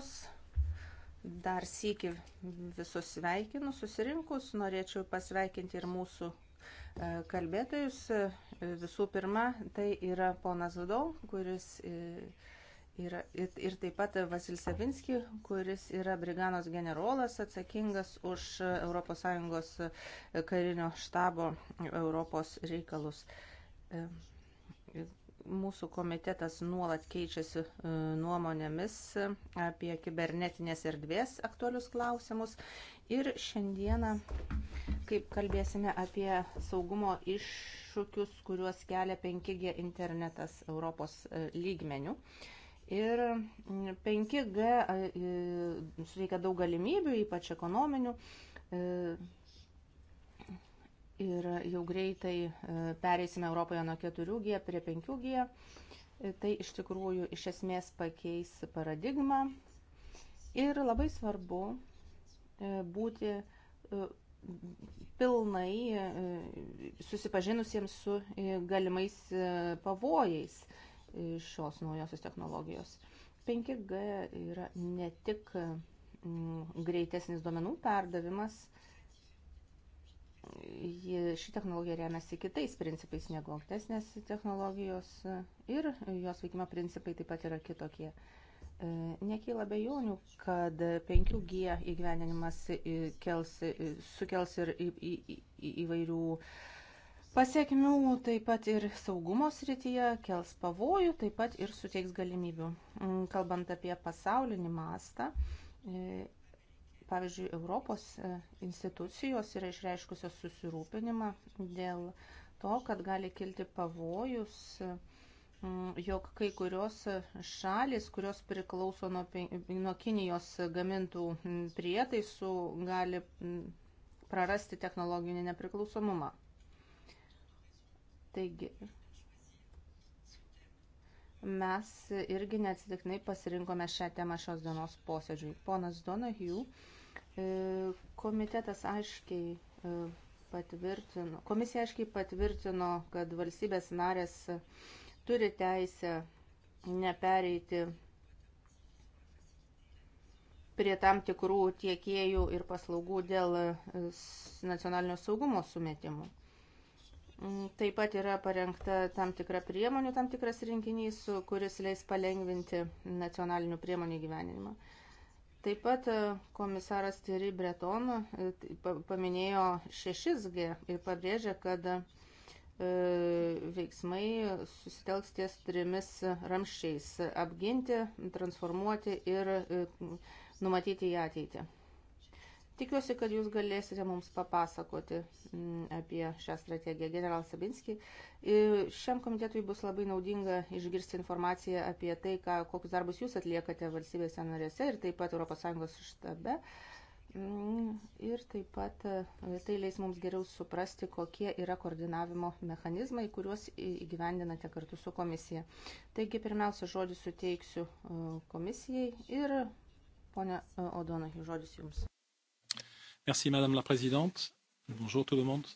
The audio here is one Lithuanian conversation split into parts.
kolegos. Dar sėki visus sveikinu susirinkus. Norėčiau pasveikinti ir mūsų e, kalbėtojus. E, visų pirma, tai yra ponas Vadov, kuris e, yra ir, ir taip pat Vasil Savinski, kuris yra briganos generolas atsakingas už ES karinio štabo Europos reikalus mūsų komitetas nuolat keičiasi e, nuomonėmis e, apie kibernetinės erdvės aktualius klausimus. Ir šiandieną, kaip kalbėsime apie saugumo iššūkius, kuriuos kelia 5G internetas Europos e, lygmenių. Ir 5G suteikia daug galimybių, ypač ekonominių ir jau greitai e, pereisime Europoje nuo 4G prie 5G. E, tai iš tikrųjų iš esmės pakeis paradigmą ir labai svarbu e, būti pilnai susipažinusiems su galimais pavojais šios naujosios technologijos. 5G yra ne tik greitesnis duomenų perdavimas, ši technologija remiasi kitais principais negu ankstesnės technologijos ir jos veikimo principai taip pat yra kitokie. E, nekyla bejonių, kad 5G įgyveninimas kels, sukels ir į, į, į, įvairių pasiekmių taip pat ir saugumo srityje, kels pavojų, taip pat ir suteiks galimybių. Mm, kalbant apie pasaulinį mastą, e, pavyzdžiui, Europos e, institucijos yra išreiškusios susirūpinimą dėl to, kad gali kilti pavojus, e, jog kai kurios šalis, kurios priklauso nuo, nuo Kinijos gamintų prietaisų, gali prarasti technologinį nepriklausomumą. Taigi, mes irgi neatsitiktinai pasirinkome šią temą šios dienos posėdžiui. Ponas Donahue E, komitetas aiškiai e, patvirtino, komisija aiškiai patvirtino, kad valstybės narės turi teisę nepereiti prie tam tikrų tiekėjų ir paslaugų dėl e, nacionalinio saugumo sumetimų. Mm, taip pat yra parengta tam tikra priemonių, tam tikras rinkinys, kuris leis palengvinti nacionalinių priemonių gyvenimą. Taip pat e, komisaras Thierry Breton e, paminėjo 6G ir pabrėžė, kad e, veiksmai susitelks ties trimis ramščiais - apginti, transformuoti ir numatyti į ateitį. Tikiuosi, kad jūs galėsite mums papasakoti mm, apie šią strategiją. General Sabinski, šiam komitetui bus labai naudinga išgirsti informaciją apie tai, ką, kokius darbus jūs atliekate valstybėse narėse ir taip pat ES štabe. Mm, ir taip pat e, tai leis mums geriau suprasti, kokie yra koordinavimo mechanizmai, kuriuos įgyvendinate kartu su komisija. Taigi pirmiausia, žodį suteiksiu e, komisijai ir ponia e, Odonai, žodis jums. Merci, Madame la Présidente. Bonjour, tout le monde.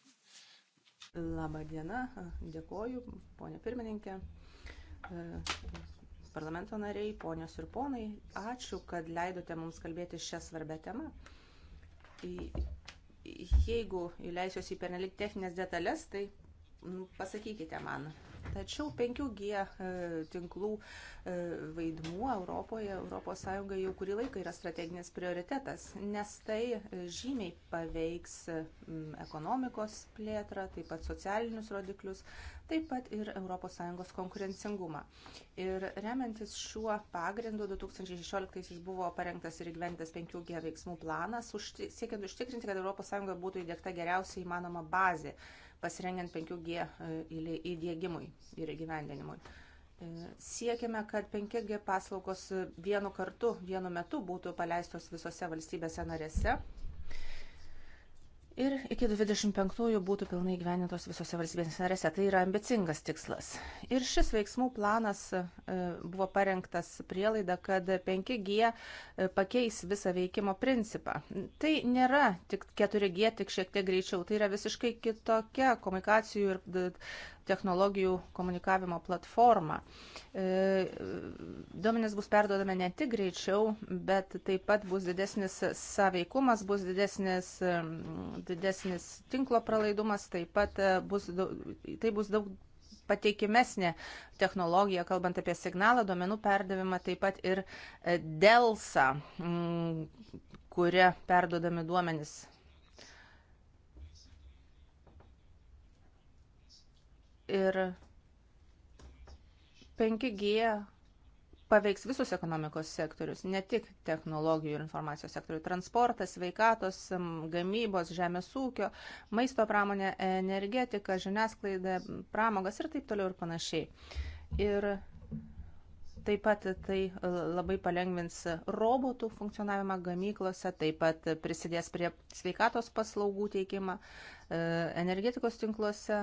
Labą dieną, dėkoju, ponė pirmininkė, e, parlamento nariai, ponios ir ponai. Ačiū, kad leidote mums kalbėti šią svarbę temą. Jeigu įleisiuosi į pernelik techninės detalės, tai nu, pasakykite man, Tačiau 5G e, tinklų e, vaidmuo Europoje, ES jau kurį laiką yra strateginis prioritetas, nes tai e, žymiai paveiks ekonomikos plėtrą, taip pat socialinius rodiklius, taip pat ir ES konkurencingumą. Ir remiantis šiuo pagrindu 2016 buvo parengtas ir įgyventas 5G veiksmų planas, siekiant užtikrinti, kad ES būtų įdėkta geriausia įmanoma bazė pasirengiant 5G e, įdėgymui ir įgyvendinimui. E, Siekime, kad 5G paslaugos e, vienu kartu, vienu metu būtų paleistos visose valstybėse narėse ir iki 25-ųjų būtų pilnai gyvenintos visose valstybės narėse. Tai yra ambicingas tikslas. Ir šis veiksmų planas e, buvo parengtas prielaida, kad 5G e, pakeis visą veikimo principą. Tai nėra tik 4G, tik šiek tiek greičiau. Tai yra visiškai kitokia komunikacijų ir technologijų komunikavimo platformą. E, duomenys bus perduodami ne tik greičiau, bet taip pat bus didesnis saveikumas, bus didesnis, didesnis tinklo pralaidumas, taip pat e, bus, tai bus daug pateikimesnė technologija, kalbant apie signalą, duomenų perdavimą, taip pat ir e, DELSA, kuria perdodami duomenys ir 5G paveiks visus ekonomikos sektorius, ne tik technologijų ir informacijos sektorių, transportas, sveikatos, gamybos, žemės ūkio, maisto pramonė, energetika, žiniasklaida, pramogas ir taip toliau ir panašiai. Ir Taip pat tai e, labai palengvins robotų funkcionavimą gamyklose, taip pat prisidės prie sveikatos paslaugų teikimą e, energetikos tinkluose,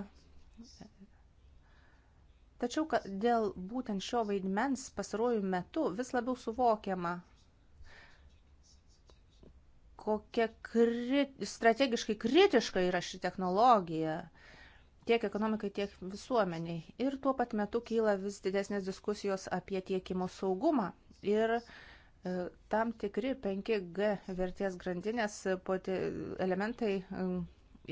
Tačiau dėl būtent šio vaidmens pasarojų metu vis labiau suvokiama, kokia kri, strategiškai kritiška yra ši technologija tiek ekonomikai, tiek visuomeniai. Ir tuo pat metu kyla vis didesnės diskusijos apie tiekimo saugumą ir e, tam tikri 5G vertės grandinės elementai e,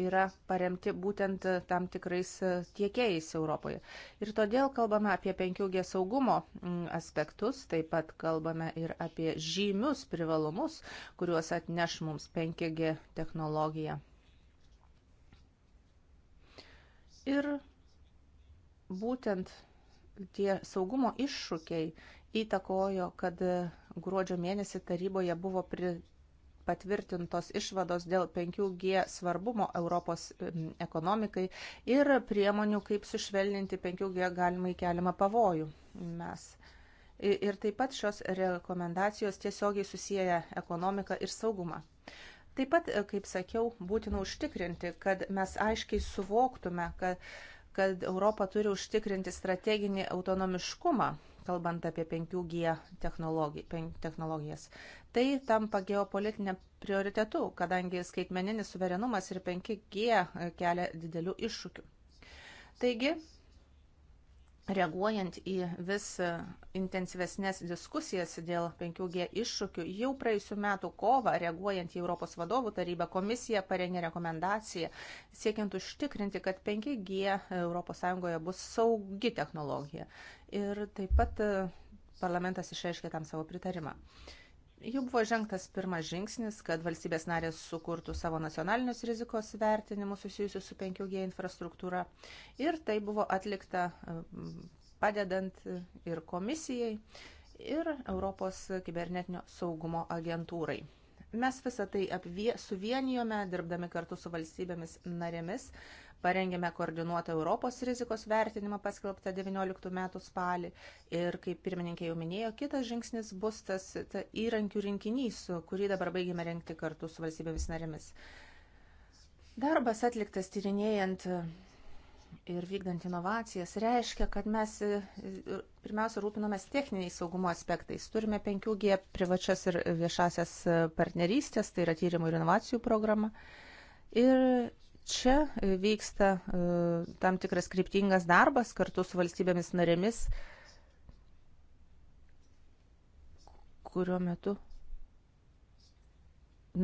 yra paremti būtent tam tikrais e, tiekėjais Europoje. Ir todėl kalbame apie 5G saugumo mm, aspektus, taip pat kalbame ir apie žymius privalumus, kuriuos atneš mums 5G technologija. Ir būtent tie saugumo iššūkiai įtakojo, kad gruodžio mėnesį taryboje buvo pri, patvirtintos išvados dėl 5G svarbumo Europos ekonomikai ir priemonių, kaip sušvelninti 5G galimai keliamą pavojų. Mes. Ir taip pat šios rekomendacijos tiesiogiai susiję ekonomiką ir saugumą. Taip pat, e, kaip sakiau, būtina užtikrinti, kad mes aiškiai suvoktume, kad, kad Europa turi užtikrinti strateginį autonomiškumą kalbant apie 5G technologijas. Tai tampa geopolitinė prioritetu, kadangi skaitmeninis suverenumas ir 5G kelia didelių iššūkių. Taigi, reaguojant į vis intensyvesnės diskusijas dėl 5G iššūkių, jau praėjusiu metu kovą, reaguojant į Europos vadovų tarybą, komisija parengė rekomendaciją, siekiant užtikrinti, kad 5G ES bus saugi technologija ir taip pat e, parlamentas išreiškė tam savo pritarimą. Jau buvo žengtas pirmas žingsnis, kad valstybės narės sukurtų savo nacionalinius rizikos vertinimus susijusius su 5G infrastruktūra ir tai buvo atlikta e, padedant e, ir komisijai, ir Europos kibernetinio saugumo agentūrai. Mes visą tai apvie, suvienijome, dirbdami kartu su valstybėmis narėmis, Parengėme koordinuotą Europos rizikos vertinimą paskelbtą 19 metų spalį ir, kaip pirmininkė jau minėjo, kitas žingsnis bus tas ta įrankių rinkinys, kurį dabar baigėme rengti kartu su valstybėmis narėmis. Darbas atliktas tyrinėjant ir vykdant inovacijas reiškia, kad mes pirmiausia rūpinomės techniniais saugumo aspektais. Turime 5G privačias ir viešasias partnerystės, tai yra tyrimų ir inovacijų programa. Ir čia e, vyksta e, tam tikras kryptingas darbas kartu su valstybėmis narėmis, kurio metu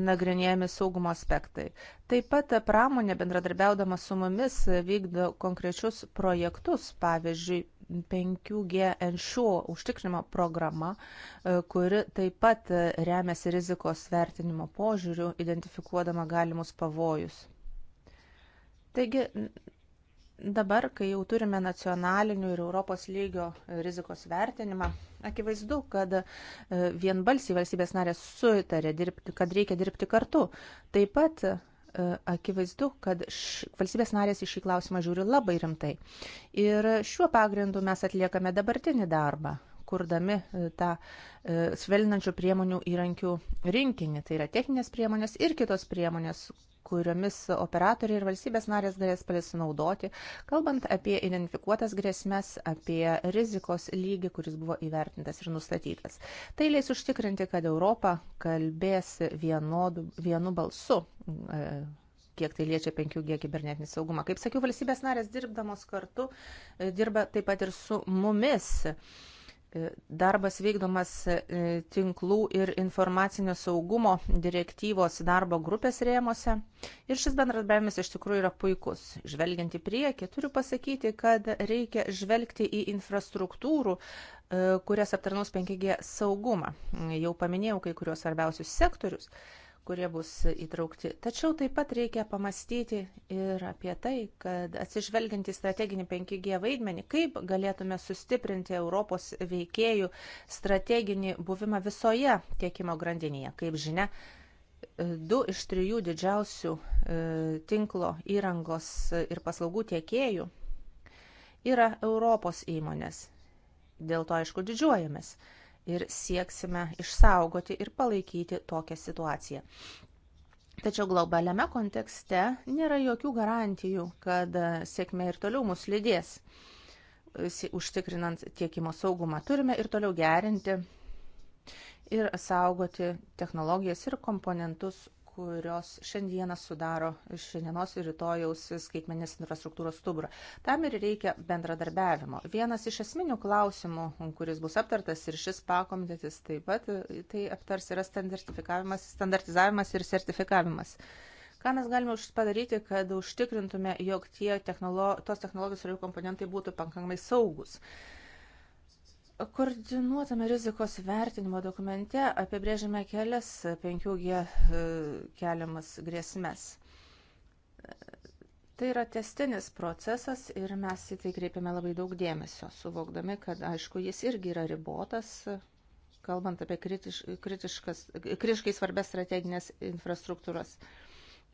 nagrinėjami saugumo aspektai. Taip pat pramonė bendradarbiaudama su mumis vykdo konkrečius projektus, pavyzdžiui, 5G NŠO užtikrinimo programa, e, kuri taip pat remiasi rizikos vertinimo požiūriu, identifikuodama galimus pavojus. Taigi dabar, kai jau turime nacionalinių ir Europos lygio rizikos vertinimą, akivaizdu, kad e, vienbalsiai valstybės narės sutarė, dirbti, kad reikia dirbti kartu. Taip pat e, akivaizdu, kad š, valstybės narės į šį klausimą žiūri labai rimtai. Ir šiuo pagrindu mes atliekame dabartinį darbą kurdami e, tą e, švelninančių priemonių įrankių rinkinį. Tai yra techninės priemonės ir kitos priemonės, kuriomis operatoriai ir valstybės narės galės pasinaudoti, kalbant apie identifikuotas grėsmes, apie rizikos lygį, kuris buvo įvertintas ir nustatytas. Tai leis užtikrinti, kad Europa kalbės vienodu, vienu balsu e, kiek tai liečia 5G kibernetinį saugumą. Kaip sakiau, valstybės narės dirbdamos kartu dirba taip pat ir su mumis E, darbas vykdomas e, tinklų ir informacinio saugumo direktyvos darbo grupės rėmose. Ir šis bendradarbiavimas iš tikrųjų yra puikus. Žvelgiant į priekį, turiu pasakyti, kad reikia žvelgti į infrastruktūrų, e, kurias aptarnaus 5G saugumą. Jau paminėjau kai kurios svarbiausius sektorius kurie bus įtraukti. Tačiau taip pat reikia pamastyti ir apie tai, kad atsižvelgiant į strateginį 5G vaidmenį, kaip galėtume sustiprinti Europos veikėjų strateginį buvimą visoje tiekimo grandinėje. Kaip žinia, du iš trijų didžiausių e, tinklo įrangos ir paslaugų tiekėjų yra Europos įmonės. Dėl to, aišku, didžiuojamės ir sieksime išsaugoti ir palaikyti tokią situaciją. Tačiau globaliame kontekste nėra jokių garantijų, kad sėkmė ir toliau mus lydės, užtikrinant tiekimo saugumą. Turime ir toliau gerinti ir saugoti technologijas ir komponentus, kurios šiandieną sudaro šiandienos ir rytojaus skaitmenės infrastruktūros stuburą. Tam ir reikia bendradarbiavimo. Vienas iš esminių klausimų, kuris bus aptartas ir šis pakomitetis taip pat, tai aptars yra standartizavimas ir sertifikavimas. Ką mes galime padaryti, kad užtikrintume, jog tie technolo, tos technologijos ir jų komponentai būtų pakankamai saugus. Uh, Koordinuotame rizikos vertinimo dokumente apibrėžiame kelias 5G e, keliamas grėsmes. Tai yra testinis procesas ir mes į tai kreipiame labai daug dėmesio, suvokdami, kad aišku, jis irgi yra ribotas, kalbant apie kritiš, kritiškas, kritiškai svarbės strateginės infrastruktūras.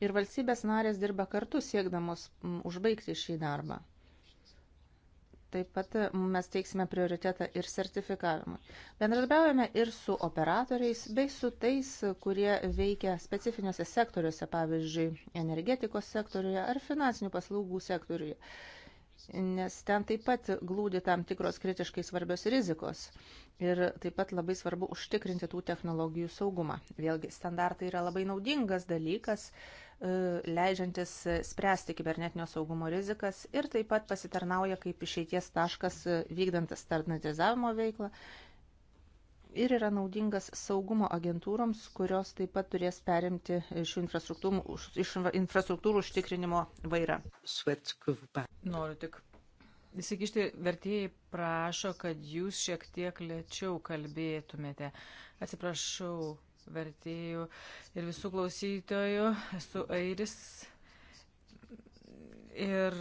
Ir valstybės narės dirba kartu siekdamos užbaigti šį darbą. Taip pat e, mes teiksime prioritetą ir sertifikavimui. Bendradarbiaujame ir su operatoriais, bei su tais, kurie veikia specifiniuose sektoriuose, pavyzdžiui, energetikos sektoriuje ar finansinių paslaugų sektoriuje. Nes ten taip pat glūdi tam tikros kritiškai svarbios rizikos. Ir taip pat labai svarbu užtikrinti tų technologijų saugumą. Vėlgi, standartai yra labai naudingas dalykas, E, leidžiantis spręsti kibernetinio saugumo rizikas ir taip pat pasitarnauja kaip išeities taškas e, vykdant standartizavimo veiklą ir yra naudingas saugumo agentūroms, kurios taip pat turės perimti iš infrastruktūrų, iš infrastruktūrų užtikrinimo vairą. Noriu tik įsikišti, vertėjai prašo, kad jūs šiek tiek lėčiau kalbėtumėte. Atsiprašau, vertėjų ir visų klausytojų. Esu airis. Ir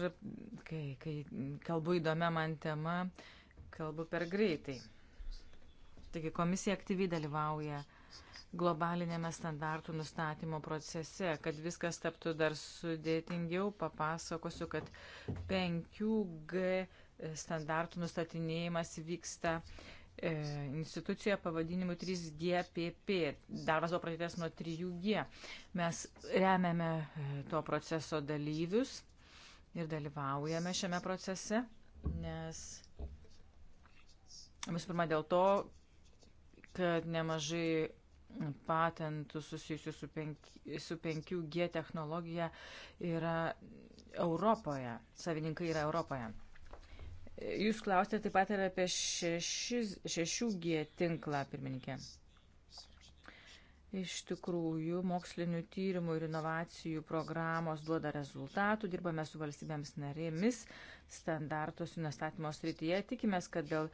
kai, kai kalbu įdomia man tema, kalbu per greitai. Taigi komisija aktyviai dalyvauja globalinėme standartų nustatymo procese. Kad viskas taptų dar sudėtingiau, papasakosiu, kad 5G standartų nustatinėjimas vyksta uh, e, instituciją pavadinimu 3GPP. Darbas buvo pradėtas nuo 3G. Mes remiame e, to proceso dalyvius ir dalyvaujame šiame procese, nes visų pirma dėl to, kad nemažai patentų susijusių su, penki, su 5G technologija yra Europoje, savininkai yra Europoje. Jūs klausėte taip pat ir apie 6G tinklą, pirmininkė. Iš tikrųjų, mokslinių tyrimų ir inovacijų programos duoda rezultatų, dirbame su valstybėms narėmis, standartus nustatymo srityje. Tikimės, kad dėl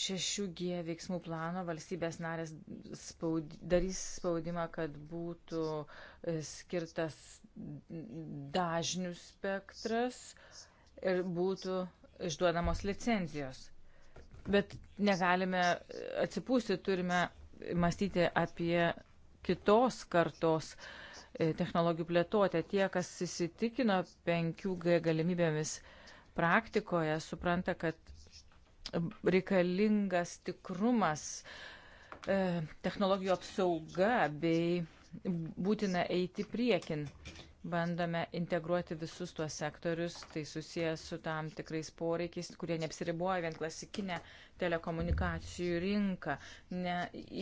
6G veiksmų plano valstybės narės spaud, darys spaudimą, kad būtų e, skirtas dažnių spektras ir būtų išduodamos licenzijos. Bet negalime atsipūsti, turime mąstyti apie kitos kartos e, technologijų plėtotę. Tie, kas įsitikino 5G galimybėmis praktikoje, supranta, kad reikalingas tikrumas, e, technologijų apsauga bei būtina eiti priekin bandome integruoti visus tuos sektorius, tai susijęs su tam tikrais poreikiais, kurie neapsiriboja vien klasikinę telekomunikacijų rinką, ne,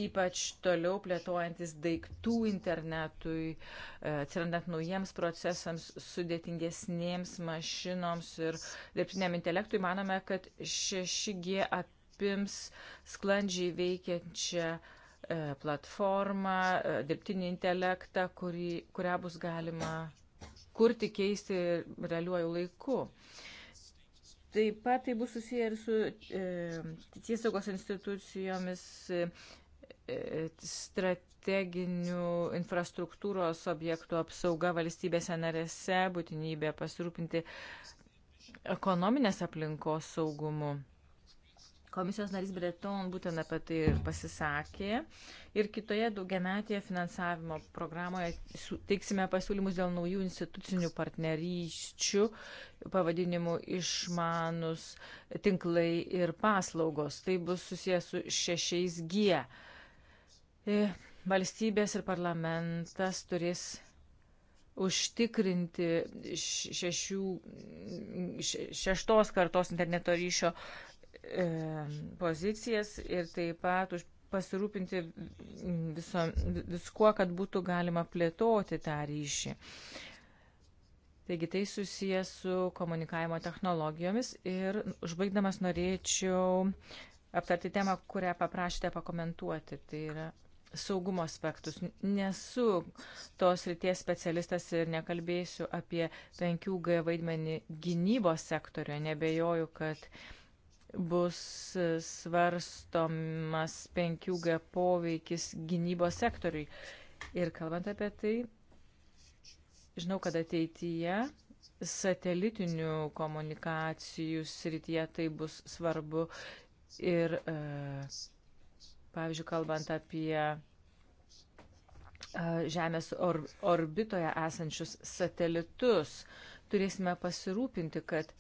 ypač toliau plėtojantis daiktų internetui, e, atsirandant naujiems procesams, sudėtingesniems mašinoms ir dirbtiniam intelektui, manome, kad 6G apims sklandžiai veikiančią E, platformą, e, dirbtinį intelektą, kurį, kurią bus galima kurti, keisti realiuoju laiku. Taip pat tai bus susiję ir su e, tiesaugos institucijomis e, e, strateginių infrastruktūros objektų apsauga valstybėse narėse, būtinybė pasirūpinti ekonominės aplinkos saugumu. Komisijos narys Breton būtent apie tai ir pasisakė. Ir kitoje daugiametėje finansavimo programoje teiksime pasiūlymus dėl naujų institucinių partnerysčių, pavadinimų išmanus tinklai ir paslaugos. Tai bus susijęs su 6G. E, valstybės ir parlamentas turės užtikrinti šešių, šeštos kartos interneto ryšio E, pozicijas ir taip pat už pasirūpinti viso, viskuo, kad būtų galima plėtoti tą ryšį. Taigi tai susijęs su komunikavimo technologijomis ir užbaigdamas norėčiau aptarti temą, kurią paprašėte pakomentuoti. Tai yra saugumo aspektus. Nesu tos ryties specialistas ir nekalbėsiu apie 5G vaidmenį gynybos sektoriuje. Nebejoju, kad uh, bus svarstomas 5G poveikis gynybos sektoriui. Ir kalbant apie tai, žinau, kad ateityje satelitinių komunikacijų srityje tai bus svarbu ir, e, pavyzdžiui, kalbant apie e, Žemės or orbitoje esančius satelitus, turėsime pasirūpinti, kad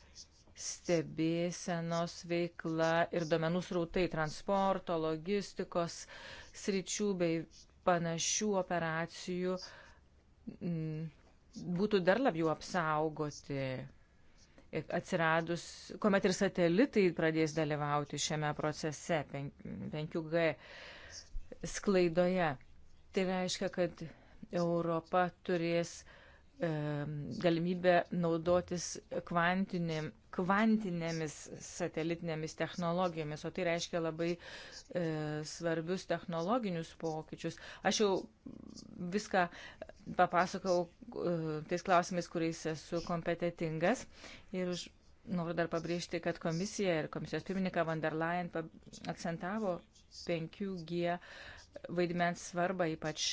stebėsenos veikla ir domenų srautai transporto, logistikos sričių bei panašių operacijų mm, būtų dar labiau apsaugoti atsiradus, kuomet ir satelitai pradės dalyvauti šiame procese 5G sklaidoje. Tai reiškia, kad Europa turės uh, galimybę naudotis kvantinėm, kvantinėmis satelitinėmis technologijomis, o tai reiškia labai e, svarbius technologinius pokyčius. Aš jau viską papasakau e, tais klausimais, kuriais esu kompetitingas ir už, noriu dar pabrėžti, kad komisija ir komisijos pirmininką Van der Leyen akcentavo 5G vaidmens svarbą, ypač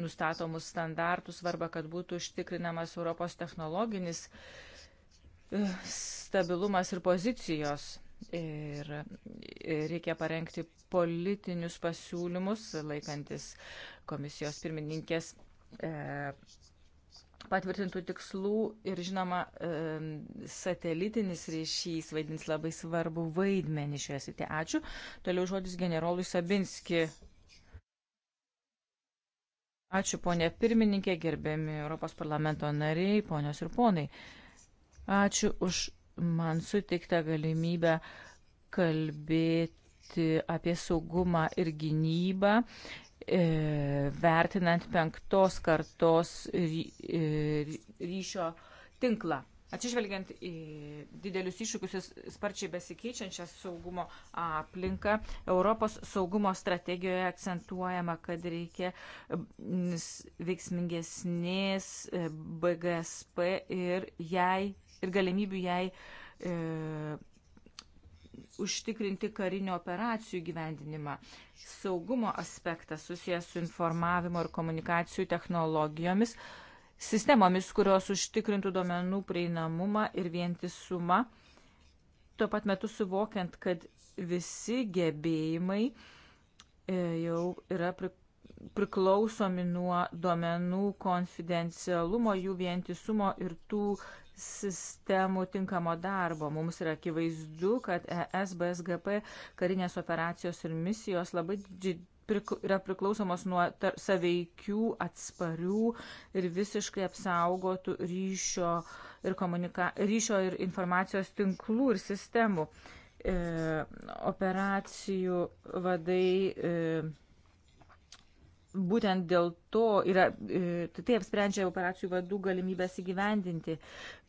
nustatomus standartų svarbą, kad būtų užtikrinamas Europos technologinis e, stabilumas ir pozicijos. Ir e, reikia parengti politinius pasiūlymus, laikantis komisijos pirmininkės e, patvirtintų tikslų ir žinoma, satelitinis ryšys vaidins labai svarbu vaidmenį šioje srityje. Ačiū. Toliau žodis generolui Sabinski. Ačiū ponė pirmininkė, gerbiami Europos parlamento nariai, ponios ir ponai. Ačiū už man sutiktą galimybę kalbėti apie saugumą ir gynybą E, vertinant penktos kartos e, ryšio tinklą. Atsižvelgiant į didelius iššūkius ir sparčiai besikeičiančią saugumo aplinką, Europos saugumo strategijoje akcentuojama, kad reikia veiksmingesnės e, BGSP ir, jai, ir galimybių jai e, užtikrinti karinių operacijų gyvendinimą. Saugumo aspektas susijęs su informavimo ir komunikacijų technologijomis, sistemomis, kurios užtikrintų duomenų prieinamumą ir vientisumą, tuo pat metu suvokiant, kad visi gebėjimai e, jau yra priklausomi nuo duomenų konfidencialumo, jų vientisumo ir tų sistemų tinkamo darbo. Mums yra akivaizdu, kad ES, BSGP karinės operacijos ir misijos labai yra priklausomos nuo saveikių, atsparių ir visiškai apsaugotų ryšio ir, komunika, ryšio ir informacijos tinklų ir sistemų. E, operacijų vadai. E, būtent dėl to yra, e, tai, tai apsprendžia operacijų vadų galimybės įgyvendinti e,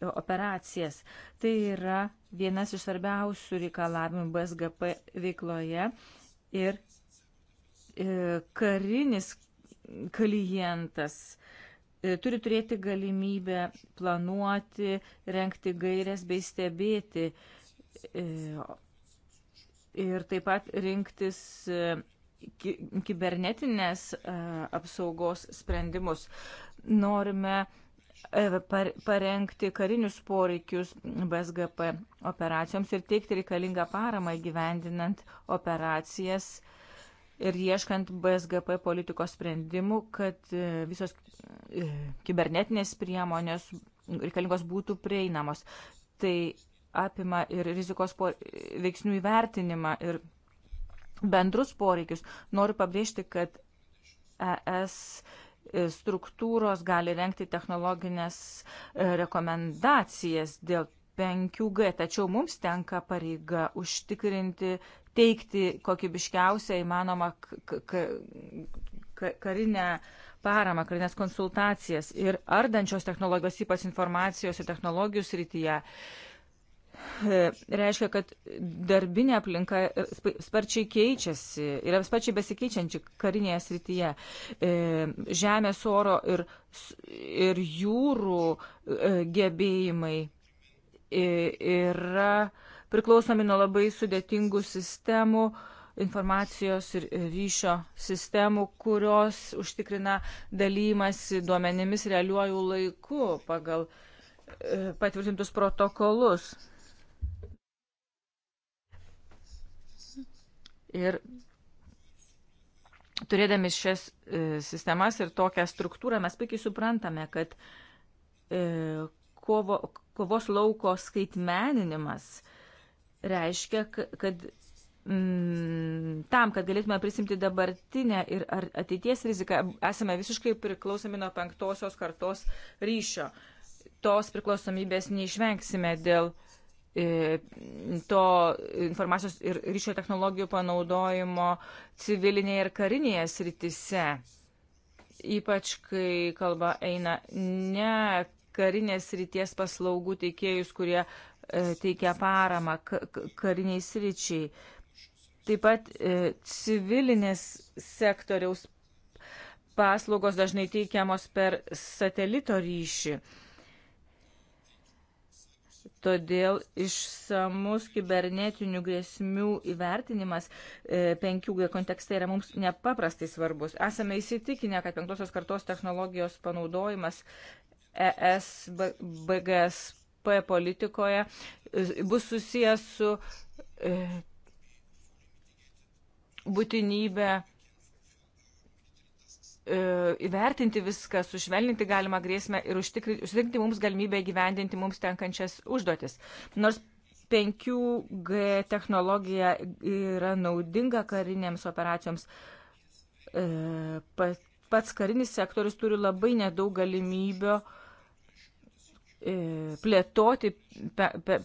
operacijas. Tai yra vienas iš svarbiausių reikalavimų BSGP veikloje ir e, karinis klientas turi turėti galimybę planuoti, renkti gairias bei stebėti ir taip pat rinktis kibernetinės e, apsaugos sprendimus. Norime e, parengti karinius poreikius BSGP operacijoms ir teikti reikalingą paramą įgyvendinant operacijas ir ieškant BSGP politikos sprendimų, kad e, visos kibernetinės priemonės reikalingos būtų prieinamos. Tai apima ir rizikos veiksnių įvertinimą ir bendrus poreikius. Noriu pabrėžti, kad ES struktūros gali renkti technologinės e, rekomendacijas dėl 5G, tačiau mums tenka pareiga užtikrinti, teikti kokybiškiausią įmanomą karinę paramą, karinės konsultacijas ir ardančios technologijos, ypač informacijos ir technologijų srityje, reiškia, kad darbinė aplinka sparčiai keičiasi, yra sparčiai besikeičianti karinėje srityje. E, žemės, oro ir, ir jūrų e, gebėjimai e, yra priklausomi nuo labai sudėtingų sistemų informacijos ir ryšio sistemų, kurios užtikrina dalymasi duomenimis realiuoju laiku pagal patvirtintus protokolus. Ir turėdami šias e, sistemas ir tokią struktūrą mes puikiai suprantame, kad e, kovo, kovos lauko skaitmeninimas reiškia, kad mm, tam, kad galėtume prisimti dabartinę ir ateities riziką, esame visiškai priklausomi nuo penktosios kartos ryšio. Tos priklausomybės neišvengsime dėl uh, E, to informacijos ir ryšio technologijų panaudojimo civilinėje ir karinėje sritise. Ypač, kai kalba eina ne karinės ryties paslaugų teikėjus, kurie e, teikia paramą kariniai sričiai. Taip pat e, civilinės sektoriaus paslaugos dažnai teikiamos per satelito ryšį. E, Todėl išsamus kibernetinių grėsmių įvertinimas 5G e, kontekste yra mums nepaprastai svarbus. Esame įsitikinę, kad penktosios kartos technologijos panaudojimas ES BGSP politikoje e, bus susijęs su e, būtinybė E, įvertinti viską, sušvelninti galimą grėsmę ir užtikrinti mums galimybę įgyvendinti mums tenkančias užduotis. Nors 5G technologija yra naudinga karinėms operacijoms, e, pats karinis sektorius turi labai nedaug galimybę e, plėtoti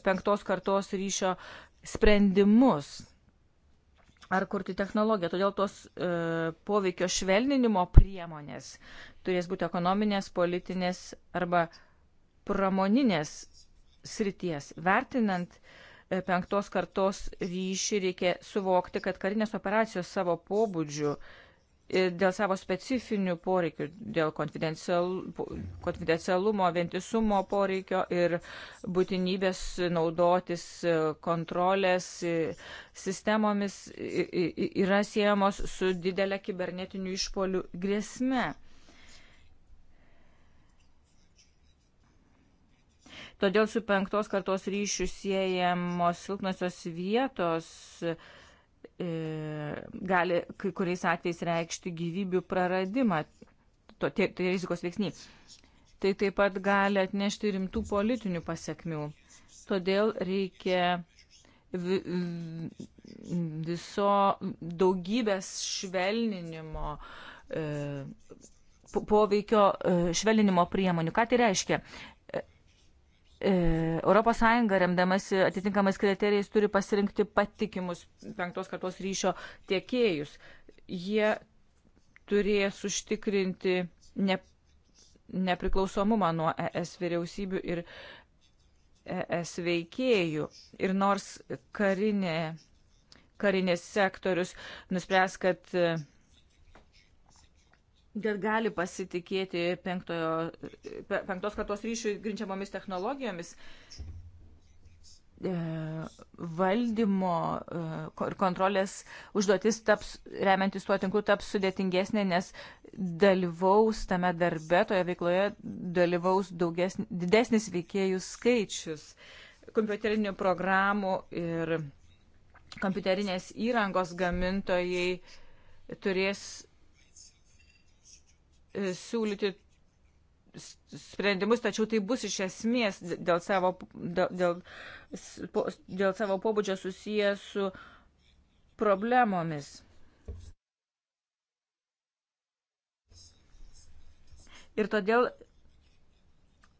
penktos kartos ryšio sprendimus ar kurti technologiją. Todėl tos e, poveikio švelninimo priemonės turės būti ekonominės, politinės arba pramoninės srities. Vertinant e, penktos kartos ryšį, reikia suvokti, kad karinės operacijos savo pobūdžių e, E, dėl savo specifinių poreikių, dėl konfidencialumo, vientisumo poreikio ir būtinybės naudotis e, kontrolės e, sistemomis yra siejamos su didelė kibernetinių išpolių grėsme. Todėl su penktos kartos ryšių siejamos silpnosios vietos E, gali kai kuriais atvejais reikšti gyvybių praradimą. To, tie, tai rizikos veiksniai. Tai taip pat gali atnešti rimtų politinių pasiekmių. Todėl reikia viso daugybės švelninimo, e, poveikio e, švelninimo priemonių. Ką tai reiškia? E, Europos Sąjunga remdamasi atitinkamais kriterijais turi pasirinkti patikimus penktos kartos ryšio tiekėjus. Jie turės užtikrinti ne, nepriklausomumą nuo ES vyriausybių ir ES veikėjų. Ir nors karinė, karinės sektorius nuspręs, kad kad gali pasitikėti penktojo, penktos kartos ryšių grindžiamomis technologijomis, e, valdymo e, ir kontrolės užduotis taps, remiantis tuo tinklu, taps sudėtingesnė, nes dalyvaus tame darbe, toje veikloje dalyvaus daugesn, didesnis veikėjų skaičius kompiuterinių programų ir kompiuterinės įrangos gamintojai turės siūlyti sprendimus, tačiau tai bus iš esmės dėl savo, dėl, dėl, dėl savo pobūdžio susiję su problemomis. Ir todėl,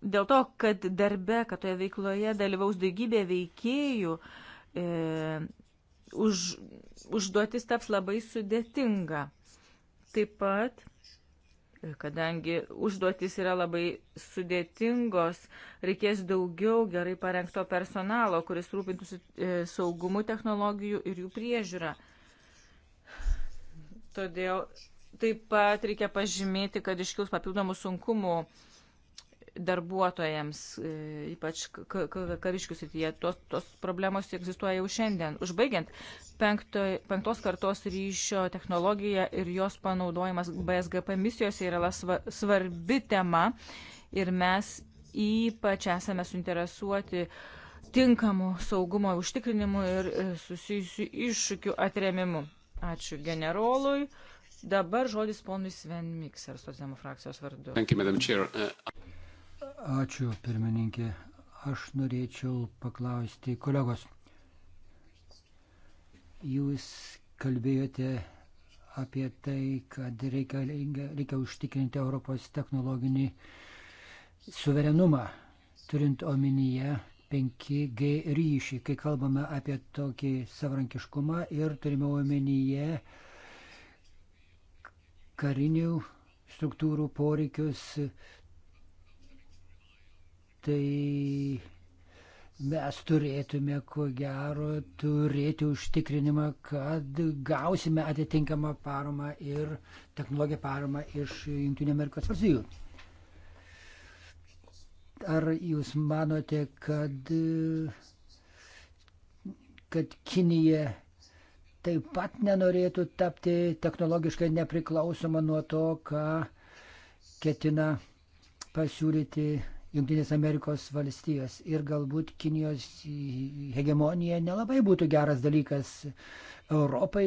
dėl to, kad darbe, kad toje veikloje dalyvaus daugybė veikėjų, e, už, užduotis taps labai sudėtinga. Taip pat kadangi užduotis yra labai sudėtingos, reikės daugiau gerai parengto personalo, kuris rūpintųsi e, saugumu technologijų ir jų priežiūra. Todėl taip pat reikia pažymėti, kad iškils papildomų sunkumų darbuotojams, e, ypač kariškių srityje. Tos, tos problemos egzistuoja jau šiandien. Užbaigiant, penkto, penktos kartos ryšio technologija ir jos panaudojimas BSGP misijose yra svarbi tema ir mes ypač esame suinteresuoti tinkamų saugumo užtikrinimu ir e, susijusių iššūkių atremimu. Ačiū generolui. Dabar žodis ponui Sven Mikser, socialdemų frakcijos vardu. Thank you, Ačiū, pirmininkė. Aš norėčiau paklausti kolegos. Jūs kalbėjote apie tai, kad reikia, reikia užtikrinti Europos technologinį suverenumą, turint omenyje 5G ryšį, kai kalbame apie tokį savarankiškumą ir turime omenyje karinių struktūrų poreikius, tai mes turėtume, ko gero, turėti užtikrinimą, kad gausime atitinkamą paramą ir technologiją paramą iš Junktinio Amerikos valstijų. Ar jūs manote, kad, kad Kinija taip pat nenorėtų tapti technologiškai nepriklausoma nuo to, ką ketina pasiūlyti Junktinės Amerikos valstijos ir galbūt Kinijos hegemonija nelabai būtų geras dalykas Europai,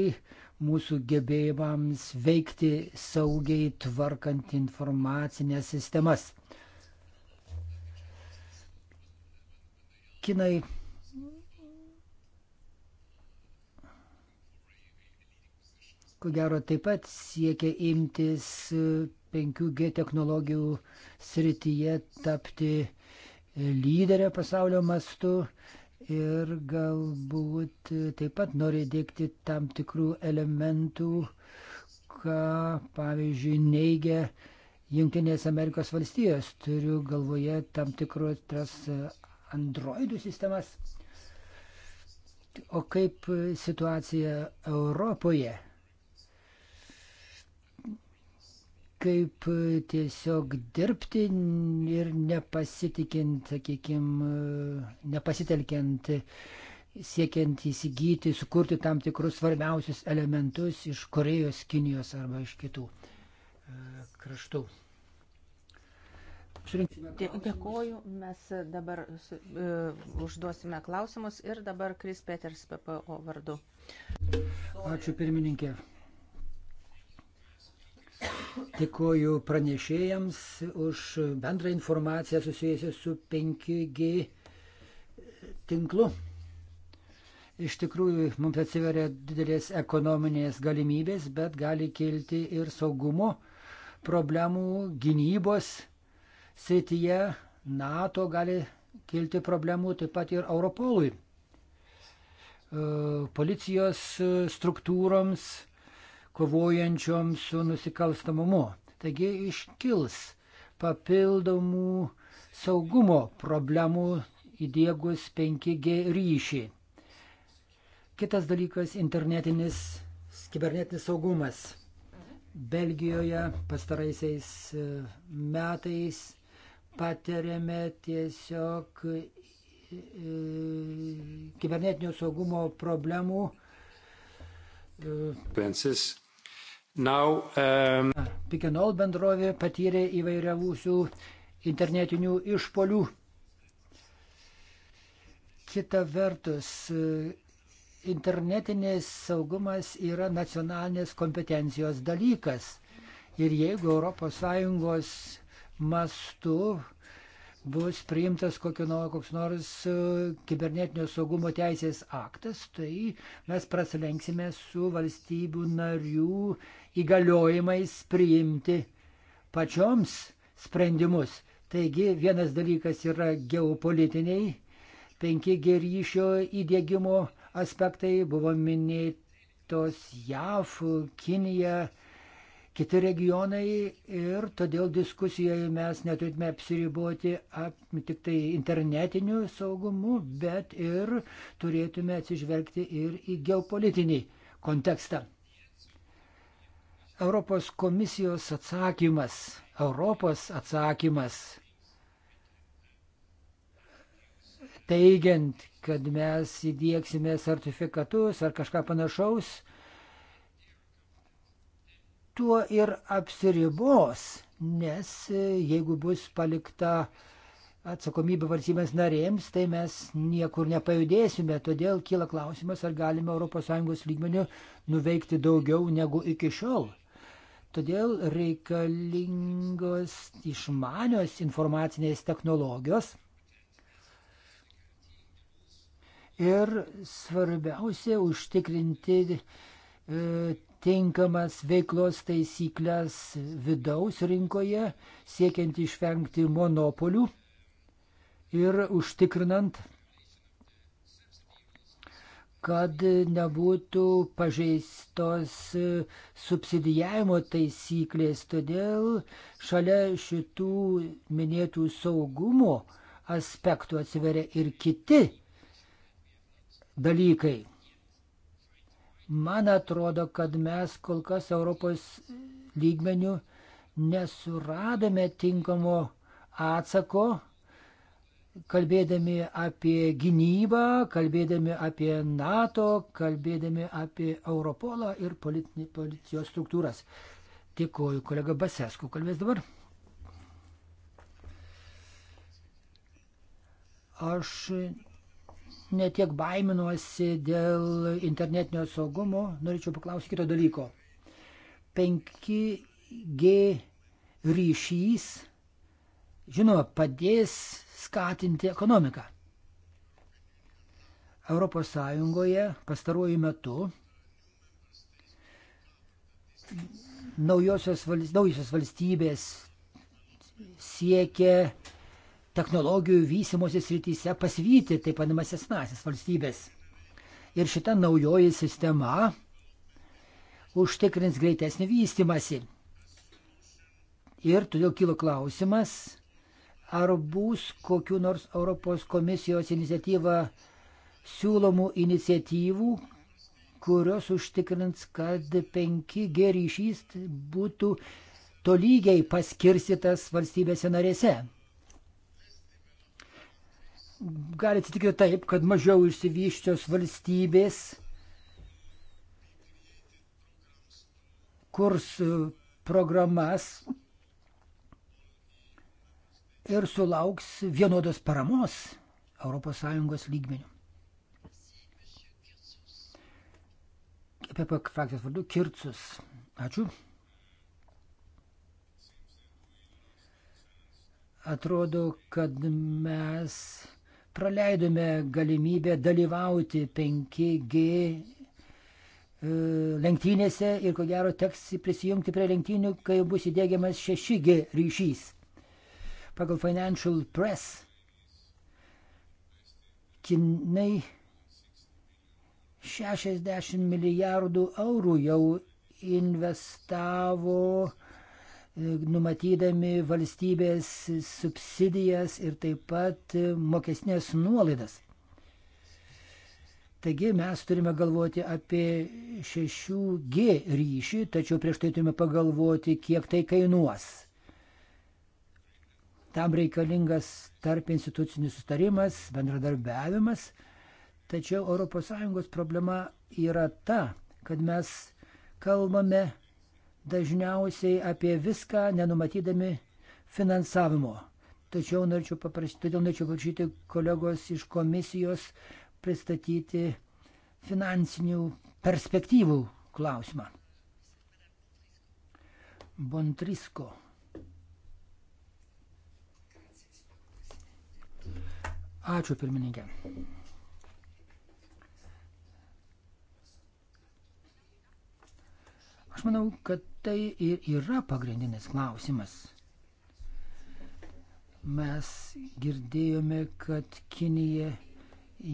mūsų gebėjimams veikti saugiai tvarkant informacinės sistemas. Kinai ko gero taip pat siekia imtis 5G technologijų srityje tapti lyderę pasaulio mastu ir galbūt taip pat nori dėkti tam tikrų elementų, ką pavyzdžiui neigia Junktinės Amerikos valstijos. Turiu galvoje tam tikros Androidų sistemas. O kaip situacija Europoje? kaip e, tiesiog dirbti ir nepasitikint, sakykime, nepasitelkiant, siekiant įsigyti, sukurti tam tikrus svarbiausius elementus iš Korejos, Kinijos arba iš kitų e, kraštų. Dėkoju, mes dabar su, e, užduosime klausimus ir dabar Kris Peters PPO vardu. Ačiū pirmininkė. Dėkuoju pranešėjams už bendrą informaciją susijusią su 5G tinklu. Iš tikrųjų, mums atsiveria didelės ekonominės galimybės, bet gali kilti ir saugumo problemų gynybos srityje. NATO gali kilti problemų taip pat ir Europolui. E, policijos struktūroms kovojančiom su nusikalstamumu. Taigi iškils papildomų saugumo problemų įdėgus 5G ryšį. Kitas dalykas - internetinis, kibernetinis saugumas. Belgijoje pastaraisiais e, metais patiriame tiesiog e, kibernetinio saugumo problemų. Pensis Now, um... Pikinol bendrovė patyrė įvairiausių internetinių išpolių. Kita vertus, internetinės saugumas yra nacionalinės kompetencijos dalykas. Ir jeigu ES mastu bus priimtas nors, koks nors e, kibernetinio saugumo teisės aktas, tai mes prasilenksime su valstybių narių įgaliojimais priimti pačioms sprendimus. Taigi vienas dalykas yra geopolitiniai 5G ryšio įdėgymo aspektai, buvo minėtos JAV, Kinija, kiti regionai ir todėl diskusijoje mes neturėtume apsiriboti ap, tik tai internetiniu saugumu, bet ir turėtume atsižvelgti ir į geopolitinį kontekstą. Europos komisijos atsakymas, Europos atsakymas, teigiant, kad mes įdėksime sertifikatus ar kažką panašaus, tuo ir apsiribos, nes e, jeigu bus palikta atsakomybė valstybės narėms, tai mes niekur nepajudėsime. Todėl kyla klausimas, ar galime ES lygmenių nuveikti daugiau negu iki šiol. Todėl reikalingos išmanios informacinės technologijos. Ir svarbiausia užtikrinti e, tinkamas veiklos taisyklės vidaus rinkoje, siekiant išvengti monopolių ir užtikrinant, kad nebūtų pažeistos subsidijavimo taisyklės. Todėl šalia šitų minėtų saugumo aspektų atsiveria ir kiti dalykai. Man atrodo, kad mes kol kas Europos lygmenių nesuradome tinkamo atsako, kalbėdami apie gynybą, kalbėdami apie NATO, kalbėdami apie Europolą ir politinį, policijos struktūras. Dėkuoju, kolega Basesku, kalbės dabar. Aš netiek baiminuosi dėl internetinio saugumo, norėčiau paklausyti kito dalyko. 5G ryšys, žinoma, padės skatinti ekonomiką. ES pastaruoju metu naujosios, naujosios valstybės siekia technologijų vystimosi srityse pasivyti taip vadinamas esnasis valstybės. Ir šita naujoji sistema užtikrins greitesnį vystimasi. Ir todėl kilo klausimas, ar bus kokiu nors Europos komisijos iniciatyva siūlomų iniciatyvų, kurios užtikrins, kad 5G ryšys būtų tolygiai paskirstytas valstybėse narėse gali atsitikti taip, kad mažiau išsivyščios valstybės kurs e, programas ir sulauks vienodos paramos ES lygmenių. PP frakcijos vardu Kircus. Ačiū. Atrodo, kad mes praleidome galimybę dalyvauti 5G e, lenktynėse ir ko gero teks prisijungti prie lenktynių, kai bus įdėgiamas 6G ryšys. Pagal Financial Press kinai 60 milijardų eurų jau investavo uh, numatydami valstybės subsidijas ir taip pat mokesnės nuolaidas. Taigi mes turime galvoti apie 6G ryšį, tačiau prieš tai turime pagalvoti, kiek tai kainuos. Tam reikalingas tarp institucinis sustarimas, bendradarbiavimas, tačiau ES problema yra ta, kad mes kalbame dažniausiai apie viską nenumatydami finansavimo. Tačiau norėčiau paprašyti, todėl norėčiau paprašyti kolegos iš komisijos pristatyti finansinių perspektyvų klausimą. Bontrisko. Ačiū pirmininkė. Aš manau, kad tai ir yra pagrindinis klausimas. Mes girdėjome, kad Kinija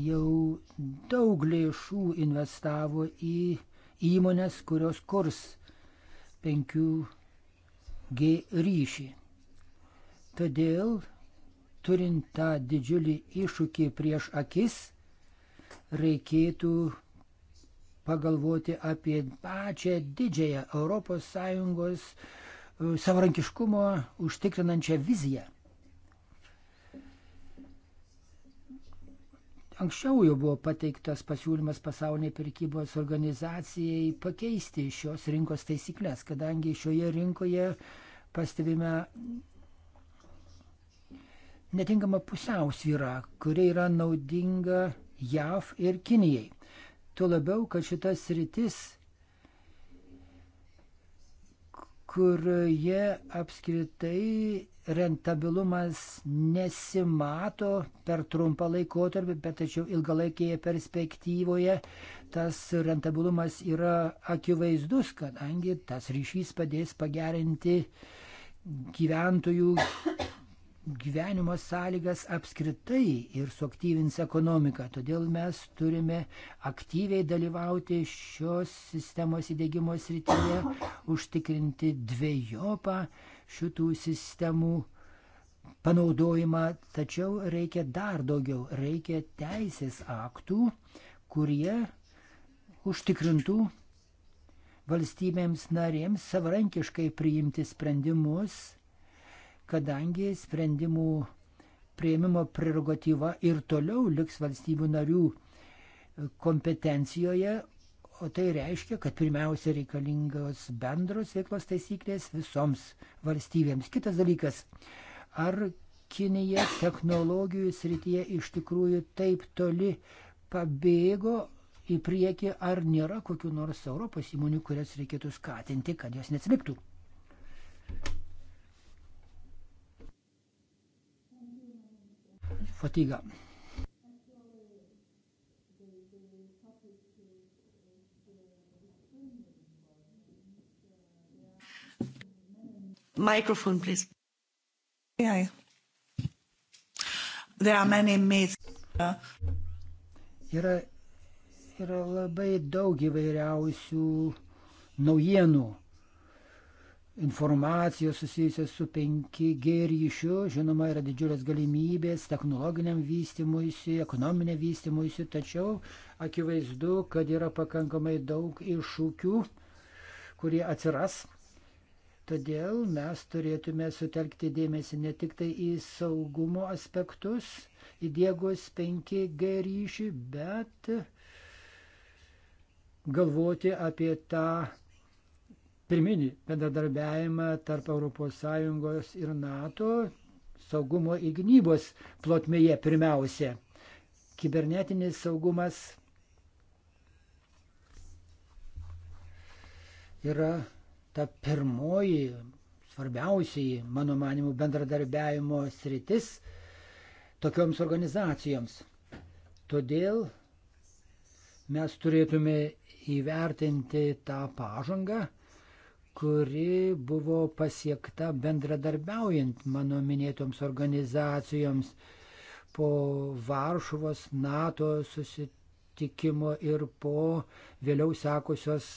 jau daug lėšų investavo į įmonės, kurios kurs 5G ryšį. Todėl, turint tą didžiulį iššūkį prieš akis, reikėtų pagalvoti apie pačią didžiąją ES e, savarankiškumo užtikrinančią viziją. Anksčiau jau buvo pateiktas pasiūlymas pasaulyje pirkybos organizacijai pakeisti šios rinkos taisyklės, kadangi šioje rinkoje pastebime netinkamą pusiausvyrą, kuri yra naudinga JAV ir Kinijai. Tuo labiau, kad šitas rytis, kurioje apskritai rentabilumas nesimato per trumpą laikotarpį, bet tačiau ilgalaikėje perspektyvoje tas rentabilumas yra akivaizdus, kadangi tas ryšys padės pagerinti gyventojų gyvenimo sąlygas apskritai ir suaktyvins ekonomiką. Todėl mes turime aktyviai dalyvauti šios sistemos įdėgymo srityje, užtikrinti dviejopą šitų sistemų panaudojimą. Tačiau reikia dar daugiau, reikia teisės aktų, kurie užtikrintų valstybėms narėms savarankiškai priimti sprendimus kadangi sprendimų prieimimo prerogatyva ir toliau liks valstybių narių kompetencijoje, o tai reiškia, kad pirmiausia reikalingos bendros veiklos taisyklės visoms valstybėms. Kitas dalykas, ar Kinija technologijų srityje iš tikrųjų taip toli pabėgo į priekį, ar nėra kokiu nors Europos įmonių, kurias reikėtų skatinti, kad jos neatsiliktų. fatyga. Microphone, please. Yeah. There are many myths. Yra, yra labai daug įvairiausių naujienų informacijos susijusios su 5G ryšiu, žinoma, yra didžiulės galimybės technologiniam vystimuisi, ekonominiam vystimuisi, tačiau akivaizdu, kad yra pakankamai daug iššūkių, kurie atsiras. Todėl mes turėtume sutelkti dėmesį ne tik tai į saugumo aspektus, įdėgus 5G ryšį, bet galvoti apie tą pirminį bendradarbiavimą tarp ES ir NATO saugumo ir gynybos plotmėje pirmiausia. Kibernetinis saugumas yra ta pirmoji, svarbiausiai, mano manimu, bendradarbiavimo sritis tokioms organizacijoms. Todėl mes turėtume įvertinti tą pažangą, kuri buvo pasiekta bendradarbiaujant mano minėtoms organizacijoms po Varšuvos NATO susitikimo ir po vėliau sekusios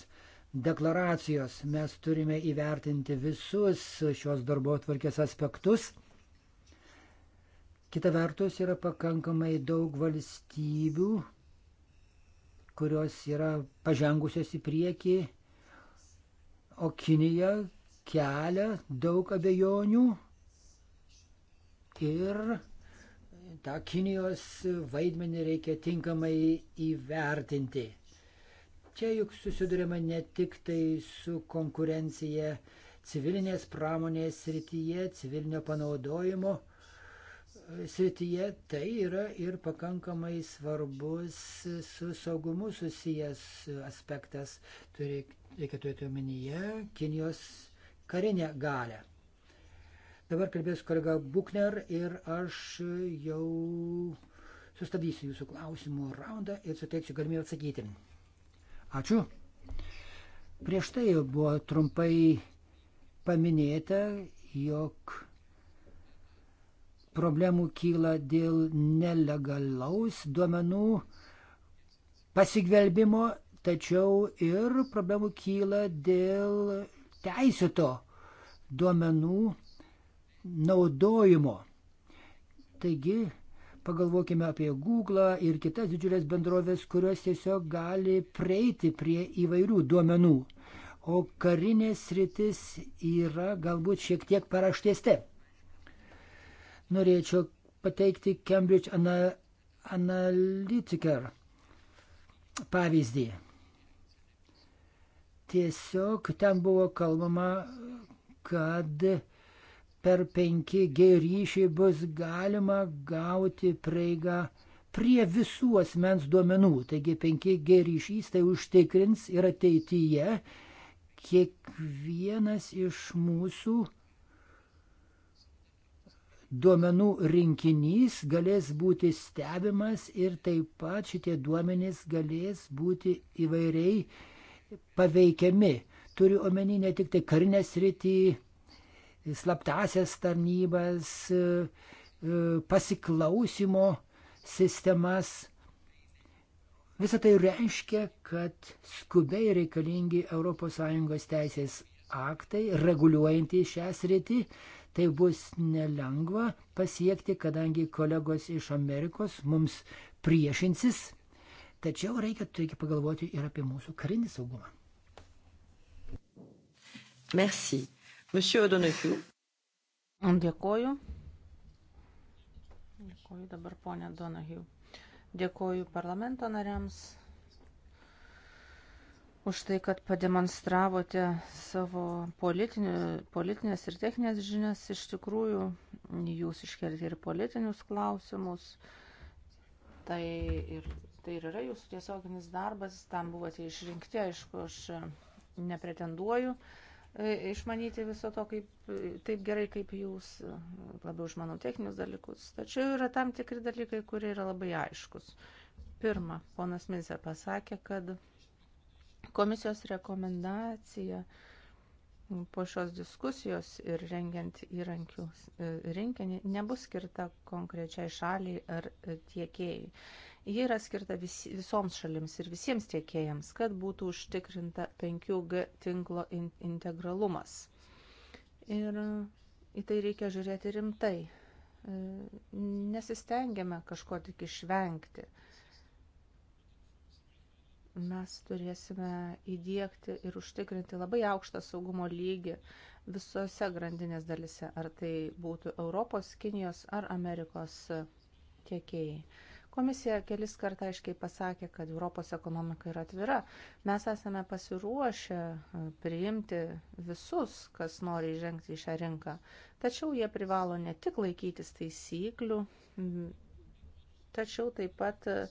deklaracijos. Mes turime įvertinti visus šios darbo atvarkės aspektus. Kita vertus yra pakankamai daug valstybių, kurios yra pažengusios į priekį O Kinija kelia daug abejonių ir tą Kinijos vaidmenį reikia tinkamai įvertinti. Čia juk susidurima ne tik tai su konkurencija civilinės pramonės srityje, civilinio panaudojimo e, srityje, tai yra ir pakankamai svarbus su saugumu susijęs aspektas. Turi Reikia turėti omenyje Kinijos karinę galę. Dabar kalbės kolega Bukner ir aš jau sustabdysiu jūsų klausimų raundą ir suteiksiu galimybę atsakyti. Ačiū. Prieš tai buvo trumpai paminėta, jog problemų kyla dėl nelegalaus duomenų pasigvelbimo tačiau ir problemų kyla dėl teisėto duomenų naudojimo. Taigi, pagalvokime apie Google ir kitas didžiulės bendrovės, kurios tiesiog gali prieiti prie įvairių duomenų. O karinės rytis yra galbūt šiek tiek paraštėste. Norėčiau pateikti Cambridge Analytica pavyzdį. Tiesiog ten buvo kalbama, kad per 5G ryšį bus galima gauti prieigą prie visų asmens duomenų. Taigi 5G ryšys tai užtikrins ir ateityje kiekvienas iš mūsų duomenų rinkinys galės būti stebimas ir taip pat šitie duomenys galės būti įvairiai paveikiami. Turiu omeny ne tik tai karinę sritį, slaptasias tarnybas, e, e, pasiklausimo sistemas. Visą tai reiškia, kad skubiai reikalingi ES teisės aktai reguliuojantys šią sritį. Tai bus nelengva pasiekti, kadangi kolegos iš Amerikos mums priešinsis Tačiau reikia turėti pagalvoti ir apie mūsų karinį saugumą. Merci. Monsieur Donoghue. Dėkoju. Dėkoju dabar ponė Donoghue. Dėkoju parlamento nariams už tai, kad pademonstravote savo politinės ir techninės žinias. Iš tikrųjų, jūs iškelti ir politinius klausimus. Tai ir tai ir yra jūsų tiesioginis darbas, tam buvote išrinkti, aišku, aš e, nepretenduoju e, išmanyti viso to kaip, e, taip gerai, kaip jūs, labiau išmanau techninius dalykus. Tačiau yra tam tikri dalykai, kurie yra labai aiškus. Pirma, ponas Minse pasakė, kad komisijos rekomendacija po šios diskusijos ir rengiant įrankių rinkinį nebus skirta konkrečiai šaliai ar tiekėjai. Ji yra skirta vis, visoms šalims ir visiems tiekėjams, kad būtų užtikrinta 5G tinklo in, integralumas. Ir į tai reikia žiūrėti rimtai. E, nesistengiame kažko tik išvengti. Mes turėsime įdėkti ir užtikrinti labai aukštą saugumo lygį visose grandinės dalise, ar tai būtų Europos, Kinijos ar Amerikos tiekėjai. Komisija kelis kartą aiškiai pasakė, kad Europos ekonomika yra atvira. Mes esame pasiruošę e, priimti visus, kas nori įžengti į šią rinką. Tačiau jie privalo ne tik laikytis taisyklių, tačiau taip pat e,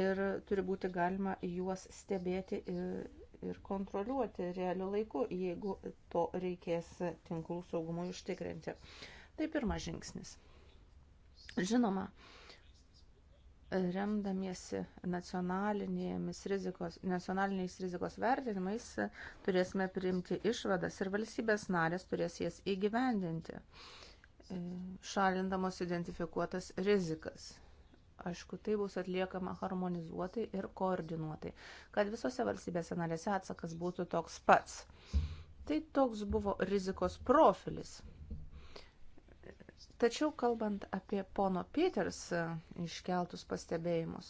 ir turi būti galima juos stebėti ir kontroliuoti realiu laiku, jeigu to reikės tinklų saugumui užtikrinti. Tai pirmas žingsnis. Žinoma, remdamiesi nacionalinėmis rizikos, nacionaliniais rizikos vertinimais turėsime priimti išvadas ir valstybės narės turės jas įgyvendinti, e, šalindamos identifikuotas rizikas. Aišku, tai bus atliekama harmonizuotai ir koordinuotai, kad visose valstybėse narėse atsakas būtų toks pats. Tai toks buvo rizikos profilis. Tačiau kalbant apie pono Peters e, iškeltus pastebėjimus,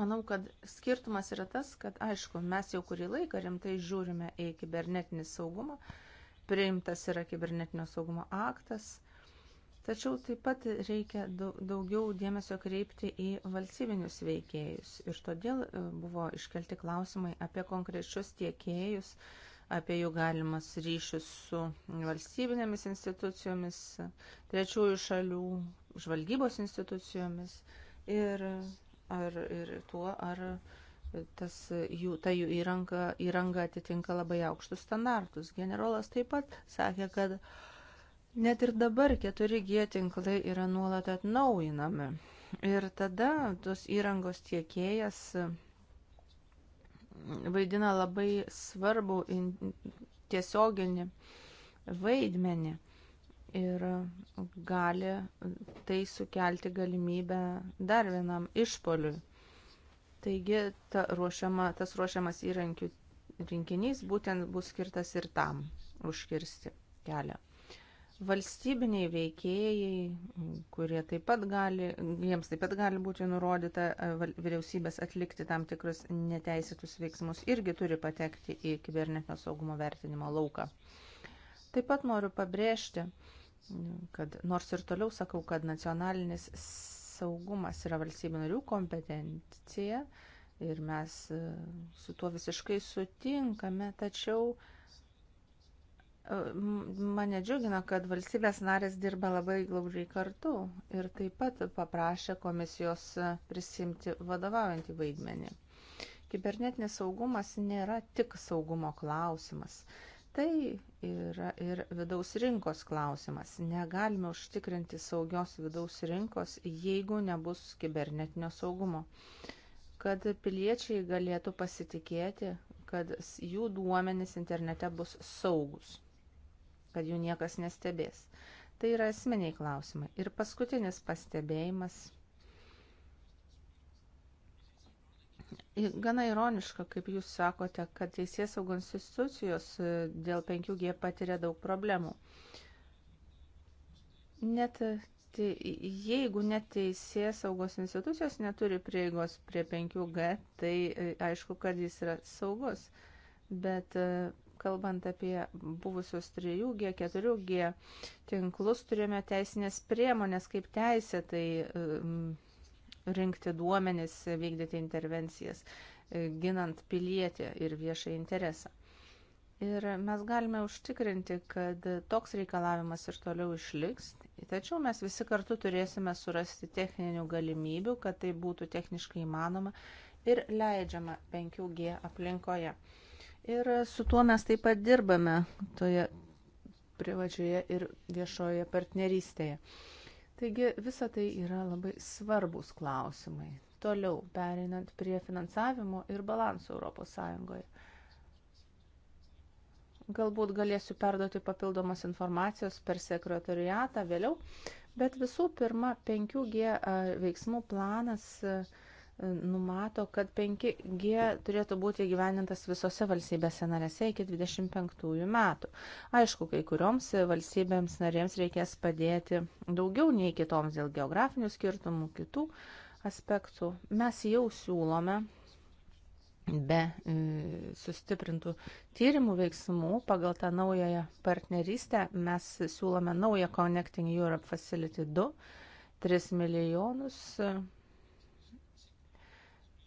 manau, kad skirtumas yra tas, kad aišku, mes jau kurį laiką rimtai žiūrime į kibernetinį saugumą, priimtas yra kibernetinio saugumo aktas, tačiau taip pat reikia daugiau dėmesio kreipti į valstybinius veikėjus ir todėl e, buvo iškelti klausimai apie konkrečius tiekėjus, apie jų galimas ryšius su valstybinėmis institucijomis, trečiųjų šalių žvalgybos institucijomis ir, ar, ir tuo, ar tas, jų, ta jų įranga, įranga atitinka labai aukštus standartus. Generolas taip pat sakė, kad net ir dabar 4G tinklai yra nuolat atnaujinami. Ir tada tos įrangos tiekėjas vaidina labai svarbu tiesioginį vaidmenį ir gali tai sukelti galimybę dar vienam išpoliui. Taigi ta ruošiama, tas ruošiamas įrankių rinkinys būtent bus skirtas ir tam užkirsti kelią valstybiniai veikėjai, kurie taip pat gali, jiems taip pat gali būti nurodyta e, vyriausybės atlikti tam tikrus neteisėtus veiksmus, irgi turi patekti į kibernetinio saugumo vertinimo lauką. Taip pat noriu pabrėžti, kad nors ir toliau sakau, kad nacionalinis saugumas yra valstybių narių kompetencija ir mes e, su tuo visiškai sutinkame, tačiau Mane džiugina, kad valstybės narės dirba labai glaudžiai kartu ir taip pat paprašė komisijos prisimti vadovaujantį vaidmenį. Kibernetinis saugumas nėra tik saugumo klausimas. Tai yra ir vidaus rinkos klausimas. Negalime užtikrinti saugios vidaus rinkos, jeigu nebus kibernetinio saugumo. Kad piliečiai galėtų pasitikėti, kad jų duomenys internete bus saugus kad jų niekas nestebės. Tai yra esminiai klausimai. Ir paskutinis pastebėjimas. Gana ironiška, kaip jūs sakote, kad teisės saugos institucijos e, dėl 5G patiria daug problemų. Net e, jeigu net teisės saugos institucijos neturi prieigos prie 5G, tai e, aišku, kad jis yra saugus. Bet kalbant apie buvusius 3G, 4G tinklus, turėjome teisinės priemonės, kaip teisė tai um, rinkti duomenis, vykdyti intervencijas, e, ginant pilietį ir viešą interesą. Ir mes galime užtikrinti, kad toks reikalavimas ir toliau išliks, tačiau mes visi kartu turėsime surasti techninių galimybių, kad tai būtų techniškai įmanoma ir leidžiama 5G aplinkoje. Ir su tuo mes taip pat dirbame toje privačioje ir viešoje partnerystėje. Taigi visa tai yra labai svarbus klausimai. Toliau, pereinant prie finansavimo ir balansų ES. Galbūt galėsiu perduoti papildomos informacijos per sekretariatą vėliau, bet visų pirma, 5G veiksmų planas uh, numato, kad 5G turėtų būti gyvenintas visose valstybėse narėse iki 25 metų. Aišku, kai kurioms valstybėms narėms reikės padėti daugiau nei kitoms dėl geografinių skirtumų, kitų aspektų. Mes jau siūlome be mm, sustiprintų tyrimų veiksmų pagal tą naująją partnerystę mes siūlome naują Connecting Europe Facility 2, 3 milijonus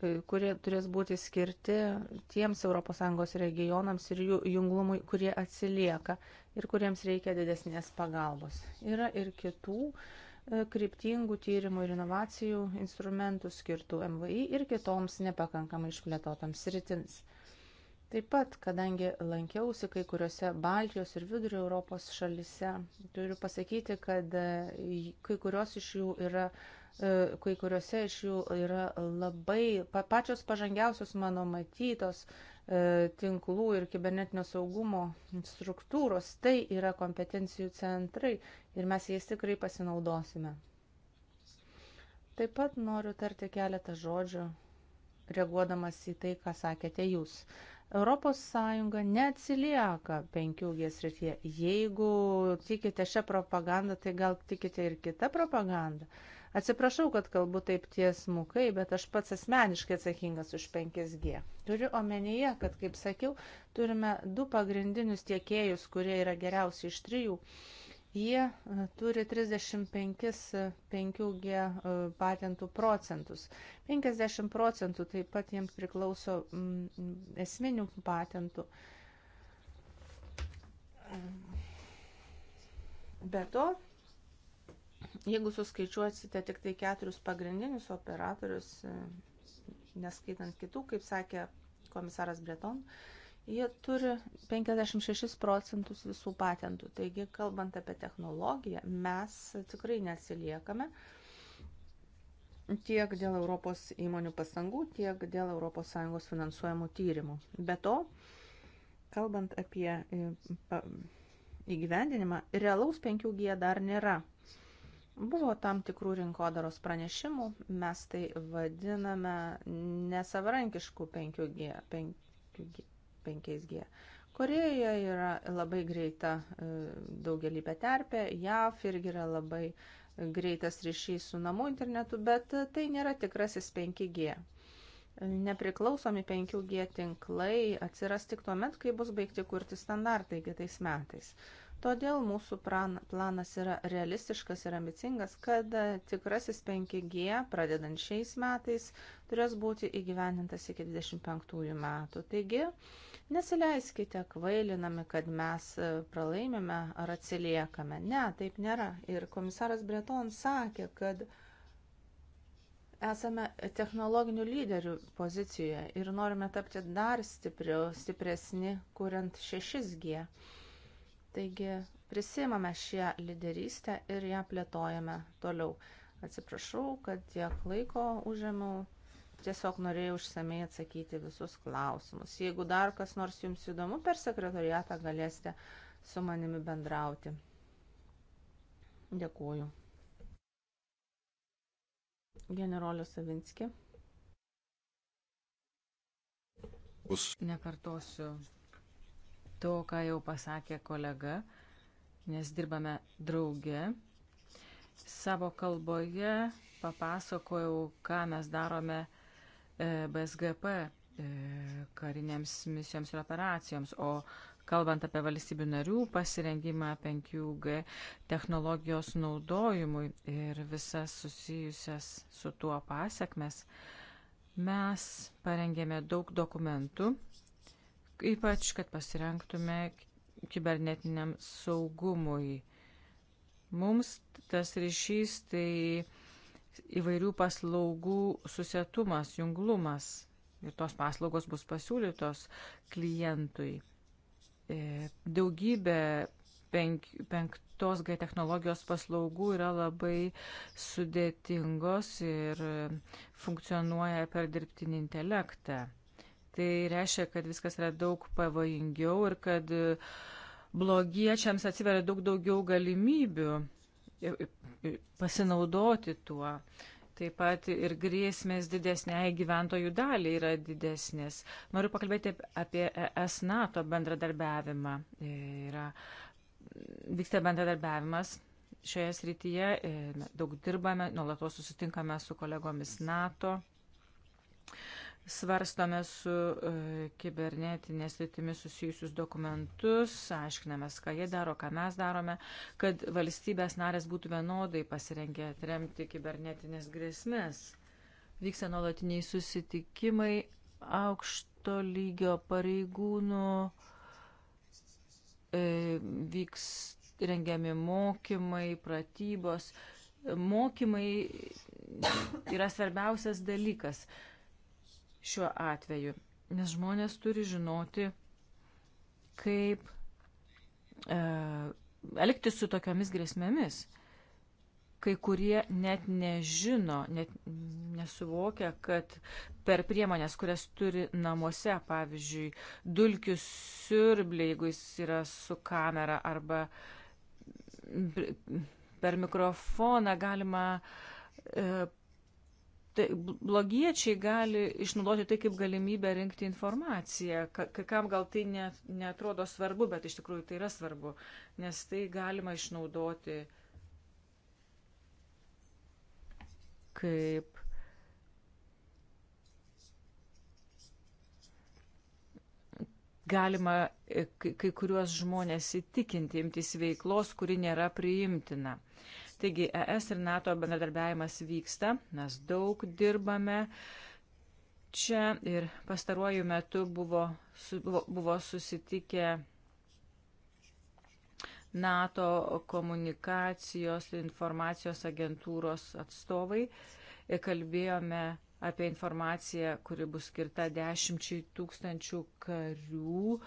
E, kurie turės būti skirti tiems ES regionams ir jų junglumui, kurie atsilieka ir kuriems reikia didesnės pagalbos. Yra ir kitų e, kryptingų tyrimų ir inovacijų instrumentų skirtų MVI ir kitoms nepakankamai išplėtotams sritims. Taip pat, kadangi lankiausi kai kuriuose Baltijos ir Vidurio Europos šalise, turiu pasakyti, kad e, kai kurios iš jų yra uh, E, kai kuriuose iš jų yra labai pačios pažangiausios mano matytos e, tinklų ir kibernetinio saugumo struktūros. Tai yra kompetencijų centrai ir mes jais tikrai pasinaudosime. Taip pat noriu tarti keletą žodžių, reaguodamas į tai, ką sakėte jūs. ES neatsilieka 5G srityje. Jeigu tikite šią propagandą, tai gal tikite ir kitą propagandą. Uh, Atsiprašau, kad kalbu taip tiesmukai, bet aš pats asmeniškai atsakingas už 5G. Turiu omenyje, kad, kaip sakiau, turime du pagrindinius tiekėjus, kurie yra geriausi iš trijų. Jie e, turi 35 5G e, e, patentų procentus. 50 procentų taip pat jiems priklauso mm, esminių patentų. Be to, Jeigu suskaičiuosite tik tai keturis pagrindinius operatorius, e, neskaitant kitų, kaip sakė komisaras Breton, jie turi 56 procentus visų patentų. Taigi, kalbant apie technologiją, mes tikrai nesiliekame tiek dėl Europos įmonių pastangų, tiek dėl ES finansuojamų tyrimų. Be to, kalbant apie e, įgyvendinimą, realaus 5G dar nėra. Buvo tam tikrų rinkodaros pranešimų, mes tai vadiname nesavarankiškų 5G, 5G, 5G. Korejoje yra labai greita e, daugelį terpė, JAV irgi yra labai greitas ryšys su namų internetu, bet tai nėra tikrasis 5G. Nepriklausomi 5G tinklai atsiras tik tuo met, kai bus baigti kurti standartai kitais metais. Todėl mūsų planas yra realistiškas ir ambicingas, kad e, tikrasis 5G pradedant šiais metais turės būti įgyvendintas iki 25 metų. Taigi, nesileiskite kvailinami, kad mes e, pralaimime ar atsiliekame. Ne, taip nėra. Ir komisaras Breton sakė, kad esame technologinių lyderių pozicijoje ir norime tapti dar stipriau, stipresni, kuriant 6G. Taigi prisimame šią lyderystę ir ją plėtojame toliau. Atsiprašau, kad tiek laiko užėmiau. Tiesiog norėjau išsamei atsakyti visus klausimus. Jeigu dar kas nors jums įdomu, per sekretariatą galėsite su manimi bendrauti. Dėkuoju. Generolio Savinski. Nekartosiu to, ką jau pasakė kolega, nes dirbame drauge. Savo kalboje papasakojau, ką mes darome e, BSGP e, karinėms misijoms ir operacijoms, o kalbant apie valstybių narių pasirengimą 5G technologijos naudojimui ir visas susijusias su tuo pasiekmes, mes parengėme daug dokumentų ypač, kad pasirenktume kibernetiniam saugumui. Mums tas ryšys tai įvairių paslaugų susietumas, junglumas ir tos paslaugos bus pasiūlytos klientui. E, daugybė penk, penktos G technologijos paslaugų yra labai sudėtingos ir e, funkcionuoja per dirbtinį intelektą. Tai reiškia, kad viskas yra daug pavojingiau ir kad e, blogiečiams atsiveria daug daugiau galimybių e, e, pasinaudoti tuo. Taip pat ir grėsmės didesniai gyventojų daliai yra didesnės. Noriu pakalbėti apie ES NATO bendradarbiavimą. Yra, vyksta bendradarbiavimas šioje srityje, daug dirbame, nuolatos susitinkame su kolegomis NATO. Svarstome su e, kibernetinės rytimis susijusius dokumentus, aiškinamės, ką jie daro, ką mes darome, kad valstybės narės būtų vienodai pasirengę atremti kibernetinės grėsmės. Vyksta nuolatiniai susitikimai aukšto lygio pareigūnų, e, vyks rengiami mokymai, pratybos. Mokymai yra svarbiausias dalykas šiuo atveju, nes žmonės turi žinoti, kaip e, elgtis su tokiamis grėsmėmis. Kai kurie net nežino, net nesuvokia, kad per priemonės, kurias turi namuose, pavyzdžiui, dulkių siurblį, jeigu jis yra su kamera arba per mikrofoną galima e, tai blogiečiai gali išnaudoti tai kaip galimybę rinkti informaciją. Ka, kam gal tai ne, netrodo svarbu, bet iš tikrųjų tai yra svarbu, nes tai galima išnaudoti kaip galima e, kai kuriuos žmonės įtikinti imtis veiklos, kuri nėra priimtina. Taigi ES ir NATO bendradarbiavimas vyksta, mes daug dirbame. Čia ir pastaruoju metu buvo, su, buvo, buvo susitikę NATO komunikacijos ir informacijos agentūros atstovai. Kalbėjome apie informaciją, kuri bus skirta dešimčiai tūkstančių karių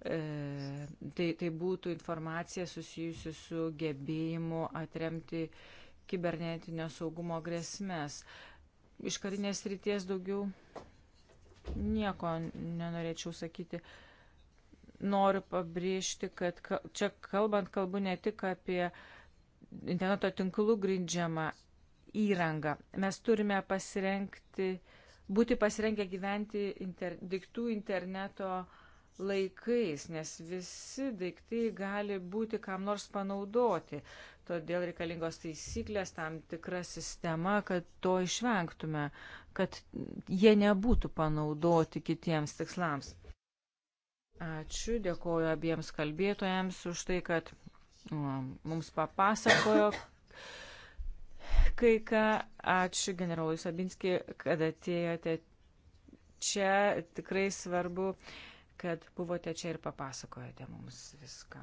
E, tai, tai būtų informacija susijusi su gebėjimu atremti kibernetinio saugumo grėsmės. Iš karinės ryties daugiau nieko nenorėčiau sakyti. Noriu pabrėžti, kad čia kalbant kalbu ne tik apie interneto tinklų grindžiamą įrangą. Mes turime pasirenkti, būti pasirengę gyventi inter, diktų interneto uh, laikais, nes visi daiktai gali būti kam nors panaudoti. Todėl reikalingos taisyklės, tam tikra sistema, kad to išvengtume, kad jie nebūtų panaudoti kitiems tikslams. Ačiū, dėkoju abiems kalbėtojams už tai, kad nu, mums papasakojo kai ką. Ačiū generolui Sabinski, kad atėjote čia. Tikrai svarbu uh, kad buvote čia ir papasakojote mums viską.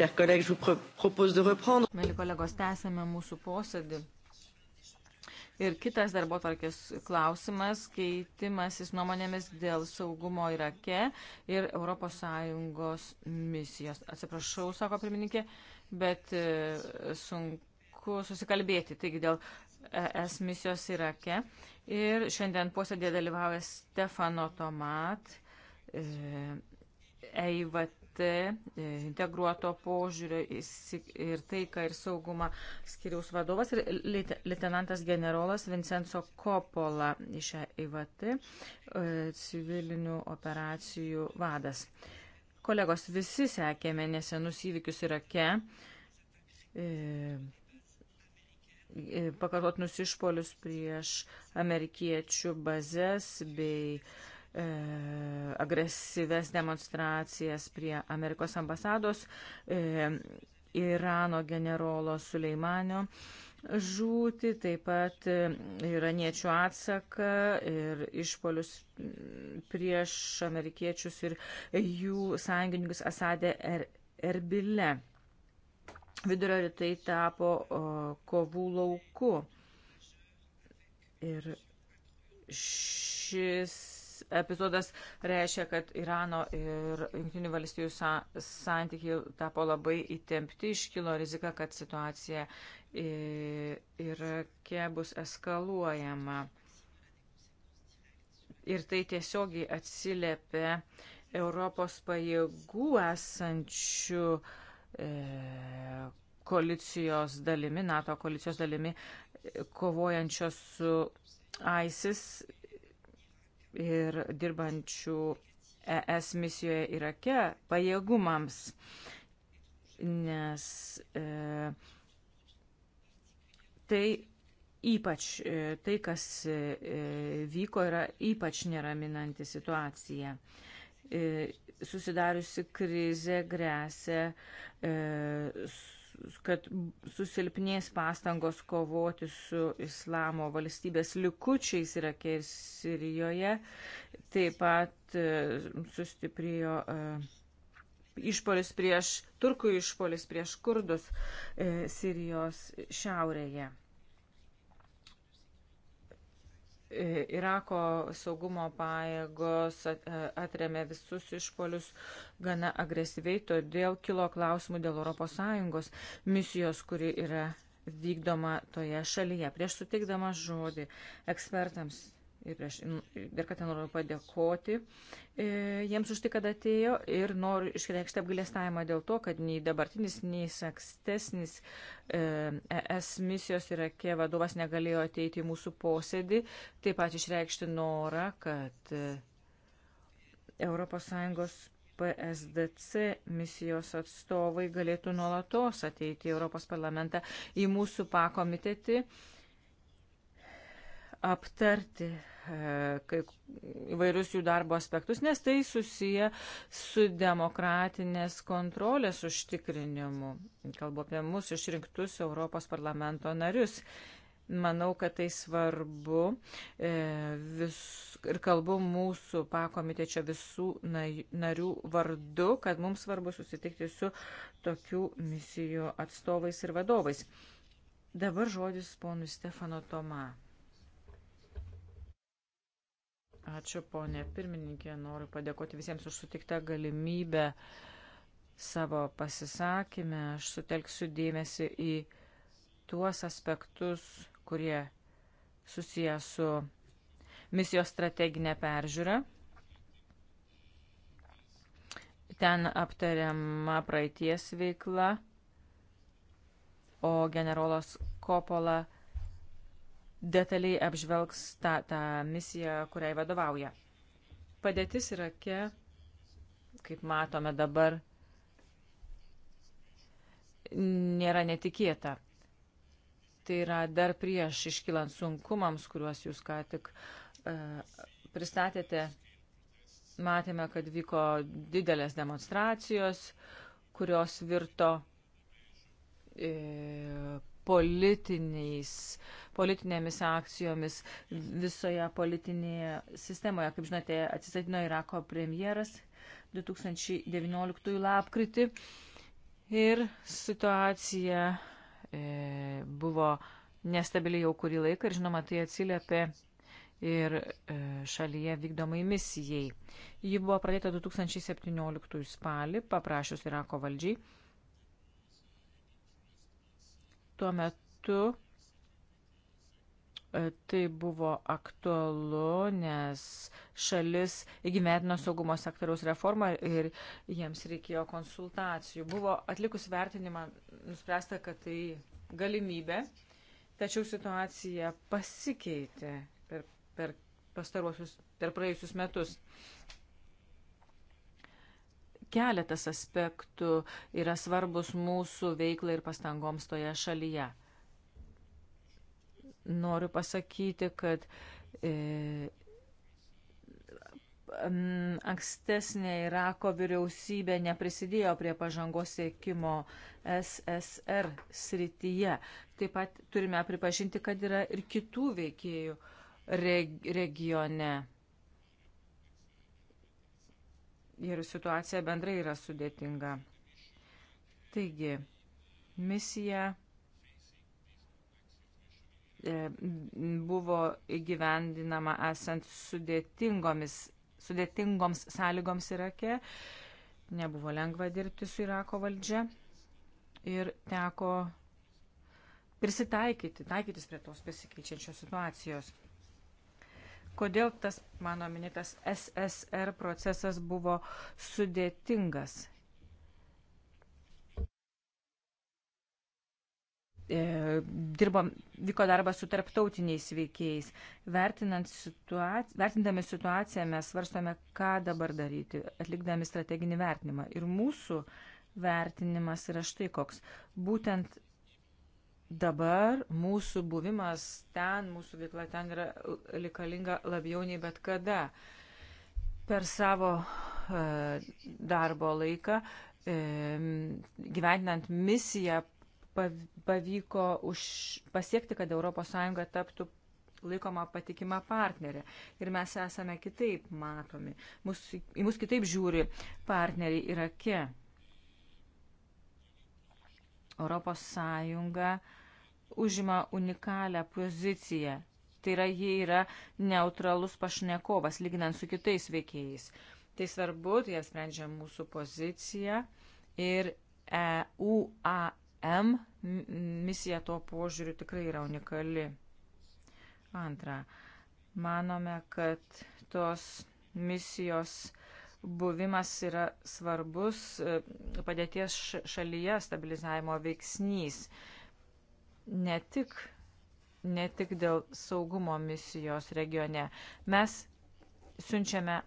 Chers collègues, je vous propose de reprendre. Mėly kolegos, tęsėme mūsų posėdį. Ir kitas darbo tvarkės klausimas - keitimasis nuomonėmis dėl saugumo Irake ir ES misijos. Atsiprašau, sako pirmininkė, bet e, sunku susikalbėti. Taigi dėl e, ES misijos Irake. Ir šiandien posėdėje dalyvauja Stefano Tomat, e, EIVT IKT, e, integruoto požiūrio ir taiką ir saugumą skiriaus vadovas ir lieutenantas generolas Vincenzo Kopola iš IVT, e, civilinių operacijų vadas. Kolegos, visi sekėme nesenus įvykius Irake. E, e pakartotinus išpolius prieš amerikiečių bazės bei e, agresyves demonstracijas prie Amerikos ambasados e, Irano generolo Suleimanio žūti, taip pat e, iraniečių atsaką ir išpolius prieš amerikiečius ir jų sąjungininkus Asadė er, Erbile. Vidurio rytai tapo o, kovų lauku. Ir šis epizodas reiškia, kad Irano ir Junktinių valstybių sa santykiai tapo labai įtempti, iškilo rizika, kad situacija Irake bus eskaluojama. Ir tai tiesiogiai atsiliepia Europos pajėgų esančių e, koalicijos dalimi, NATO koalicijos dalimi, kovojančios su ISIS ir dirbančių ES misijoje Irake pajėgumams, nes e, tai ypač, e, tai kas e, vyko, yra ypač neraminanti situacija. E, susidariusi krizė grėsia e, su kad susilpnės pastangos kovoti su islamo valstybės likučiais Irake ir Sirijoje. Taip pat e, sustiprėjo e, išpolis prieš, turkų išpolis prieš kurdus e, Sirijos šiaurėje. E, Irako saugumo pajėgos e, atremė visus išpolius gana agresyviai, todėl kilo klausimų dėl ES misijos, kuri yra vykdoma toje šalyje. Prieš sutikdama žodį ekspertams Ir aš dar kartą noriu padėkoti e, jiems už tai, kad atėjo ir noriu išreikšti apgalėstavimą dėl to, kad nei dabartinis, nei ankstesnis ES e misijos Irake vadovas negalėjo ateiti į mūsų posėdį. Taip pat išreikšti norą, kad ES PSDC misijos atstovai galėtų nuolatos ateiti į Europos parlamentą į mūsų pakomitetį. komitetį aptarti e, kai, įvairius jų darbo aspektus, nes tai susiję su demokratinės kontrolės užtikrinimu. Kalbu apie mūsų išrinktus Europos parlamento narius. Manau, kad tai svarbu e, vis, ir kalbu mūsų pakomitečio visų narių vardu, kad mums svarbu susitikti su tokių misijų atstovais ir vadovais. Dabar žodis ponui Stefano Toma. Ačiū, ponė pirmininkė. Noriu padėkoti visiems už sutiktą galimybę savo pasisakymę. Aš sutelksiu dėmesį į tuos aspektus, kurie susiję su misijos strateginė peržiūra. Ten aptariama praeities veikla, o generolas Kopola detaliai apžvelgs tą, tą misiją, kuriai vadovauja. Padėtis Irake, kaip matome dabar, nėra netikėta. Tai yra dar prieš iškilant sunkumams, kuriuos jūs ką tik uh, pristatėte, matėme, kad vyko didelės demonstracijos, kurios virto uh, politiniais, politinėmis akcijomis visoje politinėje sistemoje. Kaip žinote, atsistatino Irako premjeras 2019 lapkritį ir situacija e, buvo nestabili jau kurį laiką ir žinoma tai atsiliepė ir e, šalyje vykdomai misijai. Ji buvo pradėta 2017 spalį, paprašius Irako valdžiai Tuo metu e, tai buvo aktualu, nes šalis įgyvendino saugumo sektoriaus reformą ir jiems reikėjo konsultacijų. Buvo atlikus vertinimą nuspręsta, kad tai galimybė, tačiau situacija pasikeitė per, per pastaruosius, per praėjusius metus keletas aspektų yra svarbus mūsų veiklai ir pastangoms toje šalyje. Noriu pasakyti, kad e, ankstesnė Irako vyriausybė neprisidėjo prie pažangos siekimo SSR srityje. Taip pat turime pripažinti, kad yra ir kitų veikėjų regione ir situacija bendrai yra sudėtinga. Taigi, misija e, buvo įgyvendinama esant sudėtingoms sąlygoms Irake. Nebuvo lengva dirbti su Irako valdžia ir teko prisitaikyti, taikytis prie tos besikeičiančios situacijos. Kodėl tas mano minėtas SSR procesas buvo sudėtingas? E, dirbom, vyko darbas su tarptautiniais veikėjais. Situaci vertindami situaciją mes svarstome, ką dabar daryti, atlikdami strateginį vertinimą. Ir mūsų vertinimas yra štai koks. Būtent dabar mūsų buvimas ten, mūsų veikla ten yra reikalinga labiau nei bet kada. Per savo e, darbo laiką e, gyventinant misiją pavyko už, pasiekti, kad ES taptų laikoma patikima partnerė. Ir mes esame kitaip matomi. Mus, į mus kitaip žiūri partneriai Irake. Europos Sąjunga uh, užima unikalią poziciją. Tai yra, ji yra neutralus pašnekovas, lyginant su kitais veikėjais. Tai svarbu, tai apsprendžia mūsų poziciją ir EUAM misija tuo požiūriu tikrai yra unikali. Antra, manome, kad tos misijos buvimas yra svarbus e, padėties šalyje stabilizavimo veiksnys ne tik, ne tik dėl saugumo misijos regione. Mes siunčiame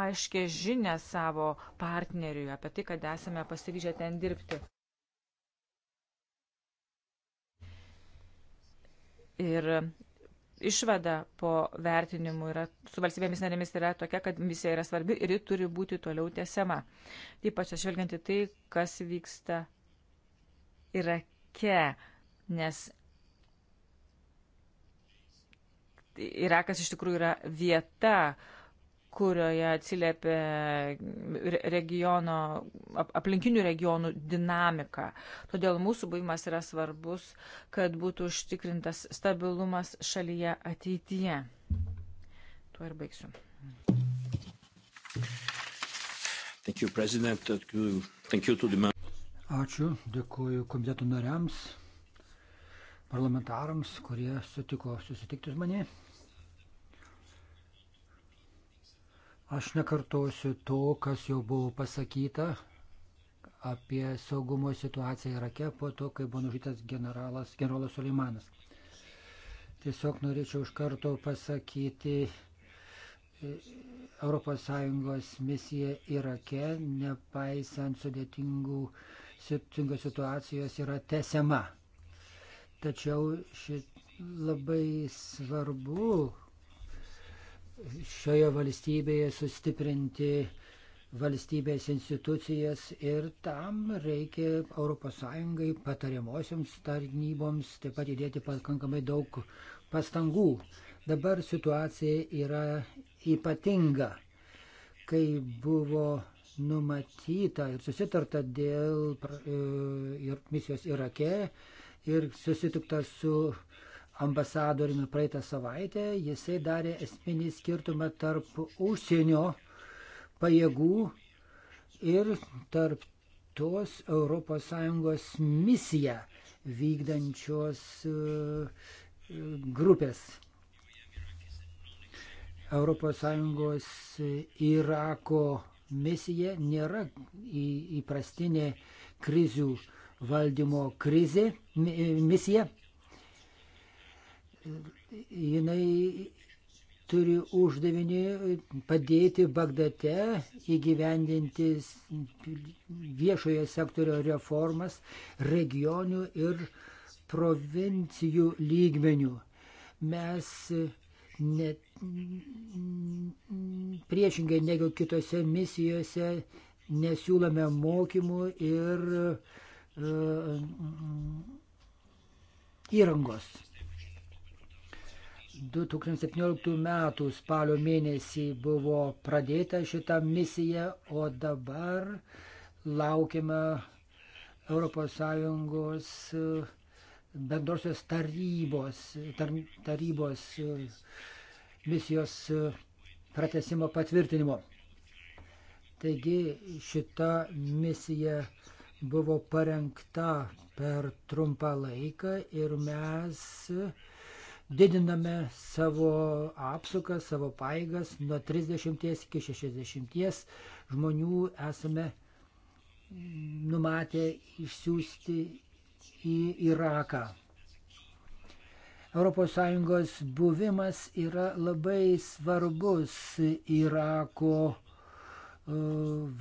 aiškę žinę savo partneriui apie tai, kad esame pasiryžę ten dirbti. Ir išvada po vertinimų yra, su valstybėmis narėmis yra tokia, kad misija yra svarbi ir ji turi būti toliau tęsiama. Ypač ašvelgiant į tai, kas vyksta Irake nes Irakas iš tikrųjų yra vieta, kurioje atsiliepia regiono, aplinkinių regionų dinamika. Todėl mūsų buvimas yra svarbus, kad būtų užtikrintas stabilumas šalyje ateityje. Tuo ir baigsiu. Thank you, President. Thank you to the... Ačiū, dėkuoju komiteto nariams parlamentarams, kurie sutiko susitikti su manimi. Aš nekartosiu to, kas jau buvo pasakyta apie saugumo situaciją Irake po to, kai buvo nužudytas generalas, generolas Suleimanas. Tiesiog norėčiau iš karto pasakyti, ES misija Irake, nepaisant sudėtingų situacijos, yra tesiama. Tačiau šit labai svarbu šioje valstybėje sustiprinti valstybės institucijas ir tam reikia ES patariamosioms tarnyboms taip pat įdėti pakankamai daug pastangų. Dabar situacija yra ypatinga, kai buvo numatyta ir susitarta dėl e, ir misijos Irake, ir susitikta su ambasadoriumi praeitą savaitę. Jisai darė esminį skirtumą tarp užsienio pajėgų ir tarp tos ES misiją vykdančios e, grupės. ES e, Irako misija nėra įprastinė krizių valdymo krizė, misija. Jinai turi uždavinį padėti Bagdate įgyvendinti viešojo sektorio reformas regionių ir provincijų lygmenių. Mes net priešingai negu kitose misijose nesiūlome mokymų ir uh, E, e, įrangos. 2017 m. spalio mėnesį buvo pradėta šita misija, o dabar laukiame ES bendrosios tarybos, tar, tarybos e, misijos pratesimo patvirtinimo. Taigi šita misija uh, buvo parengta per trumpą laiką ir mes didiname savo apsuką, savo paėgas nuo 30 iki 60 žmonių esame numatę išsiųsti į Iraką. ES buvimas yra labai svarbus Irako e,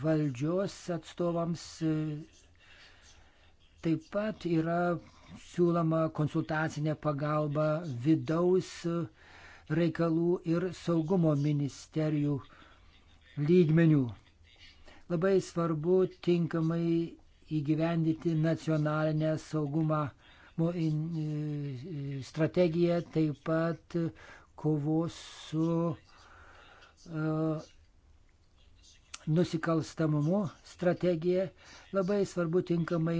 valdžios atstovams Taip pat yra siūloma konsultacinė pagalba vidaus reikalų ir saugumo ministerijų lygmenių. Labai svarbu tinkamai įgyvendyti nacionalinę saugumą e, strategiją, taip pat kovos su uh, nusikalstamumu strategija. Labai svarbu tinkamai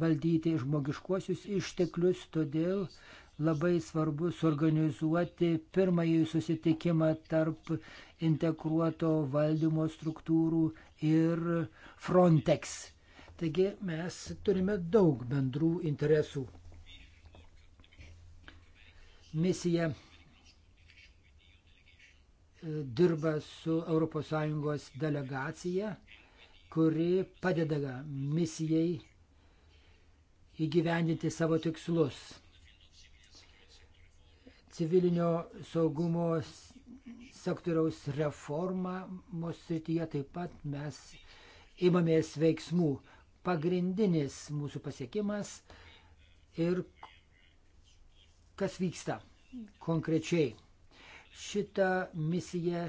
valdyti žmogiškuosius išteklius, todėl labai svarbu suorganizuoti pirmąjį susitikimą tarp integruoto valdymo struktūrų ir Frontex. Taigi mes turime daug bendrų interesų. Misija dirba su ES delegacija, kuri padeda misijai įgyvendinti savo tikslus. Civilinio saugumo sektoriaus reforma mūsų srityje taip pat mes imamės veiksmų. Pagrindinis mūsų pasiekimas ir kas vyksta konkrečiai. Šita misija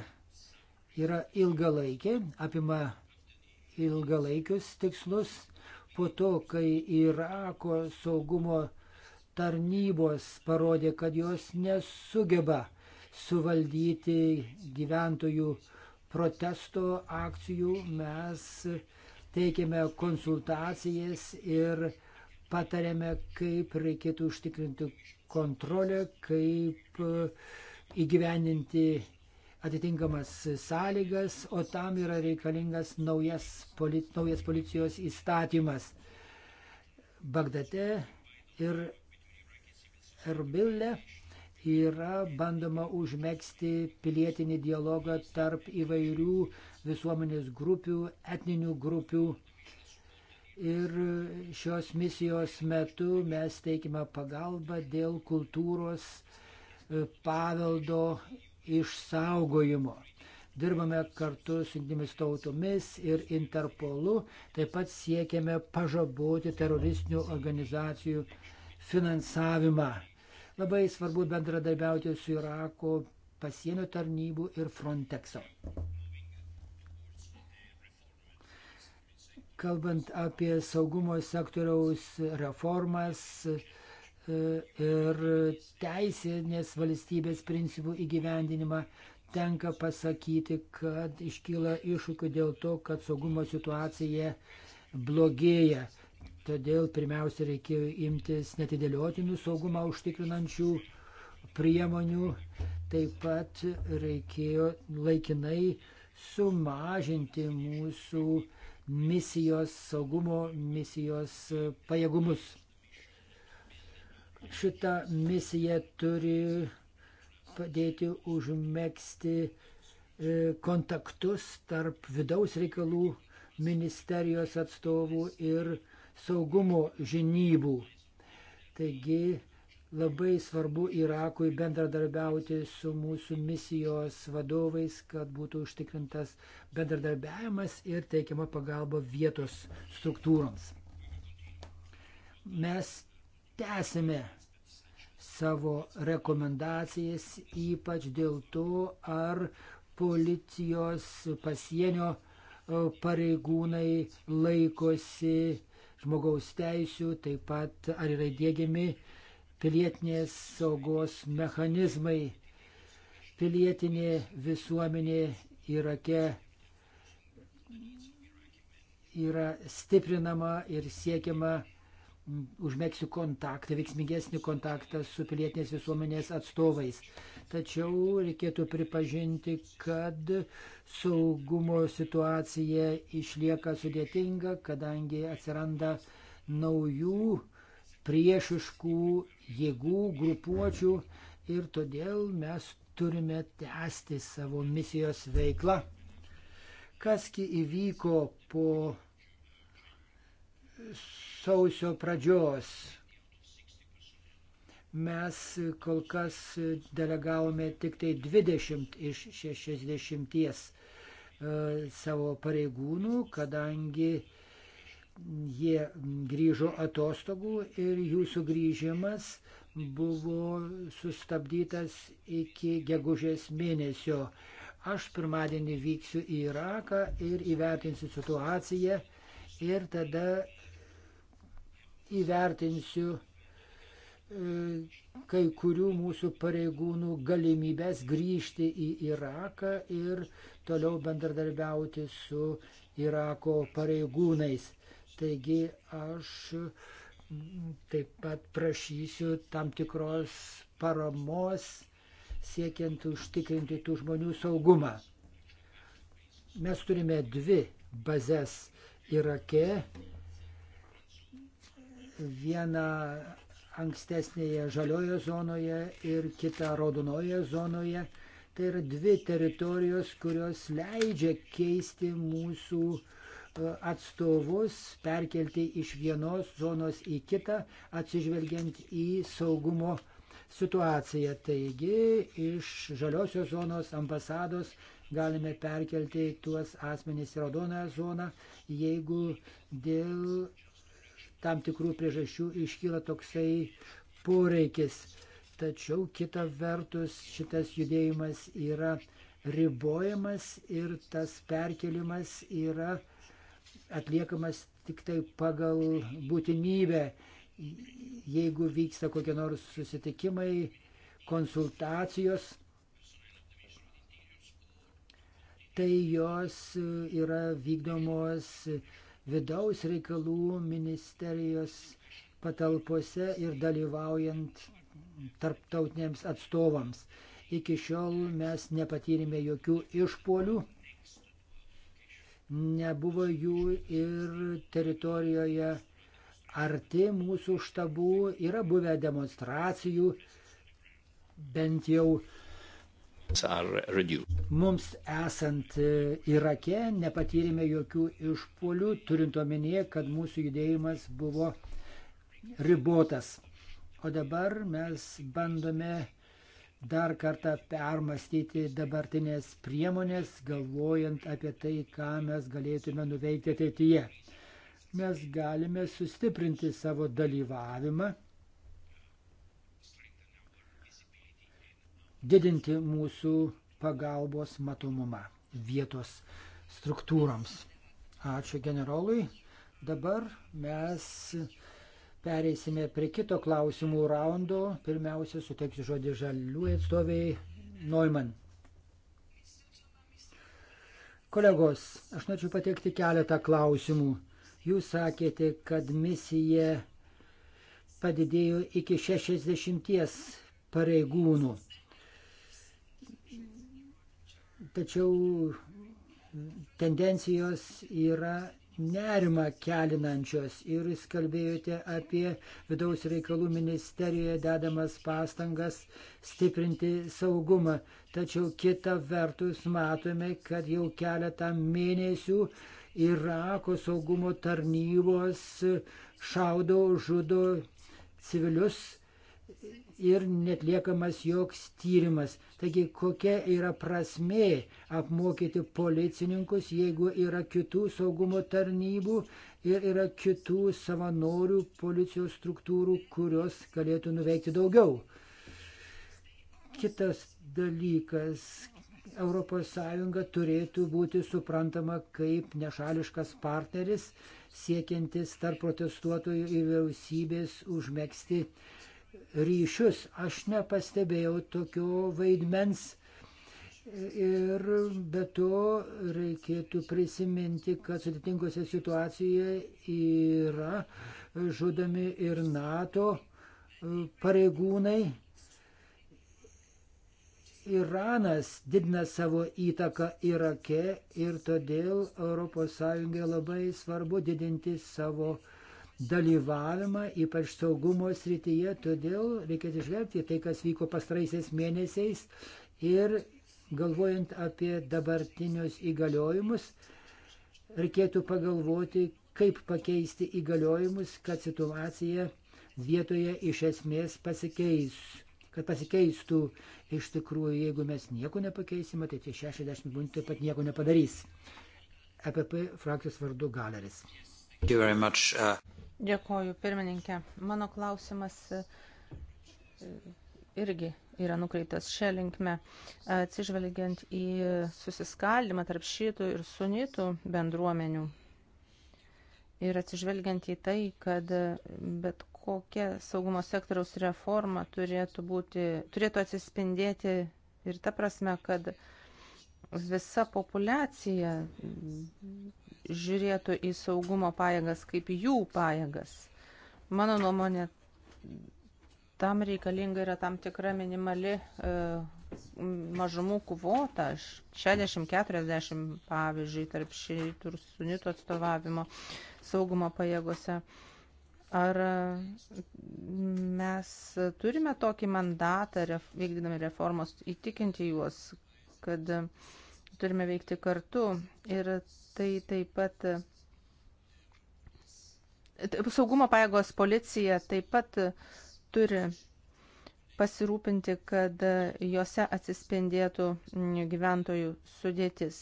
yra ilgalaikė, apima ilgalaikius tikslus. Po to, kai Irako saugumo tarnybos parodė, kad jos nesugeba suvaldyti gyventojų protesto akcijų, mes teikiame konsultacijas ir patarėme, kaip reikėtų užtikrinti kontrolę, kaip uh, įgyveninti atitinkamas sąlygas, o tam yra reikalingas naujas, poli, naujas policijos įstatymas. Bagdate ir Erbilė yra bandoma užmėgsti pilietinį dialogą tarp įvairių visuomenės grupių, etninių grupių. Ir šios misijos metu mes teikime pagalbą dėl kultūros uh, paveldo išsaugojimo. Dirbame kartu su jungtimis tautomis ir Interpolu, taip pat siekiame pažaboti teroristinių organizacijų finansavimą. Labai svarbu bendradarbiauti su Irako pasienio tarnybų ir Frontexo. Kalbant apie saugumo sektoriaus reformas, ir teisinės valstybės principų įgyvendinimą. Tenka pasakyti, kad iškyla iššūkių dėl to, kad saugumo situacija blogėja. Todėl pirmiausia reikėjo imtis netidėliotinų saugumą užtikrinančių priemonių. Taip pat reikėjo laikinai sumažinti mūsų misijos saugumo misijos pajėgumus. Šita misija turi padėti užmėgsti e, kontaktus tarp vidaus reikalų ministerijos atstovų ir saugumo žinybų. Taigi labai svarbu Irakui bendradarbiauti su mūsų misijos vadovais, kad būtų užtikrintas bendradarbiavimas ir teikiama pagalba vietos struktūroms. Mes tęsime savo rekomendacijas, ypač dėl to, ar policijos pasienio e, pareigūnai laikosi žmogaus teisių, taip pat ar yra dėgiami pilietinės saugos mechanizmai. Pilietinė visuomenė Irake yra stiprinama ir siekiama užmėgsiu kontaktą, veiksmingesnį kontaktą su pilietinės visuomenės atstovais. Tačiau reikėtų pripažinti, kad saugumo situacija išlieka sudėtinga, kadangi atsiranda naujų priešiškų jėgų, grupuočių ir todėl mes turime tęsti savo misijos veiklą. Kasgi įvyko po sausio pradžios. Mes kol kas delegavome tik tai 20 iš 60 e, savo pareigūnų, kadangi jie grįžo atostogų ir jų sugrįžimas buvo sustabdytas iki gegužės mėnesio. Aš pirmadienį vyksiu į Iraką ir įvertinsiu situaciją ir tada įvertinsiu e, kai kurių mūsų pareigūnų galimybės grįžti į Iraką ir toliau bendradarbiauti su Irako pareigūnais. Taigi aš taip pat prašysiu tam tikros paramos siekiant užtikrinti tų žmonių saugumą. Mes turime dvi bazės Irake vieną ankstesnėje žaliojoje zonoje ir kitą raudonojoje zonoje. Tai yra dvi teritorijos, kurios leidžia keisti mūsų e, atstovus, perkelti iš vienos zonos į kitą, atsižvelgiant į saugumo situaciją. Taigi iš žaliosios zonos ambasados galime perkelti tuos asmenys į raudonąją zoną, jeigu dėl tam tikrų priežasčių iškyla toksai poreikis. Tačiau kita vertus šitas judėjimas yra ribojamas ir tas perkelimas yra atliekamas tik tai pagal būtinybę. Jeigu vyksta kokie nors susitikimai, konsultacijos, tai jos yra vykdomos vidaus reikalų ministerijos patalpose ir dalyvaujant tarptautiniams atstovams. Iki šiol mes nepatyrėme jokių išpolių, nebuvo jų ir teritorijoje arti mūsų štabų, yra buvę demonstracijų, bent jau. Are reduced. Mums esant e, Irake nepatyrėme jokių išpolių, turint omenyje, kad mūsų judėjimas buvo ribotas. O dabar mes bandome dar kartą permastyti dabartinės priemonės, galvojant apie tai, ką mes galėtume nuveikti ateityje. Mes galime sustiprinti savo dalyvavimą, didinti mūsų pagalbos matomumą vietos struktūroms. Ačiū generolui. Dabar mes pereisime prie kito klausimų raundo. Pirmiausia, suteiksiu žodį žaliųjų atstoviai Neumann. Kolegos, aš norėčiau pateikti keletą klausimų. Jūs sakėte, kad misija padidėjo iki 60 pareigūnų tačiau tendencijos yra nerima kelinančios ir jūs kalbėjote apie vidaus reikalų ministerijoje dedamas pastangas stiprinti saugumą. Tačiau kita vertus matome, kad jau keletą mėnesių Irako saugumo tarnybos šaudo, žudo civilius ir netliekamas joks tyrimas. Taigi kokia yra prasmė apmokyti policininkus, jeigu yra kitų saugumo tarnybų ir yra kitų savanorių policijos struktūrų, kurios galėtų nuveikti daugiau. Kitas dalykas, ES turėtų būti suprantama kaip nešališkas partneris, siekiantis tarp protestuotojų ir vyriausybės užmėgsti ryšius. Aš nepastebėjau tokio vaidmens. Ir be to reikėtų prisiminti, kad sudėtingose situacijoje yra žudomi ir NATO pareigūnai. Iranas didina savo įtaką Irake ir todėl ES labai svarbu didinti savo įtaką dalyvavimą, ypač saugumo srityje, todėl reikėtų išvelgti tai, kas vyko pastaraisiais mėnesiais ir galvojant apie dabartinius įgaliojimus, reikėtų pagalvoti, kaip pakeisti įgaliojimus, kad situacija vietoje iš esmės pasikeis, kad pasikeistų. Iš tikrųjų, jeigu mes nieko nepakeisime, tai tie 60 minų taip pat nieko nepadarys. EPP frakcijos vardu Galeris. Much, uh... Dėkoju, pirmininkė. Mano klausimas e, irgi yra nukreiptas šią linkmę, atsižvelgiant į susiskaldimą tarp šitų ir sunitų bendruomenių. Ir atsižvelgiant į tai, kad bet kokia saugumo sektoriaus reforma turėtų, būti, turėtų atsispindėti ir ta prasme, kad uh, visa populiacija žiūrėtų į saugumo pajėgas kaip jų pajėgas. Mano nuomonė, tam reikalinga yra tam tikra minimali e, mažumų kvota, 60-40 pavyzdžiui, tarp šitų ir sunitų atstovavimo saugumo pajėgose. Ar mes turime tokį mandatą, vykdami reformos, įtikinti juos, kad e, turime veikti kartu ir tai taip pat e, saugumo pajėgos policija taip pat turi pasirūpinti, kad e, juose atsispindėtų gyventojų sudėtis.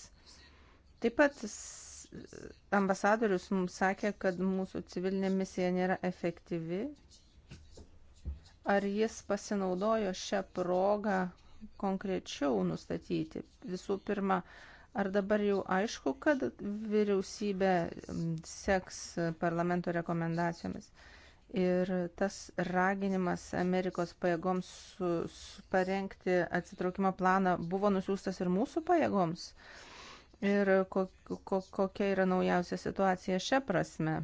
Taip pat ambasadorius mums sakė, kad mūsų civilinė misija nėra efektyvi. Ar jis pasinaudojo šią progą, konkrečiau nustatyti. Visų pirma, ar dabar jau aišku, kad vyriausybė seks parlamento rekomendacijomis? Ir tas raginimas Amerikos pajėgoms su, su parengti atsitraukimo planą buvo nusiųstas ir mūsų pajėgoms. Ir ko, ko, kokia yra naujausia situacija šią prasme?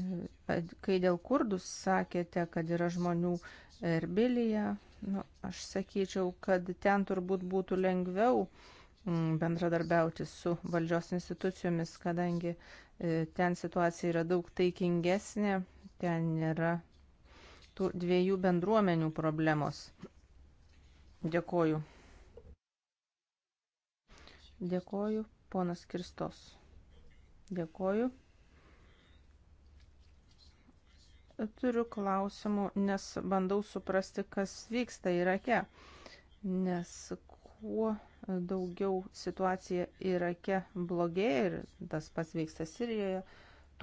E, kai dėl kurdus sakėte, kad yra žmonių Erbilyje, Nu, aš sakyčiau, kad ten turbūt būtų lengviau mm, bendradarbiauti su valdžios institucijomis, kadangi e, ten situacija yra daug taikingesnė, ten nėra tų dviejų bendruomenių problemos. Dėkoju. Dėkoju, ponas Kristos. Dėkoju. Turiu klausimų, nes bandau suprasti, kas vyksta Irake. Nes kuo daugiau situacija Irake blogėja ir tas pats vyksta Sirijoje,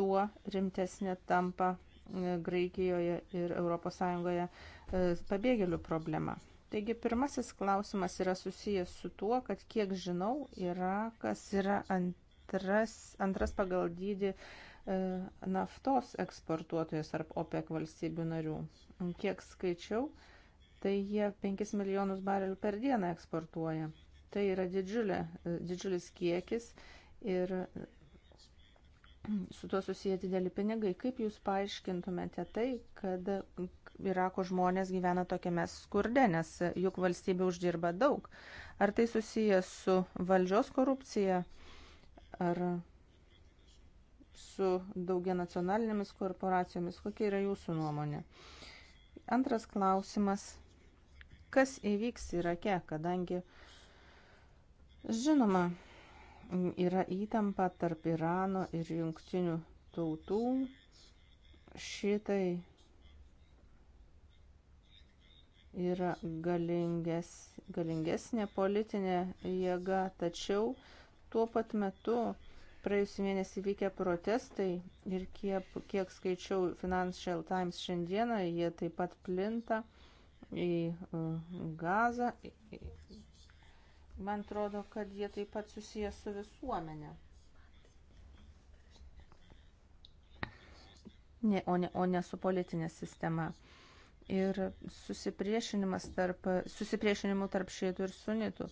tuo rimtesnė tampa e, Graikijoje ir ES e, pabėgėlių problema. Taigi pirmasis klausimas yra susijęs su tuo, kad kiek žinau, Irakas yra antras, antras pagal dydį E, naftos eksportuotojas tarp OPEC valstybių narių. Kiek skaičiau, tai jie 5 milijonus barelių per dieną eksportuoja. Tai yra didžiulė, e, didžiulis kiekis ir su tuo susiję dideli pinigai. Kaip jūs paaiškintumėte tai, kad Irako žmonės gyvena tokiame skurde, nes juk valstybė uždirba daug? Ar tai susiję su valdžios korupcija? Ar su daugia nacionalinėmis korporacijomis. Kokia yra jūsų nuomonė? Antras klausimas. Kas įvyks Irake, kadangi, žinoma, yra įtampa tarp Irano ir jungtinių tautų. Šitai yra galinges, galingesnė politinė jėga, tačiau tuo pat metu praėjusį mėnesį vykę protestai ir kiek, kiek skaičiau Financial Times šiandieną, jie taip pat plinta į e, gazą. Man atrodo, kad jie taip pat susiję su visuomenė. Ne, o, ne, o ne su politinė sistema. Ir susipriešinimas tarp, susipriešinimu tarp šėtų ir sunitų.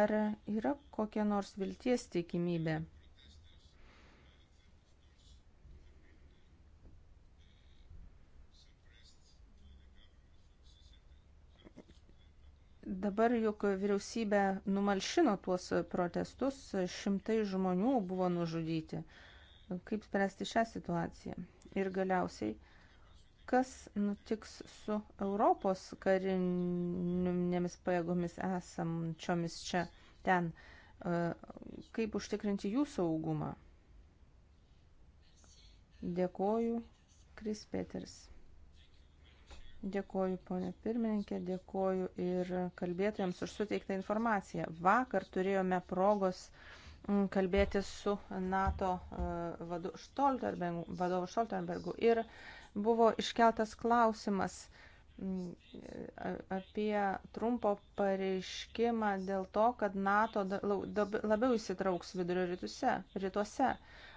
Ar yra kokia nors vilties tikimybė? Dabar juk vyriausybė numalšino tuos protestus, šimtai žmonių buvo nužudyti. Kaip spręsti šią situaciją? Ir galiausiai, kas nutiks su Europos karinėmis pajėgomis esančiomis čia, ten? E, kaip užtikrinti jų saugumą? Dėkoju, Kris Peters. Dėkoju, ponė pirmininkė, dėkoju ir kalbėtojams už suteiktą informaciją. Vakar turėjome progos mm, kalbėti su NATO e, vadu Stoltenberg, vadovu Stoltenbergu ir buvo iškeltas klausimas mm, apie trumpo pareiškimą dėl to, kad NATO labiau įsitrauks vidurio rytuose, rytuose. rytuose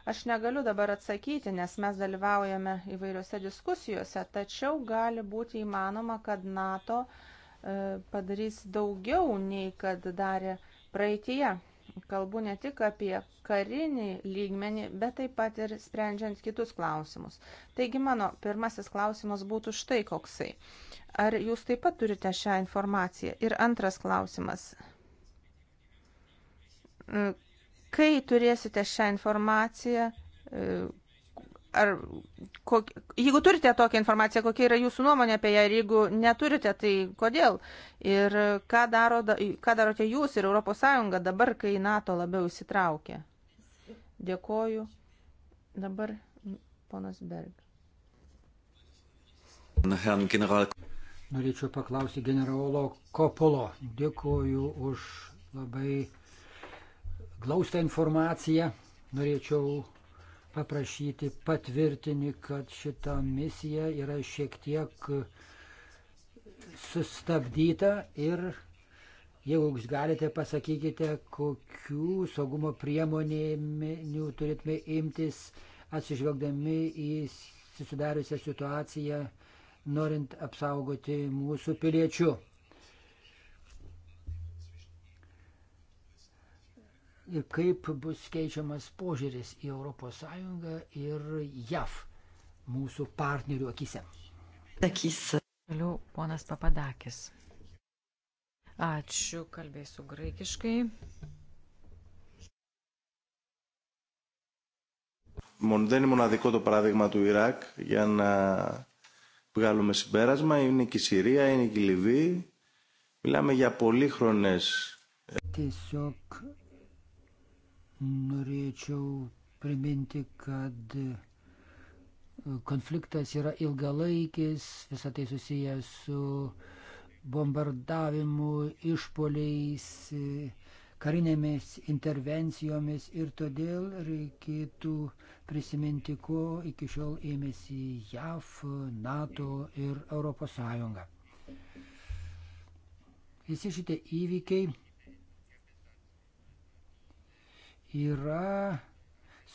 Aš negaliu dabar atsakyti, nes mes dalyvaujame įvairiose diskusijose, tačiau gali būti įmanoma, kad NATO e, padarys daugiau nei kad darė praeitie. Kalbu ne tik apie karinį lygmenį, bet taip pat ir sprendžiant kitus klausimus. Taigi mano pirmasis klausimas būtų štai koksai. Ar jūs taip pat turite šią informaciją? Ir antras klausimas Kai turėsite šią informaciją, e, ar kok, jeigu turite tokią informaciją, kokia yra jūsų nuomonė apie ją ir jeigu neturite, tai kodėl? Ir ką, daro, ką darote jūs ir ES dabar, kai NATO labiau įsitraukia? Dėkoju. Dabar ponas Berg. Norėčiau paklausti generolo Kopolo. Dėkoju už labai glaustą informaciją. Norėčiau paprašyti patvirtinį, kad šita misija yra šiek tiek sustabdyta ir jeigu jūs galite, pasakykite, kokių saugumo priemonėmių turėtume imtis atsižvelgdami į susidariusią situaciją, norint apsaugoti mūsų piliečių. kaip bus keičiamas požiūris į ES ir JAV mūsų partnerių akise. Akis. Toliau ponas Papadakis. Ačiū, kalbėsiu graikiškai. Μόνο δεν είναι μοναδικό το παράδειγμα του Ιράκ για να βγάλουμε συμπέρασμα. Είναι και η Συρία, είναι και η Λιβύη. Μιλάμε για πολύχρονες. Tiesiog Norėčiau priminti, kad e, konfliktas yra ilgalaikis, visą tai susijęs su bombardavimu, išpoliais, e, karinėmis intervencijomis ir todėl reikėtų prisiminti, ko iki šiol ėmėsi JAV, NATO ir ES. Visi šitie įvykiai yra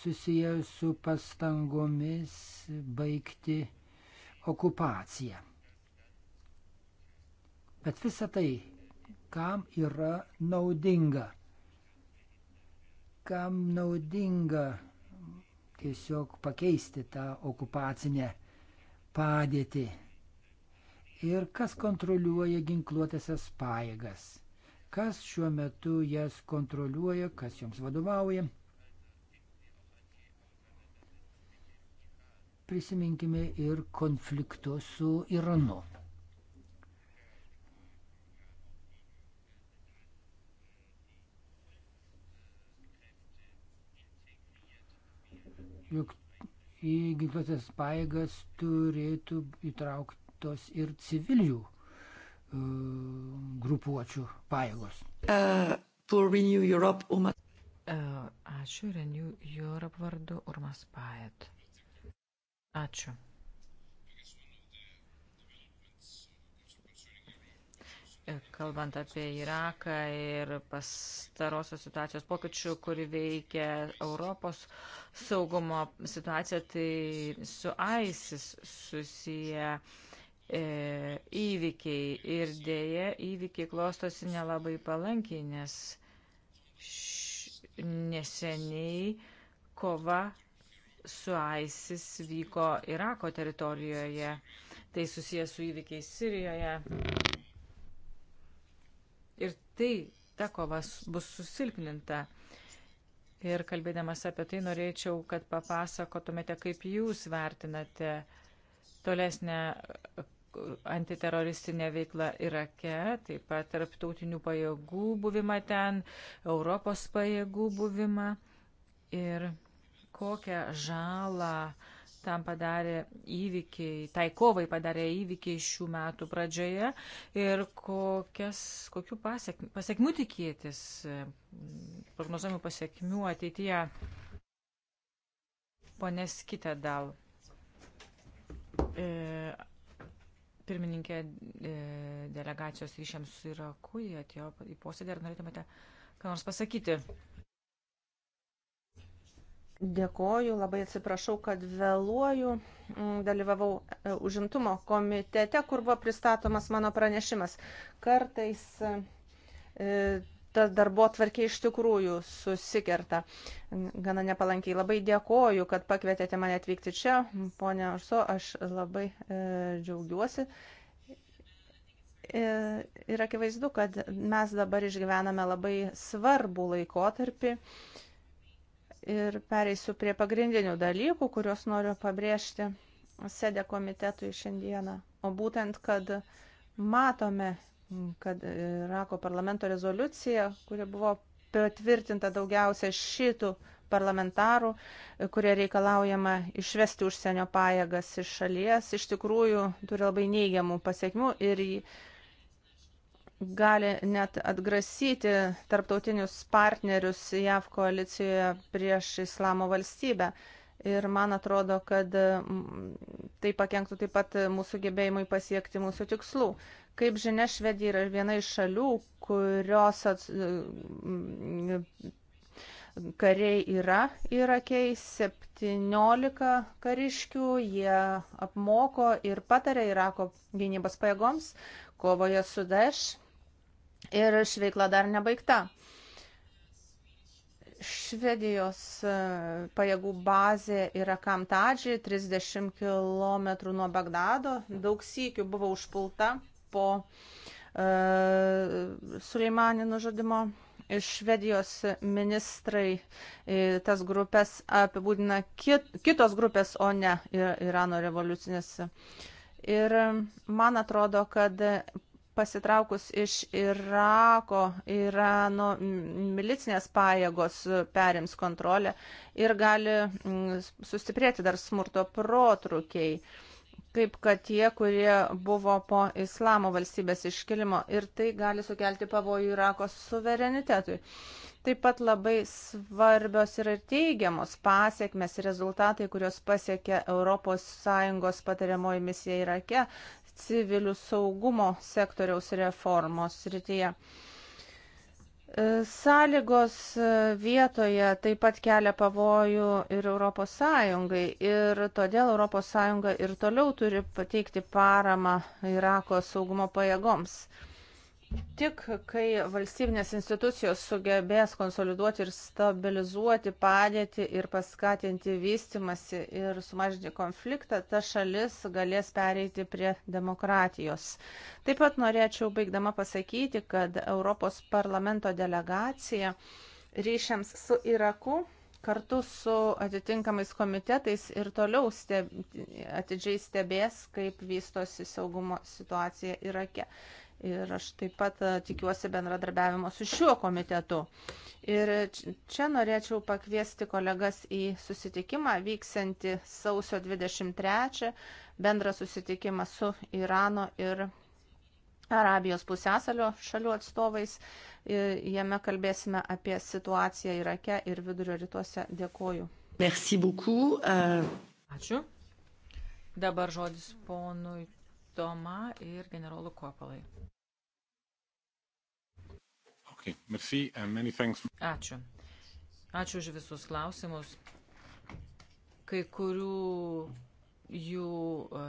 susijęs su pastangomis baigti okupaciją. Bet visa tai, kam yra naudinga, kam naudinga tiesiog pakeisti tą okupacinę padėtį ir kas kontroliuoja ginkluotasias pajėgas kas šiuo metu jas kontroliuoja, kas joms vadovauja. Prisiminkime ir konflikto su Iranu. Juk į ginkluotės paėgas turėtų įtrauktos ir civilių E, grupuočių pajėgos. Uh, Ačiū, Renew Europe vardu Urmas Paet. Ačiū. Kalbant apie Iraką ir pastarosios situacijos pokyčių, kuri veikia Europos saugumo situaciją, tai su ISIS susiję uh, e, įvykiai ir dėje įvykiai klostosi nelabai palankiai, nes š, neseniai kova su ISIS vyko Irako teritorijoje, tai susijęs su įvykiais Sirijoje. Ir tai, ta kova bus susilpninta. Ir kalbėdamas apie tai norėčiau, kad papasakotumėte, kaip jūs vertinate tolesnę antiteroristinė veikla Irake, taip pat tarptautinių pajėgų buvimą ten, Europos pajėgų buvimą ir kokią žalą tam padarė įvykiai, tai kovai padarė įvykiai šių metų pradžioje ir kokias, kokių pasiek, pasiekmių tikėtis, prognozuojamų pasiekmių ateityje. Pone Skite dal. E, pirmininkė e, delegacijos ryšiams su Iraku, jie atėjo į posėdį, ar norėtumėte ką nors pasakyti? Dėkoju, labai atsiprašau, kad vėluoju. Mm, dalyvavau e, užimtumo komitete, kur buvo pristatomas mano pranešimas. Kartais e, ta darbo tvarkė iš tikrųjų susikerta. Gana nepalankiai labai dėkoju, kad pakvietėte mane atvykti čia. Pone Arso, aš labai e, džiaugiuosi. Ir, e, ir akivaizdu, kad mes dabar išgyvename labai svarbų laikotarpį. Ir pereisiu prie pagrindinių dalykų, kuriuos noriu pabrėžti sėdė komitetui šiandieną. O būtent, kad matome kad Irako parlamento rezoliucija, kuri buvo patvirtinta daugiausia šitų parlamentarų, kurie reikalaujama išvesti užsienio pajėgas iš šalies, iš tikrųjų turi labai neigiamų pasiekmių ir gali net atgrasyti tarptautinius partnerius JAV koalicijoje prieš Islamo valstybę. Ir man atrodo, kad mm, tai pakenktų taip pat mūsų gebėjimui pasiekti mūsų tikslų. Kaip žinia, Švedija yra viena iš šalių, kurios ats... kariai yra Irakiai, 17 kariškių, jie apmoko ir patarė Irako gynybos pajėgoms kovoje su Daesh ir šveikla dar nebaigta. Švedijos e, pajėgų bazė yra Kamtadži, 30 km nuo Bagdado, daug sykių buvo užpulta po e, Suleimanį nužudimo. Iš Švedijos ministrai tas grupės apibūdina kit, kitos grupės, o ne Irano revoliucinės. Ir man atrodo, kad pasitraukus iš Irako, Irano milicinės pajėgos perims kontrolę ir gali mm, sustiprėti dar smurto protrukiai kaip kad tie, kurie buvo po islamo valstybės iškilimo ir tai gali sukelti pavojų Irako suverenitetui. Taip pat labai svarbios yra ir teigiamos pasiekmes ir rezultatai, kurios pasiekė ES patariamoji misija Irake civilių saugumo sektoriaus reformos srityje. Ir E, sąlygos e, vietoje taip pat kelia pavojų ir ES ir todėl ES ir toliau turi pateikti paramą Irako saugumo pajėgoms. Tik kai valstybinės institucijos sugebės konsoliduoti ir stabilizuoti padėtį ir paskatinti vystimasi ir sumažinti konfliktą, ta šalis galės pereiti prie demokratijos. Taip pat norėčiau baigdama pasakyti, kad Europos parlamento delegacija ryšiams su Iraku kartu su atitinkamais komitetais ir toliau steb, atidžiai stebės, kaip vystosi saugumo situacija Irake. Ir aš taip pat e, tikiuosi bendradarbiavimo su šiuo komitetu. Ir čia norėčiau pakviesti kolegas į susitikimą vyksianti sausio 23 bendrą susitikimą su Irano ir Arabijos pusėsalio šalių atstovais. E, jame kalbėsime apie situaciją Irake ir vidurio rytuose. Dėkoju. Merci beaucoup. Uh... Ačiū. Dabar žodis ponui Toma ir generolų Kopalai. Ačiū. Ačiū už visus klausimus. Kai kurių jų e,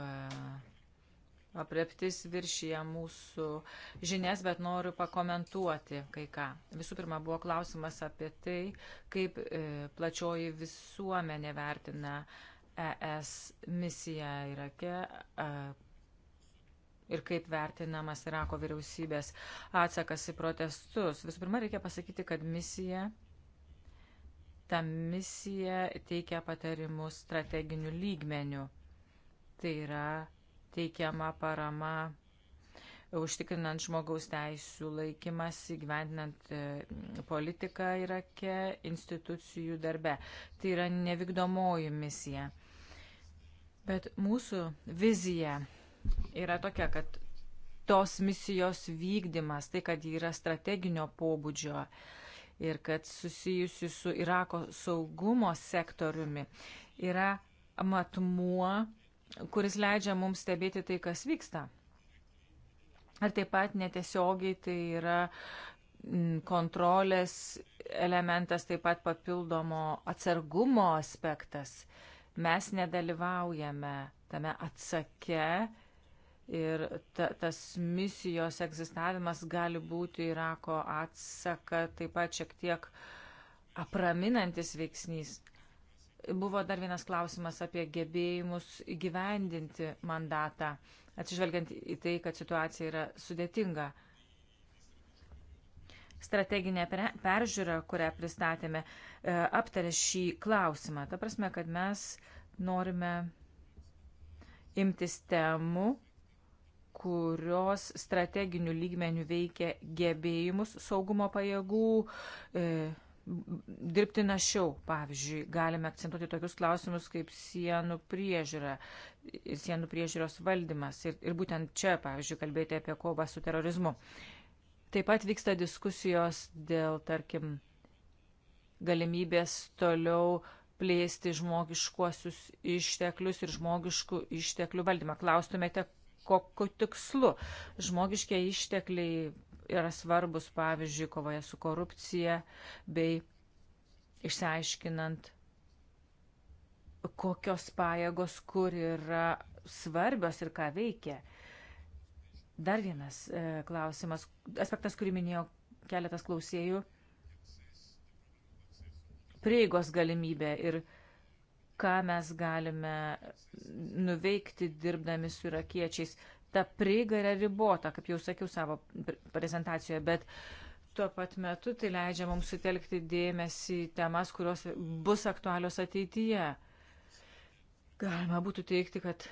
apreptis viršyje mūsų žinias, bet noriu pakomentuoti kai ką. Visų pirma, buvo klausimas apie tai, kaip e, plačioji visuomenė vertina ES misiją Irake, e, ir kaip vertinamas Irako vyriausybės atsakas į protestus. Visų pirma, reikia pasakyti, kad misija, ta misija teikia patarimus strateginių lygmenių. Tai yra teikiama parama užtikrinant žmogaus teisų laikymas, įgyvendinant e, politiką Irake, institucijų darbe. Tai yra nevykdomoji misija. Bet mūsų vizija yra tokia, kad tos misijos vykdymas, tai, kad ji yra strateginio pobūdžio ir kad susijusi su Irako saugumo sektoriumi, yra matmuo, kuris leidžia mums stebėti tai, kas vyksta. Ar taip pat netiesiogiai tai yra mm, kontrolės elementas, taip pat papildomo atsargumo aspektas. Mes nedalyvaujame tame atsake ir ta, tas misijos egzistavimas gali būti Irako atsaka taip pat šiek tiek apraminantis veiksnys. Buvo dar vienas klausimas apie gebėjimus įgyvendinti mandatą, atsižvelgiant į tai, kad situacija yra sudėtinga strateginė peržiūra, kurią pristatėme, e, aptarė šį klausimą. Ta prasme, kad mes norime imtis temų, kurios strateginių lygmenių veikia gebėjimus saugumo pajėgų. E, dirbti našiau. Pavyzdžiui, galime akcentuoti tokius klausimus kaip sienų priežiūra ir sienų priežiūros valdymas. Ir, ir būtent čia, pavyzdžiui, kalbėti apie kovą su terorizmu. Taip pat vyksta diskusijos dėl, tarkim, galimybės toliau plėsti žmogiškuosius išteklius ir žmogiškų išteklių valdymą. Klaustumėte, kokiu tikslu. Žmogiškie ištekliai yra svarbus, pavyzdžiui, kovoje su korupcija bei išsiaiškinant, kokios pajėgos, kur yra svarbios ir ką veikia. Dar vienas e, klausimas, aspektas, kurį minėjo keletas klausėjų - prieigos galimybė ir e, ką mes galime nuveikti dirbdami su irakiečiais. Ta prieiga yra ribota, kaip jau sakiau savo prezentacijoje, bet tuo pat metu tai leidžia mums sutelkti dėmesį į temas, kurios bus aktualios ateityje. Galima būtų teikti, kad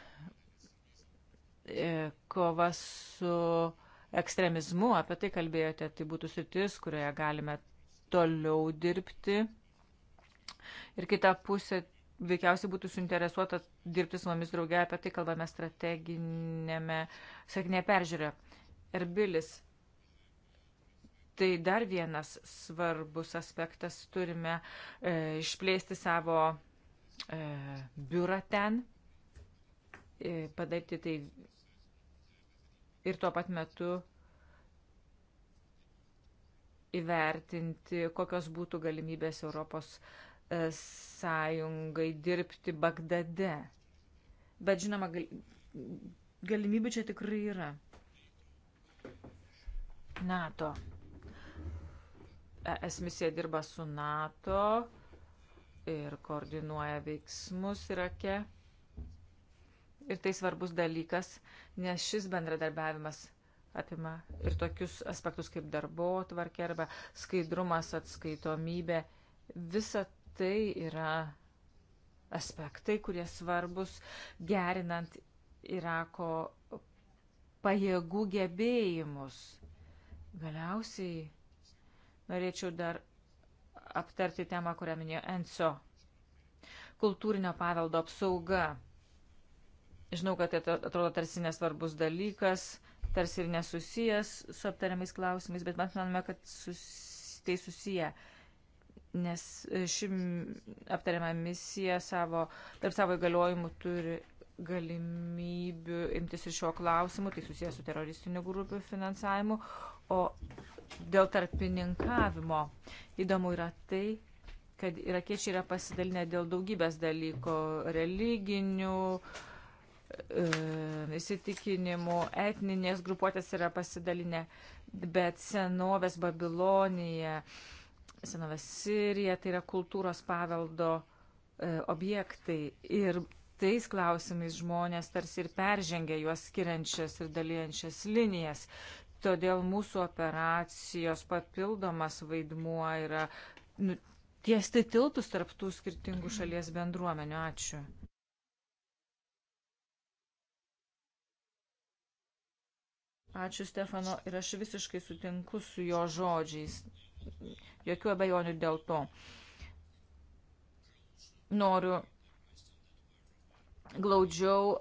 e, kova su ekstremizmu, apie tai kalbėjote, tai būtų sritis, kurioje galime toliau dirbti. Ir kita pusė veikiausiai būtų suinteresuota dirbti su mumis drauge, apie tai kalbame strateginėme, sakinė peržiūrė. Erbilis. Tai dar vienas svarbus aspektas, turime e, išplėsti savo e, biurą ten, e, padaryti tai ir tuo pat metu įvertinti, kokios būtų galimybės Europos e, sąjungai dirbti Bagdade. Bet žinoma, gal, galimybių čia tikrai yra. NATO. ES misija dirba su NATO ir koordinuoja veiksmus Irake. Ir tai svarbus dalykas, nes šis bendradarbiavimas apima ir tokius aspektus kaip darbo tvarkė arba skaidrumas, atskaitomybė. Visa tai yra aspektai, kurie svarbus gerinant Irako pajėgų gebėjimus. Galiausiai norėčiau dar aptarti temą, kurią minėjo Enso. Kultūrinio paveldo apsauga. Žinau, kad tai atrodo tarsi nesvarbus dalykas, tarsi ir nesusijęs su aptariamais klausimais, bet mes manome, kad sus... tai susiję. Uh, nes ši aptariama misija savo, tarp savo įgaliojimų turi galimybių imtis ir šio klausimu, tai susijęs su teroristinių grupių finansavimu, o dėl tarpininkavimo įdomu yra tai, kad irakiečiai yra pasidalinę dėl daugybės dalykų - religinių, įsitikinimų, etninės grupuotės yra pasidalinę, bet senovės Babilonija, senovės Sirija, tai yra kultūros paveldo e, objektai. Ir tais klausimais žmonės tarsi ir peržengia juos skiriančias ir dalyjančias linijas. Todėl mūsų operacijos papildomas vaidmuo yra nu, tiesti tiltus tarptų skirtingų šalies bendruomenių. Ačiū. Ačiū Stefano ir aš visiškai sutinku su jo žodžiais jokių abejonių dėl to. Noriu glaudžiau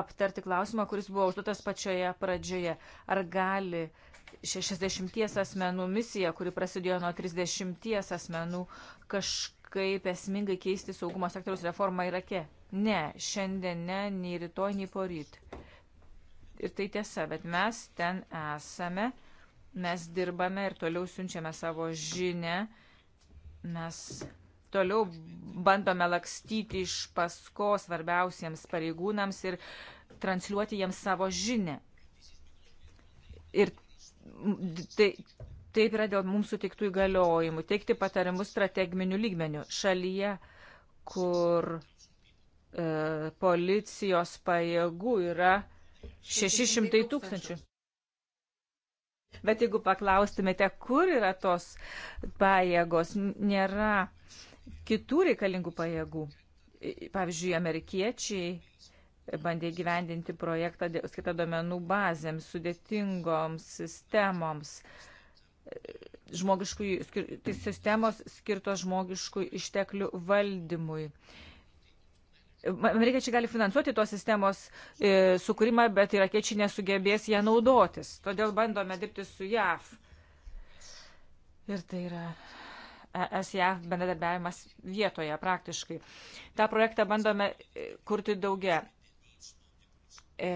aptarti klausimą, kuris buvo užduotas pačioje pradžioje. Ar gali 60 asmenų misija, kuri prasidėjo nuo 30 asmenų, kažkaip esmingai keisti saugumo sektoriaus reformą Irake? Ne, šiandien ne, nei rytoj, nei poryt. Ir tai tiesa, bet mes ten esame Mes dirbame ir toliau siunčiame savo žinę. Mes toliau bandome lakstyti iš paskos svarbiausiems pareigūnams ir transliuoti jiems savo žinę. Ir tai, taip yra dėl mums suteiktų įgaliojimų, teikti patarimus strateginių lygmenių šalyje, kur e, policijos pajėgų yra 600 tūkstančių. Bet jeigu paklaustumėte, kur yra tos pajėgos, nėra kitų reikalingų pajėgų. Pavyzdžiui, amerikiečiai bandė gyvendinti projektą skirtą domenų bazėms, sudėtingoms sistemoms, tai sistemos skirtos žmogiškų išteklių valdymui. Amerikiečiai gali finansuoti tos sistemos e, sukūrimą, bet irakiečiai nesugebės ją naudotis. Todėl bandome dirbti su JAV. Ir tai yra ES-JAV bendradarbiavimas vietoje praktiškai. Ta projektą bandome e, kurti daugia. E,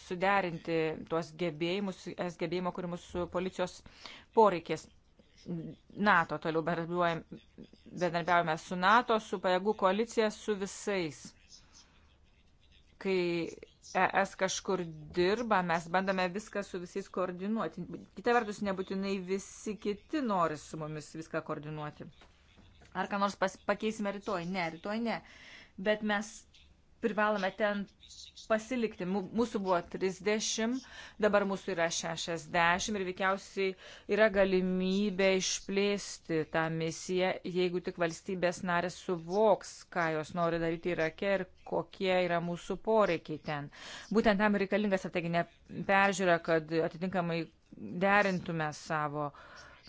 suderinti tuos gebėjimus, es gebėjimo kūrimus su policijos poreikės. NATO toliau bendradarbiaujame su NATO, su pajėgų koalicija, su visais kai ES kažkur dirba, mes bandome viską su visais koordinuoti. Kita vertus, nebūtinai visi kiti nori su mumis viską koordinuoti. Ar ką nors pakeisime rytoj? Ne, rytoj ne. Bet mes privalome ten pasilikti. Mūsų buvo 30, dabar mūsų yra 60 ir veikiausiai yra galimybė išplėsti tą misiją, jeigu tik valstybės narės suvoks, ką jos nori daryti Irake ir kokie yra mūsų poreikiai ten. Būtent tam reikalinga strateginė peržiūra, kad atitinkamai derintume savo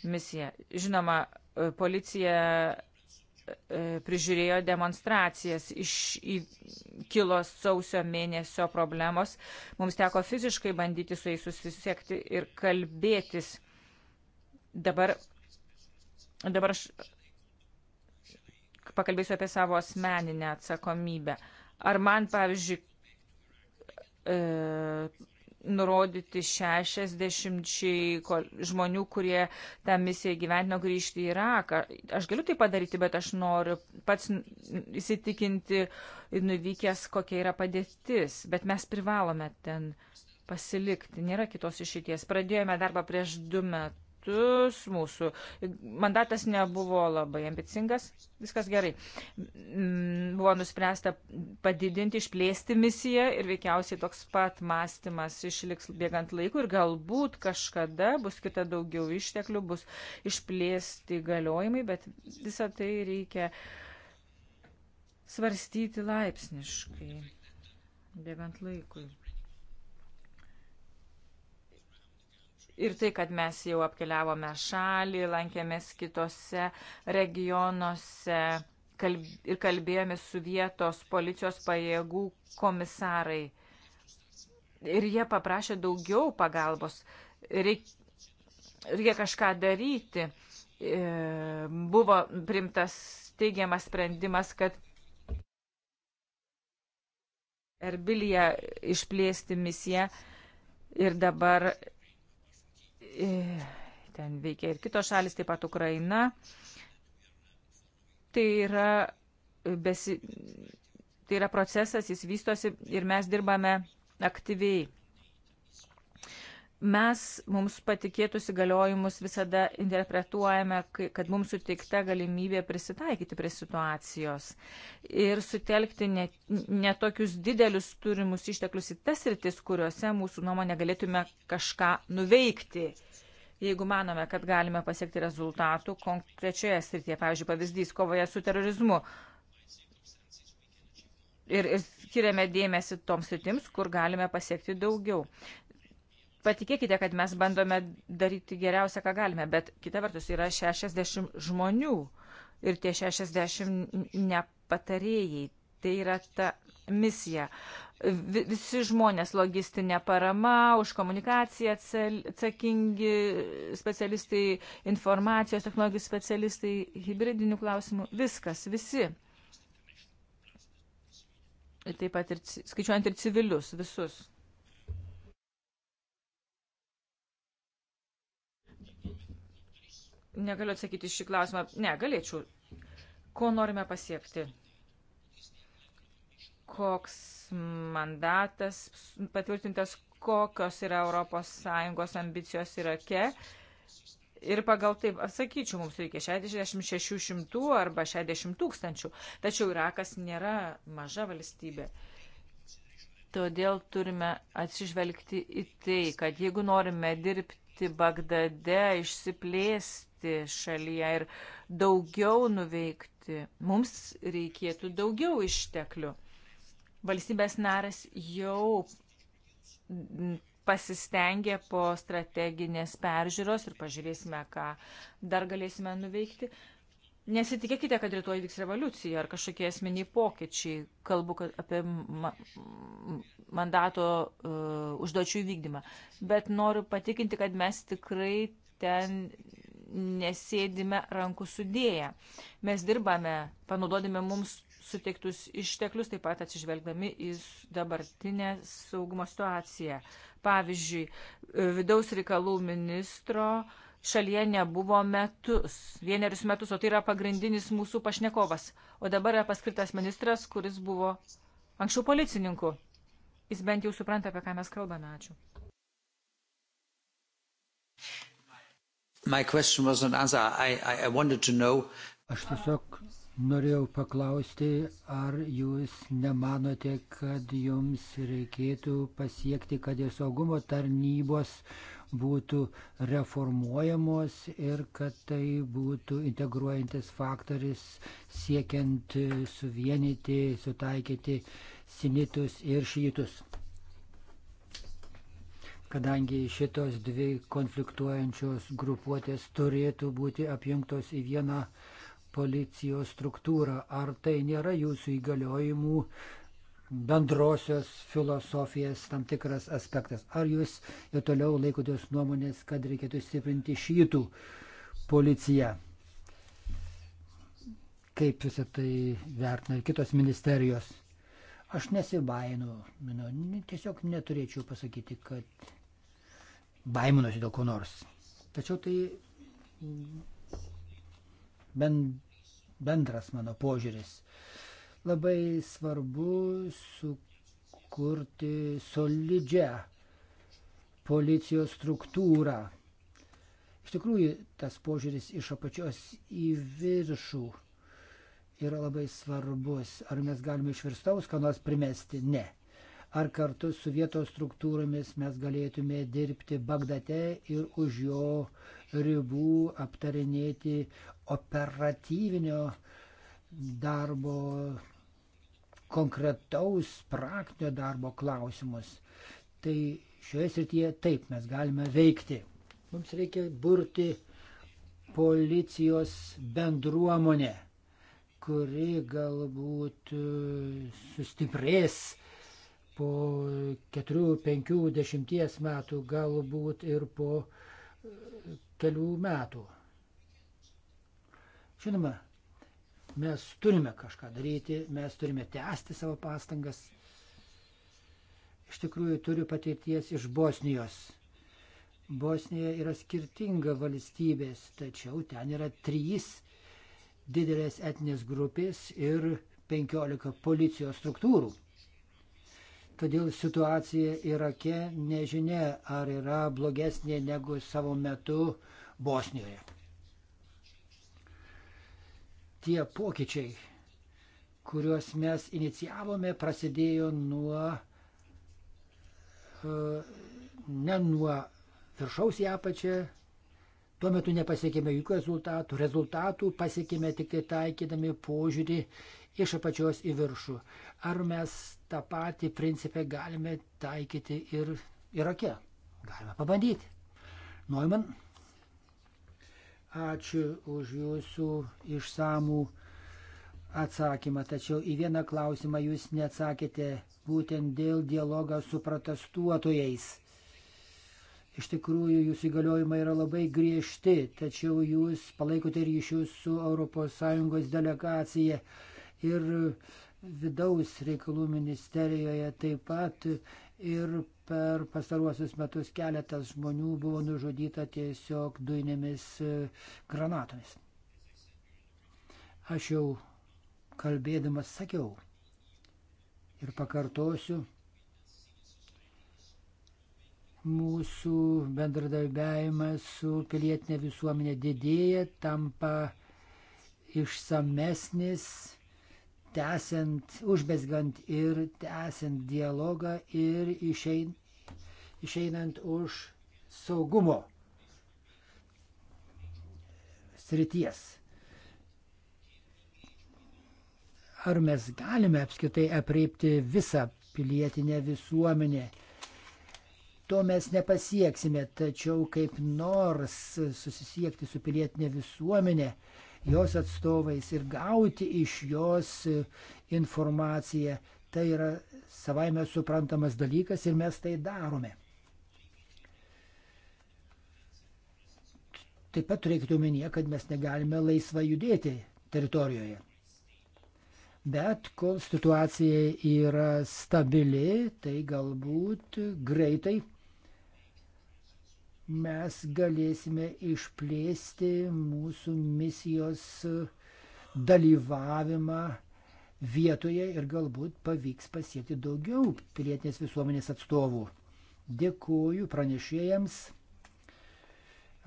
misiją. Žinoma, policija E, prižiūrėjo demonstracijas, iš kilo sausio mėnesio problemos. Mums teko fiziškai bandyti su jais susisiekti ir kalbėtis. Dabar, dabar aš pakalbėsiu apie savo asmeninę atsakomybę. Ar man, pavyzdžiui, e, nurodyti 60 žmonių, kurie tą misiją gyventino grįžti į Iraką. Aš galiu tai padaryti, bet aš noriu pats įsitikinti nuvykęs, kokia yra padėtis. Bet mes privalome ten pasilikti. Nėra kitos išeities. Pradėjome darbą prieš du metus metus mūsų mandatas nebuvo labai ambicingas, viskas gerai. Mm, buvo nuspręsta padidinti, išplėsti misiją ir veikiausiai toks pat mąstymas išliks bėgant laiku ir galbūt kažkada bus kita daugiau išteklių, bus išplėsti galiojimai, bet visą tai reikia svarstyti laipsniškai, bėgant laikui. ir tai, kad mes jau apkeliavome šalį, lankėmės kitose regionuose kalb, ir kalbėjomės su vietos policijos pajėgų komisarai. Ir jie paprašė daugiau pagalbos. Reik, reikia kažką daryti. E, buvo primtas teigiamas sprendimas, kad Erbilyje išplėsti misiją ir dabar E, ten veikia ir kitos šalis, taip pat Ukraina. Tai yra, besi, tai yra procesas, jis vystosi ir mes dirbame aktyviai mes mums patikėtus įgaliojimus visada interpretuojame, kad mums suteikta galimybė prisitaikyti prie situacijos ir sutelkti netokius ne, ne didelius turimus išteklius į tas rytis, kuriuose mūsų nuomonė galėtume kažką nuveikti. Jeigu manome, kad galime pasiekti rezultatų konkrečioje srityje, pavyzdžiui, pavyzdys kovoje su terorizmu, ir, ir skiriame dėmesį toms sritims, kur galime pasiekti daugiau patikėkite, kad mes bandome daryti geriausią, ką galime, bet kita vertus yra 60 žmonių ir tie 60 nepatarėjai. Tai yra ta misija. Visi žmonės logistinė parama, už komunikaciją atsakingi specialistai, informacijos technologijų specialistai, hybridinių klausimų, viskas, visi. Ir taip pat ir, skaičiuojant ir civilius, visus. Negaliu atsakyti šį klausimą. Ne, galėčiau. Ko norime pasiekti? Koks mandatas patvirtintas, kokios yra ES ambicijos Irake? Ir pagal tai, sakyčiau, mums reikia 6600 arba 60 tūkstančių. Tačiau Irakas nėra maža valstybė. Todėl turime atsižvelgti į tai, kad jeigu norime dirbti Bagdade, išsiplės, veikti šalyje ir daugiau nuveikti. Mums reikėtų daugiau išteklių. Valstybės naras jau pasistengė po strateginės peržiūros ir pažiūrėsime, ką dar galėsime nuveikti. Nesitikėkite, kad rytoj vyks revoliucija ar kažkokie esminiai pokyčiai. Kalbu apie ma mandato uh, užduočių įvykdymą. Bet noriu patikinti, kad mes tikrai ten nesėdime rankų sudėję. Mes dirbame, panaudodami mums suteiktus išteklius, taip pat atsižvelgdami į dabartinę saugumo situaciją. Pavyzdžiui, vidaus reikalų ministro šalyje nebuvo metus, vienerius metus, o tai yra pagrindinis mūsų pašnekovas. O dabar yra paskirtas ministras, kuris buvo anksčiau policininku. Jis bent jau supranta, apie ką mes kalbame. Ačiū. I, I, I Aš tiesiog norėjau paklausti, ar jūs nemanote, kad jums reikėtų pasiekti, kad ir saugumo tarnybos būtų reformuojamos ir kad tai būtų integruojantis faktoris siekiant suvienyti, sutaikyti sinitus ir šytus kadangi šitos dvi konfliktuojančios grupuotės turėtų būti apjungtos į vieną policijos struktūrą. Ar tai nėra jūsų įgaliojimų bendrosios filosofijas tam tikras aspektas? Ar jūs ir toliau laikotės nuomonės, kad reikėtų stiprinti šitų policiją? Kaip visą tai vertina ir kitos ministerijos? Aš nesibainu, minu, tiesiog neturėčiau pasakyti, kad baiminuosi dėl ko nors. Tačiau tai bendras mano požiūris. Labai svarbu sukurti solidžią policijos struktūrą. Iš tikrųjų, tas požiūris iš apačios į viršų yra labai svarbus. Ar mes galime iš virstaus ką nors primesti? Ne. Ar kartu su vietos struktūromis mes galėtume dirbti Bagdate ir už jo ribų aptarinėti operatyvinio darbo, konkretaus praktinio darbo klausimus. Tai šioje srityje taip mes galime veikti. Mums reikia burti policijos bendruomonę kuri galbūt e, sustiprės po 4-50 metų, galbūt ir po e, kelių metų. Žinoma, mes turime kažką daryti, mes turime tęsti savo pastangas. Iš tikrųjų, turiu patirties iš Bosnijos. Bosnija yra skirtinga valstybės, tačiau ten yra trys didelės etinės grupės ir 15 policijos struktūrų. Todėl situacija Irake nežinia, ar yra blogesnė negu savo metu Bosnijoje. Tie pokyčiai, kuriuos mes inicijavome, prasidėjo nuo, e, ne nuo viršaus į apačią, Tuo metu nepasiekėme jokių rezultatų. Rezultatų pasiekėme tik tai taikydami požiūrį iš apačios į viršų. Ar mes tą patį principę galime taikyti ir Irake? Galime pabandyti. Neumann, ačiū už jūsų išsamų atsakymą, tačiau į vieną klausimą jūs neatsakėte būtent dėl dialogą su protestuotojais Iš tikrųjų, jūsų įgaliojimai yra labai griežti, tačiau jūs palaikote ryšius su ES delegacija ir vidaus reikalų ministerijoje taip pat. Ir per pastaruosius metus keletas žmonių buvo nužudyta tiesiog duinėmis e, granatomis. Aš jau kalbėdamas sakiau ir pakartosiu, mūsų bendradarbiavimas su pilietinė visuomenė didėja, tampa išsamesnis, tęsiant, užbesgant ir tęsiant dialogą ir išein, išeinant už saugumo srities. Ar mes galime apskritai apreipti visą pilietinę visuomenę? to mes nepasieksime, tačiau kaip nors susisiekti su pilietinė visuomenė, jos atstovais ir gauti iš jos informaciją, tai yra savaime suprantamas dalykas ir mes tai darome. Taip pat turėkite omenyje, kad mes negalime laisvai judėti teritorijoje. Bet kol situacija yra stabili, tai galbūt greitai mes galėsime išplėsti mūsų misijos dalyvavimą vietoje ir galbūt pavyks pasiekti daugiau pilietinės visuomenės atstovų. Dėkuoju pranešėjams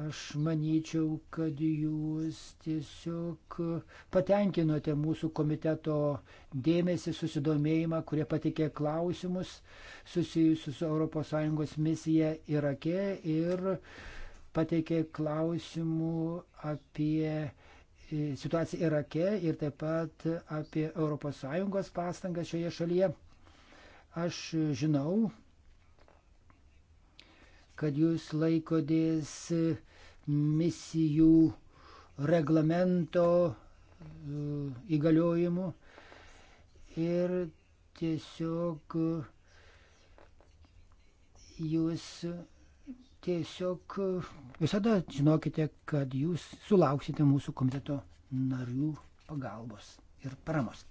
Aš manyčiau, kad jūs tiesiog patenkinote mūsų komiteto dėmesį, susidomėjimą, kurie patikė klausimus susijusius su ES misija Irake ir pateikė klausimų apie e, situaciją Irake ir taip pat apie ES pastangas šioje šalyje. Aš žinau, kad jūs laikodės misijų reglamento e, įgaliojimu ir tiesiog jūs tiesiog visada žinokite, kad jūs sulauksite mūsų komiteto narių pagalbos ir paramos.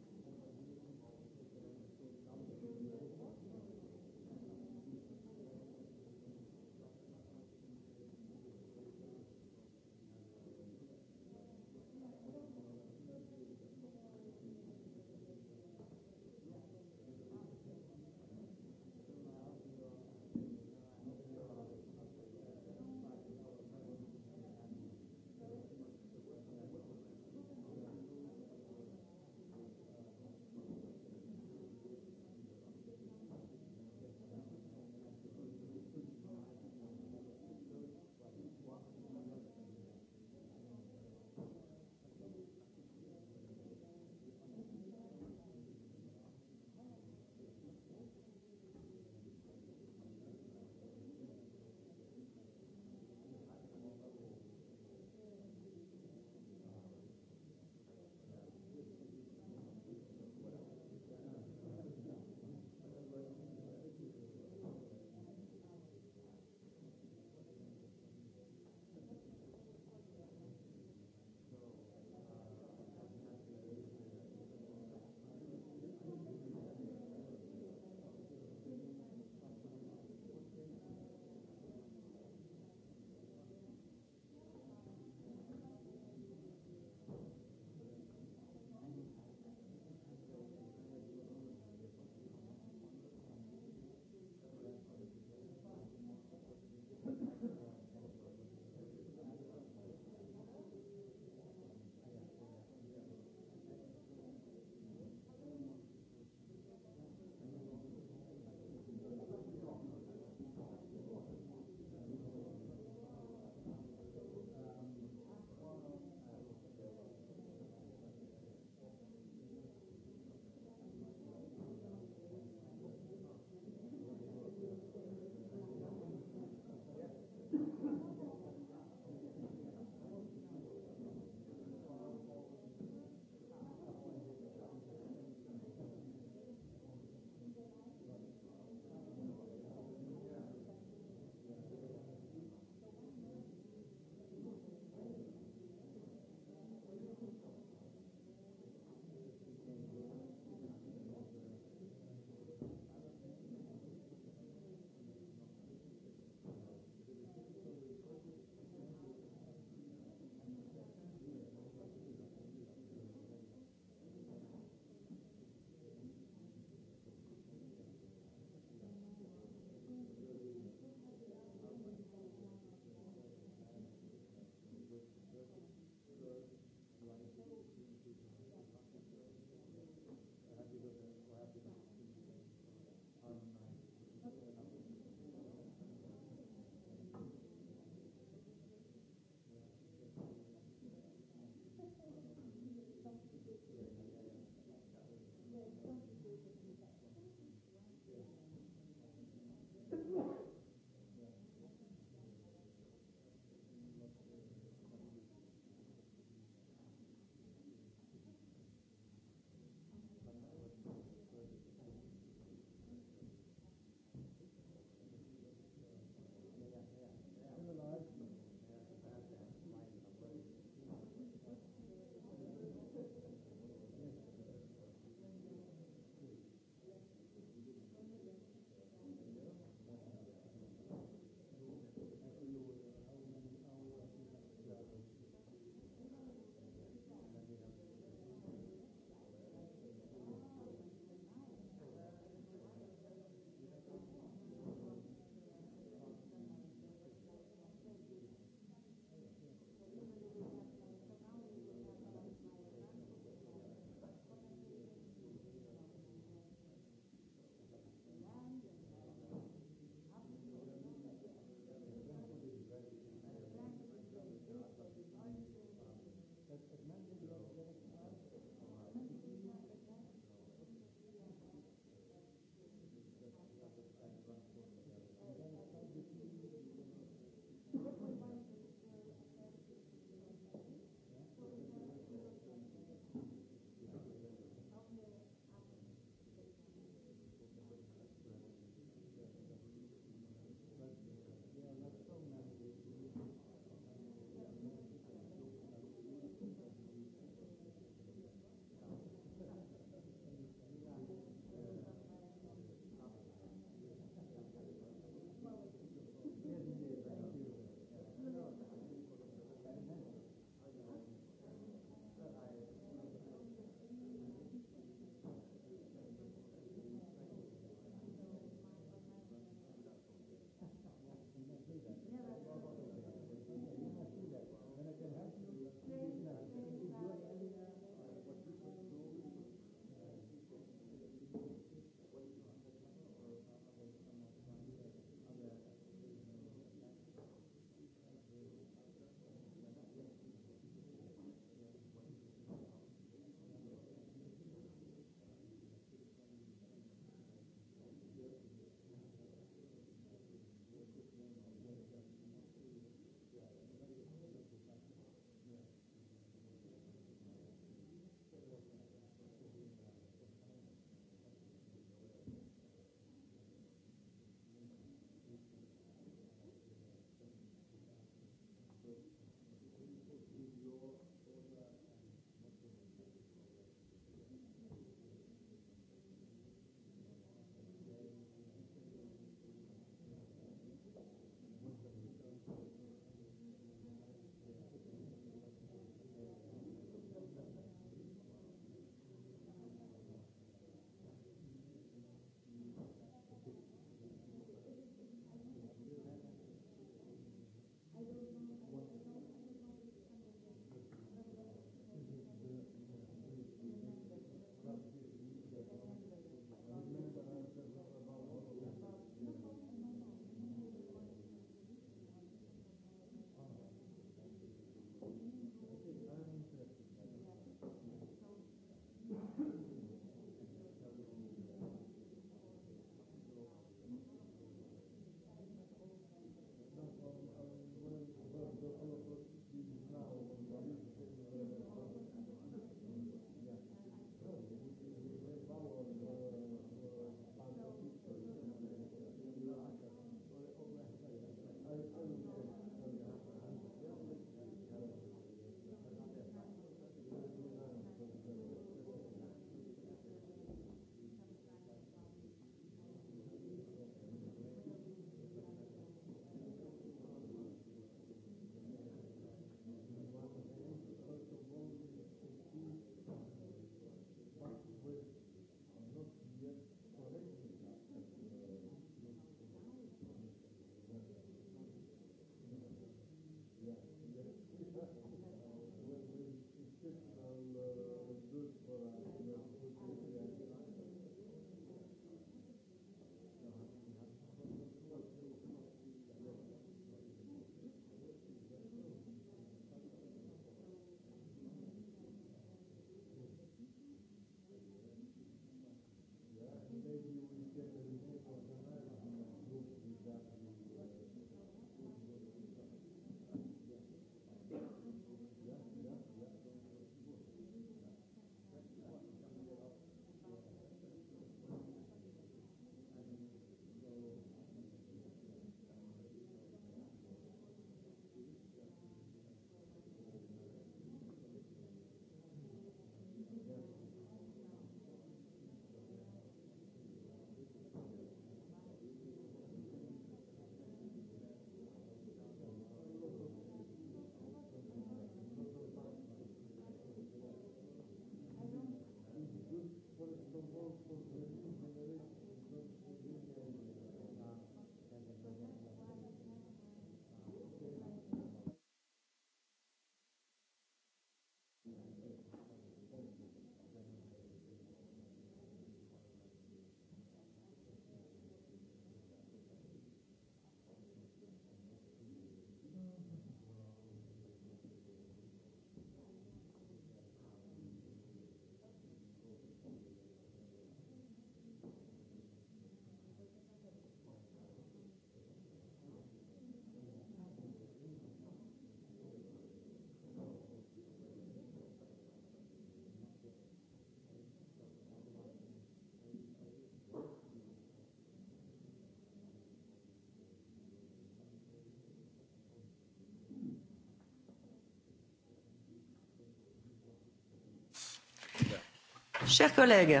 Chers collègues,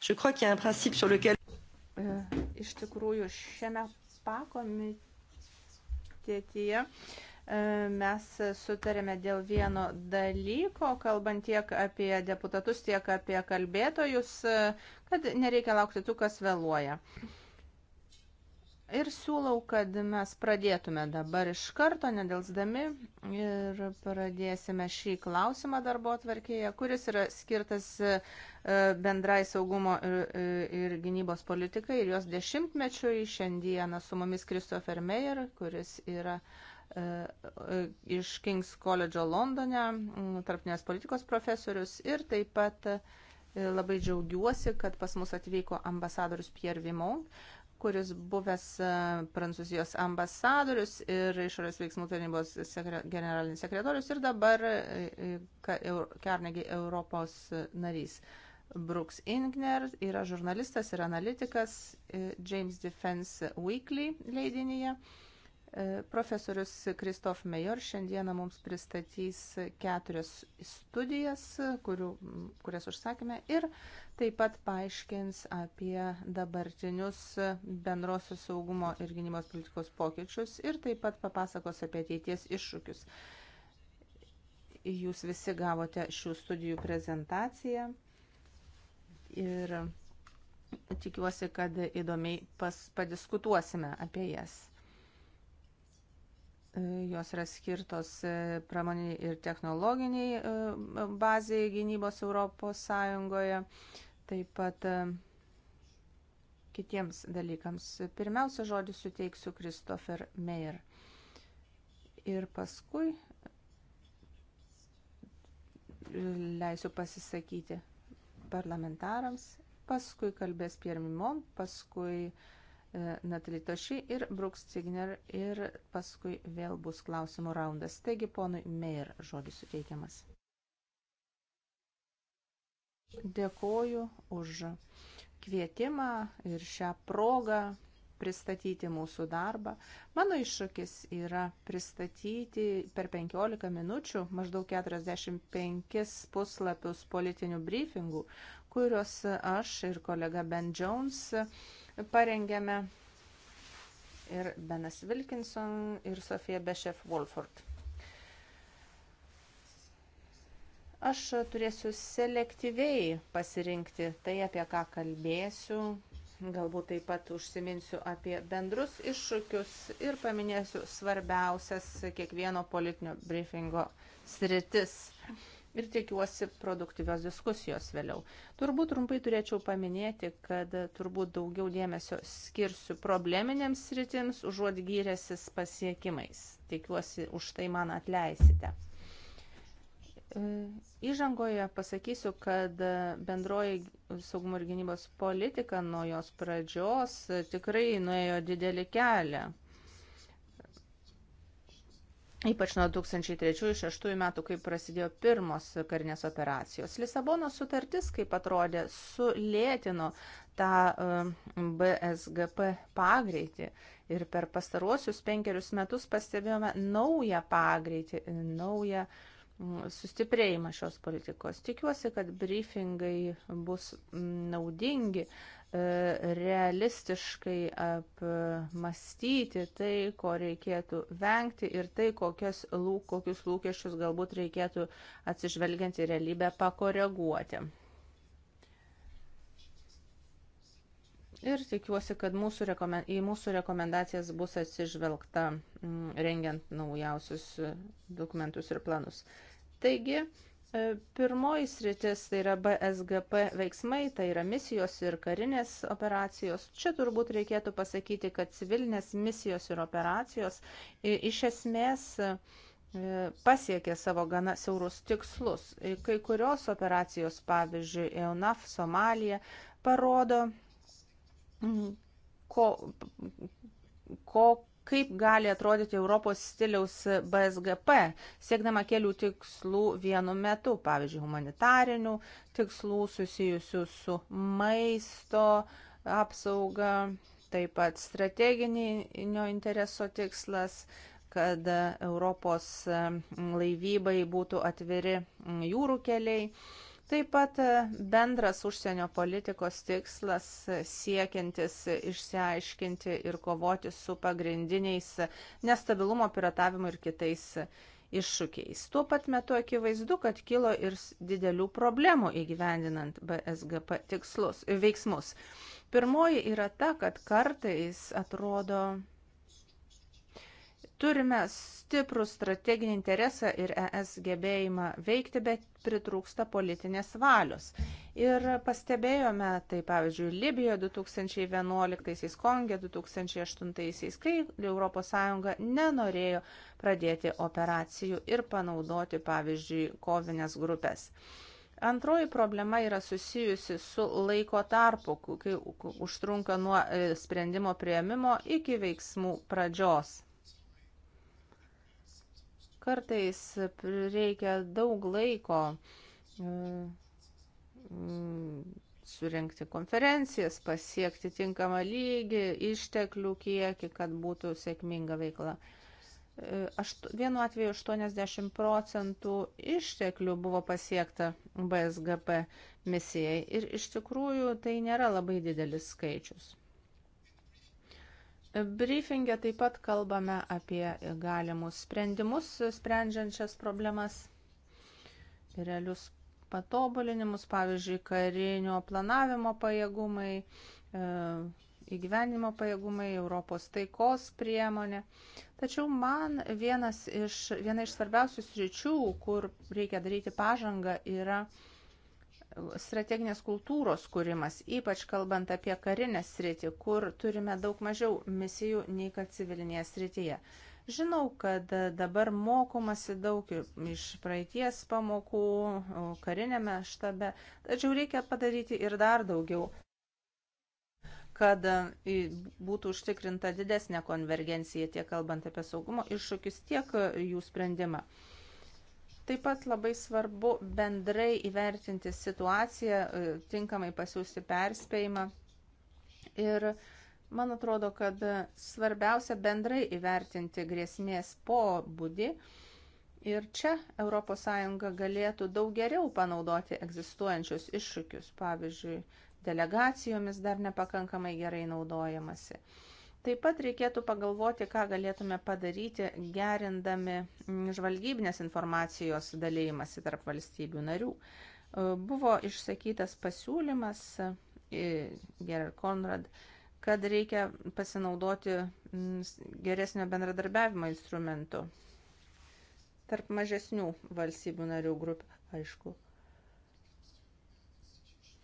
je crois qu'il y a un principe sur lequel. E, iš tikrųjų, šiame pakomitėtyje e, mes sutarėme dėl vieno dalyko, kalbant tiek apie deputatus, tiek apie kalbėtojus, e, kad nereikia laukti tų, kas vėluoja. Uh, Ir siūlau, kad mes pradėtume dabar iš karto, nedelsdami, ir pradėsime šį klausimą darbo atvarkėje, kuris yra skirtas e, bendrai saugumo ir, e, e, ir gynybos politikai ir jos dešimtmečiui. Šiandieną su mumis Christopher Meyer, kuris yra iš King's College Londone, tarptinės politikos profesorius ir taip pat Labai džiaugiuosi, kad pas mus atvyko ambasadorius Pierre Vimon, kuris buvęs e, Prancūzijos ambasadorius ir išorės veiksmų tarnybos sekre, generalinis sekretorius ir dabar e, e, Carnegie Europos narys. Brooks Ingner yra žurnalistas ir analitikas James Defense Weekly leidinyje. Profesorius Kristof Mejor šiandieną mums pristatys keturias studijas, kurių, kurias užsakėme, ir taip pat paaiškins apie dabartinius bendrosios saugumo ir gynybos politikos pokyčius ir taip pat papasakos apie ateities iššūkius. Jūs visi gavote šių studijų prezentaciją ir tikiuosi, kad įdomiai pas, padiskutuosime apie jas. Jos yra skirtos e, pramoniniai ir technologiniai e, bazai gynybos Europos Sąjungoje, taip pat e, kitiems dalykams. Pirmiausia, žodį suteiksiu Christopher Meyer. Ir paskui leisiu pasisakyti parlamentarams, paskui kalbės Pierre Mimon, paskui uh, E, Natalitoši ir Brooks Cigner ir paskui vėl bus klausimų raundas. Taigi, ponui Meir žodis suteikiamas. Dėkoju už kvietimą ir šią progą pristatyti mūsų darbą. Mano iššūkis yra pristatyti per 15 minučių maždaug 45 puslapius politinių briefingų, kuriuos aš ir kolega Ben Jones parengėme ir Benas Wilkinson ir Sofija Bešef Wolford. Aš turėsiu selektyviai pasirinkti tai, apie ką kalbėsiu. Galbūt taip pat užsiminsiu apie bendrus iššūkius ir paminėsiu svarbiausias kiekvieno politinio briefingo sritis ir tikiuosi produktyvios diskusijos vėliau. Turbūt trumpai turėčiau paminėti, kad turbūt daugiau dėmesio skirsiu probleminėms sritims, užuot gyrėsis pasiekimais. Tikiuosi, už tai man atleisite. E, įžangoje pasakysiu, kad bendroji saugumo ir gynybos politika nuo jos pradžios tikrai nuėjo didelį kelią Ypač nuo 2003-2006 metų, kai prasidėjo pirmos karinės operacijos. Lisabono sutartis, kaip atrodė, sulėtino tą um, BSGP pagreitį. Ir per pastaruosius penkerius metus pastebėjome naują pagreitį, naują mm, sustiprėjimą šios politikos. Tikiuosi, kad briefingai bus mm, naudingi E, realistiškai apmastyti tai, ko reikėtų vengti ir tai, kokias, lūk, kokius lūkesčius galbūt reikėtų atsižvelgiant į realybę pakoreguoti. Ir tikiuosi, kad mūsų rekomen... į mūsų rekomendacijas bus atsižvelgta rengiant naujausius e, dokumentus ir planus. Taigi, E, pirmoji sritis tai yra BSGP veiksmai, tai yra misijos ir karinės operacijos. Čia turbūt reikėtų pasakyti, kad civilinės misijos ir operacijos e, iš esmės e, pasiekė savo gana siaurus tikslus. Kai kurios operacijos, pavyzdžiui, EUNAF Somalija, parodo, ko, ko kaip gali atrodyti Europos stiliaus BSGP, siekdama kelių tikslų vienu metu, pavyzdžiui, humanitarinių tikslų susijusių su maisto apsauga, taip pat strateginio intereso tikslas, kad Europos laivybai būtų atviri jūrų keliai Taip pat e, bendras užsienio politikos tikslas e, siekiantis išsiaiškinti ir kovoti su pagrindiniais e, nestabilumo, piratavimo ir kitais iššūkiais. Tuo pat metu akivaizdu, kad kilo ir didelių problemų įgyvendinant BSGP tikslus, veiksmus. Pirmoji yra ta, kad kartais atrodo Turime stiprų strateginį interesą ir ES gebėjimą veikti, bet pritrūksta politinės valios. Ir pastebėjome, tai pavyzdžiui, Libijoje 2011, Konge 2008, kai ES nenorėjo pradėti operacijų ir panaudoti, pavyzdžiui, kovinės grupės. Antroji problema yra susijusi su laiko tarpu, kai užtrunka nuo e, sprendimo prieimimo iki veiksmų pradžios. Kartais reikia daug laiko mm, surinkti konferencijas, pasiekti tinkamą lygį, išteklių kiekį, kad būtų sėkminga veikla. E, aštu, vienu atveju 80 procentų išteklių buvo pasiekta BSGP misijai ir iš tikrųjų tai nėra labai didelis skaičius. Briefingė taip pat kalbame apie galimus sprendimus, sprendžiančias problemas, realius patobulinimus, pavyzdžiui, karinio planavimo pajėgumai, e, įgyvenimo pajėgumai, Europos taikos priemonė. Tačiau man vienas iš, viena iš svarbiausių sričių, kur reikia daryti pažangą, yra strateginės kultūros kūrimas, ypač kalbant apie karinę sritį, kur turime daug mažiau misijų nei kad civilinėje srityje. Žinau, kad dabar mokomasi daug iš praeities pamokų karinėme štabe, tačiau reikia padaryti ir dar daugiau, kad e, būtų užtikrinta didesnė konvergencija tiek kalbant apie saugumo iššūkius, tiek e, jų sprendimą. Taip pat labai svarbu bendrai įvertinti situaciją, e, tinkamai pasiūsti perspėjimą. Ir man atrodo, kad svarbiausia bendrai įvertinti grėsmės pobūdį. Ir čia ES galėtų daug geriau panaudoti egzistuojančius iššūkius, pavyzdžiui, delegacijomis dar nepakankamai gerai naudojamasi. Taip pat reikėtų pagalvoti, ką galėtume padaryti, gerindami žvalgybinės informacijos dalymasi tarp valstybių narių. E, buvo išsakytas pasiūlymas, e, Gerard Konrad, kad reikia pasinaudoti geresnio bendradarbiavimo instrumentu tarp mažesnių valstybių narių grupių, aišku.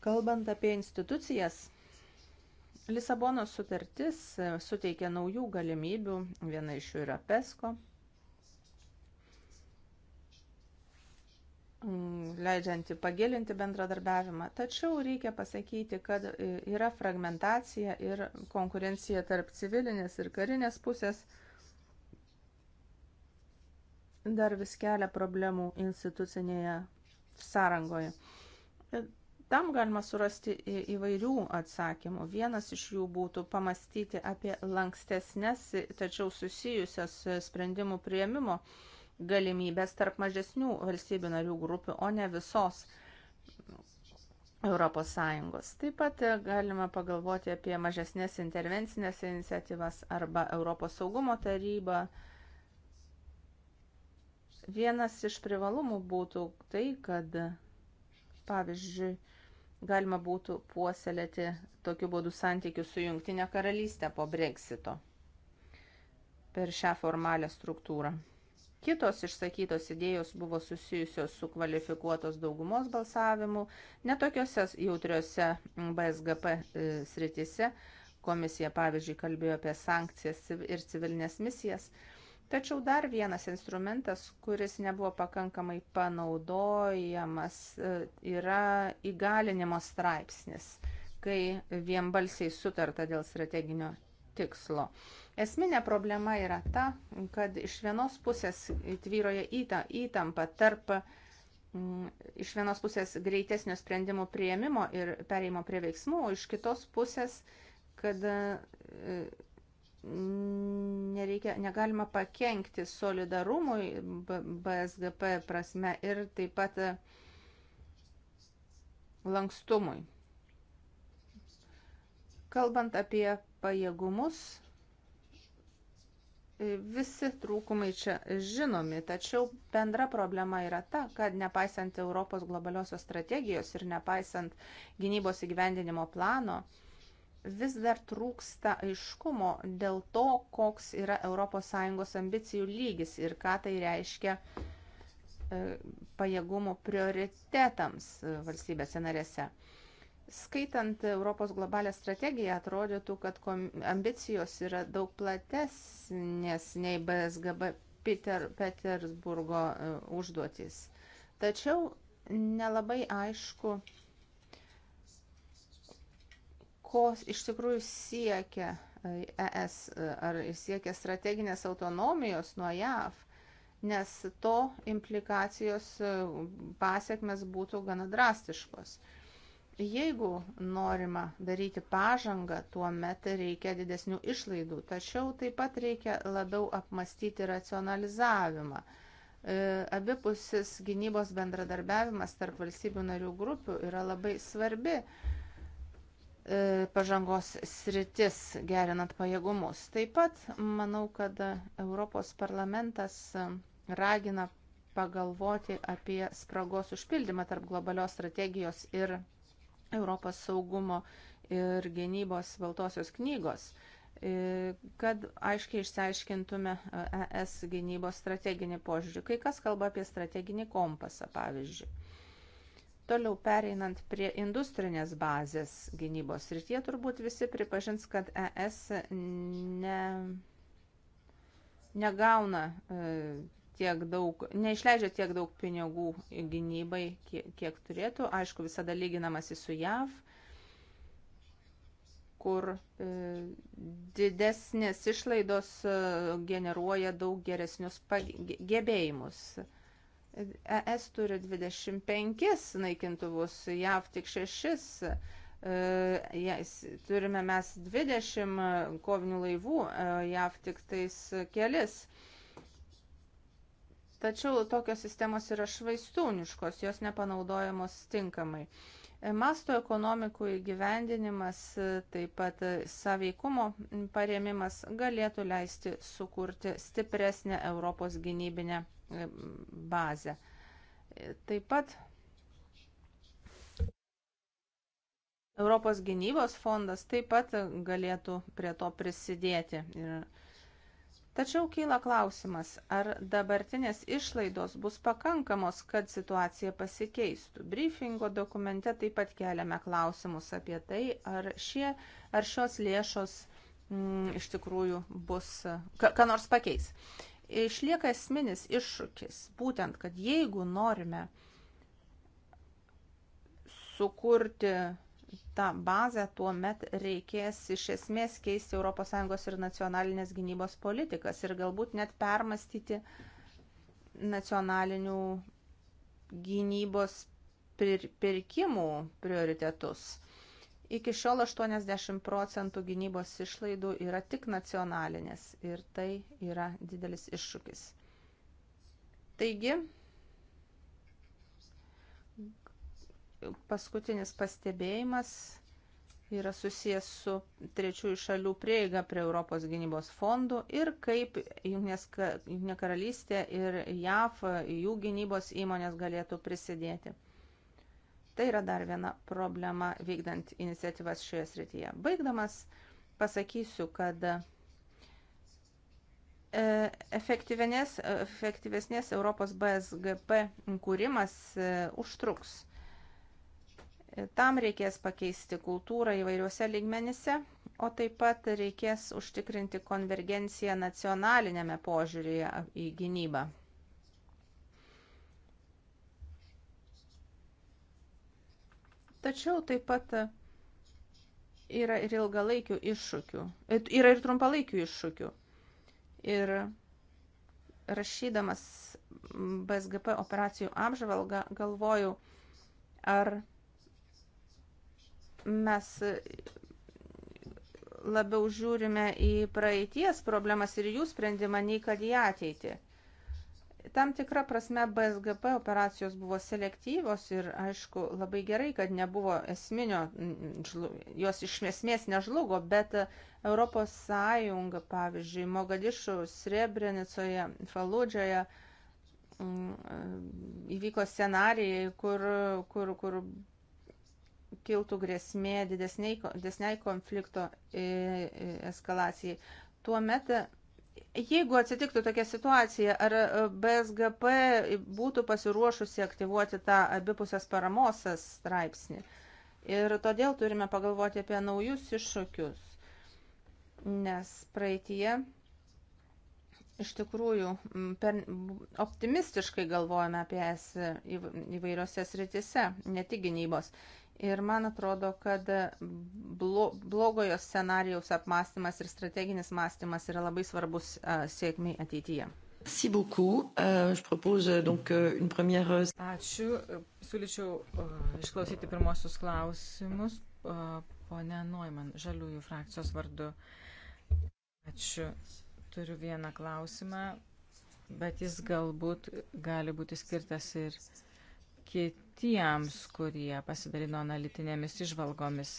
Kalbant apie institucijas, Lisabonos sutartis e, suteikia naujų galimybių, viena iš jų yra PESCO, mm, leidžianti pagilinti bendradarbiavimą. Tačiau reikia pasakyti, kad e, yra fragmentacija ir konkurencija tarp civilinės ir karinės pusės dar vis kelia problemų institucinėje sąrangoje. Tam galima surasti įvairių atsakymų. Vienas iš jų būtų pamastyti apie lankstesnės, tačiau susijusias sprendimų prieimimo galimybės tarp mažesnių valstybių narių grupių, o ne visos Europos Sąjungos. Taip pat galima pagalvoti apie mažesnės intervencinės iniciatyvas arba Europos saugumo tarybą. Vienas iš privalumų būtų tai, kad, pavyzdžiui, galima būtų puoselėti tokiu būdu santykių su Junktinė karalystė po Brexito per šią formalią struktūrą. Kitos išsakytos idėjos buvo susijusios su kvalifikuotos daugumos balsavimu, netokiose jautriose BSGP e, sritise. Komisija, pavyzdžiui, kalbėjo apie sankcijas ir civilinės misijas. Tačiau dar vienas instrumentas, kuris nebuvo pakankamai panaudojamas, e, yra įgalinimo straipsnis, kai vienbalsiai sutarta dėl strateginio tikslo. Esminė problema yra ta, kad iš vienos pusės tvyroja įtampa tarp iš vienos pusės greitesnio sprendimų prieimimo ir pereimo prie veiksmų, o iš kitos pusės, kad e, nereikia, negalima pakengti solidarumui BSGP prasme ir taip pat e, lankstumui. Kalbant apie pajėgumus, e, visi trūkumai čia žinomi, tačiau bendra problema yra ta, kad nepaisant Europos globaliosios strategijos ir nepaisant gynybos įgyvendinimo plano, vis dar trūksta aiškumo dėl to, koks yra ES ambicijų lygis ir ką tai reiškia e, pajėgumų prioritetams e, valstybėse narėse. Skaitant Europos globalę strategiją, atrodytų, kad ambicijos yra daug platesnės nei BSGB Peter, Petersburgo e, užduotys. Tačiau nelabai aišku, ko iš tikrųjų siekia ES e e, ar siekia strateginės autonomijos nuo JAV, nes to implikacijos e, pasiekmes būtų gana drastiškos. Jeigu norima daryti pažangą, tuo metu reikia didesnių išlaidų, tačiau taip pat reikia labiau apmastyti racionalizavimą abipusis gynybos bendradarbiavimas tarp valstybių narių grupių yra labai svarbi E, pažangos sritis, gerinant pajėgumus. Taip pat manau, kad Europos parlamentas ragina pagalvoti apie spragos užpildymą tarp globalios strategijos ir Europos saugumo ir gynybos baltosios knygos, e, kad aiškiai išsiaiškintume e, ES gynybos strateginį požiūrį. Kai kas kalba apie strateginį kompasą, pavyzdžiui. Toliau pereinant prie industrinės bazės gynybos rytie, turbūt visi pripažins, kad ES ne, negauna e, tiek daug, neišleidžia tiek daug pinigų gynybai, kiek, kiek turėtų. Aišku, visada lyginamasi su JAV, kur e, didesnės išlaidos e, generuoja daug geresnius gebėjimus. Pag ES turi 25 naikintuvus, JAV tik 6. Yes, e, turime mes 20 kovinių laivų, e, JAV tik tais kelis. Tačiau tokios sistemos yra švaistūniškos, jos nepanaudojamos tinkamai. E, masto ekonomikų įgyvendinimas, taip pat saveikumo paremimas galėtų leisti sukurti stipresnę Europos gynybinę bazę. Taip pat Europos gynybos fondas taip pat galėtų prie to prisidėti. Tačiau kyla klausimas, ar dabartinės išlaidos bus pakankamos, kad situacija pasikeistų. Briefingo dokumente taip pat keliame klausimus apie tai, ar, šie, ar šios lėšos m, mm, iš tikrųjų bus, ką nors pakeis išlieka esminis iššūkis, būtent, kad jeigu norime sukurti tą bazę, tuo met reikės iš esmės keisti ES ir nacionalinės gynybos politikas ir galbūt net permastyti nacionalinių gynybos pirkimų prioritetus. Iki šiol 80 procentų gynybos išlaidų yra tik nacionalinės ir tai yra didelis iššūkis. Taigi, paskutinis pastebėjimas yra susijęs su trečiųjų šalių prieiga prie Europos gynybos fondų ir kaip Junktinė karalystė ir JAF jų gynybos įmonės galėtų prisidėti. Tai yra dar viena problema vykdant iniciatyvas šioje srityje. Baigdamas pasakysiu, kad e, efektyvesnės Europos BSGP kūrimas e, užtruks. E, tam reikės pakeisti kultūrą įvairiuose lygmenyse, o taip pat reikės užtikrinti konvergenciją nacionalinėme požiūrėje į gynybą. Tačiau taip pat yra ir ilgalaikių iššūkių, e, yra ir trumpalaikių iššūkių. Ir rašydamas BSGP operacijų apžvalgą galvojau, ar mes labiau žiūrime į praeities problemas ir jų sprendimą, nei kad į ateitį. Tam tikra prasme BSGP operacijos buvo selektyvios ir, aišku, labai gerai, kad nebuvo esminio, jos iš esmės nežlugo, bet Europos Sąjunga, pavyzdžiui, Mogadišų, Srebrenicoje, Faludžioje mm, e, įvyko scenarijai, kur, kur, kur kiltų grėsmė didesniai, didesniai konflikto e, e, eskalacijai. Tuomet Jeigu atsitiktų tokia situacija, ar e, BSGP būtų pasiruošusi aktyvuoti tą abipusės paramos straipsnį? Ir todėl turime pagalvoti apie naujus iššūkius, nes praeitie iš tikrųjų per, optimistiškai galvojame apie es įvairiose sritise, ne tik gynybos. Ir man atrodo, kad blogojo scenarijaus apmąstymas ir strateginis mąstymas yra labai svarbus sėkmiai ateityje. Euh, euh, euh, Ačiū. Siūlyčiau išklausyti pirmosius klausimus. Pone Noiman, žaliųjų frakcijos vardu. Ačiū. Turiu vieną klausimą, bet jis galbūt gali būti skirtas ir kit tiems, kurie pasidalino analitinėmis išvalgomis.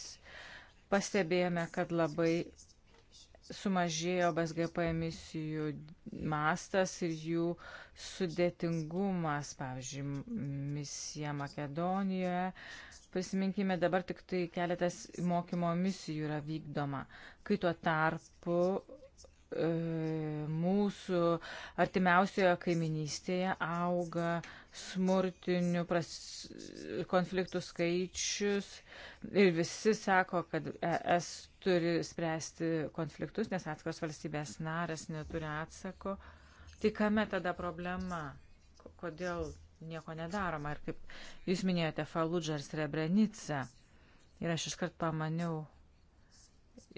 Pastebėjome, kad labai sumažėjo BSGP emisijų mastas ir jų sudėtingumas, pavyzdžiui, misija Makedonijoje. Prisiminkime, dabar tik tai keletas mokymo misijų yra vykdoma, kai tuo tarpu E, mūsų artimiausioje kaiminystėje auga smurtinių pras... konfliktų skaičius ir visi sako, kad ES turi spręsti konfliktus, nes atskiros valstybės naras neturi atsako. Tai kame tada problema? Kodėl nieko nedaroma? Ir kaip jūs minėjote, Faludžą ir Srebrenicą. Ir aš iškart pamaniau,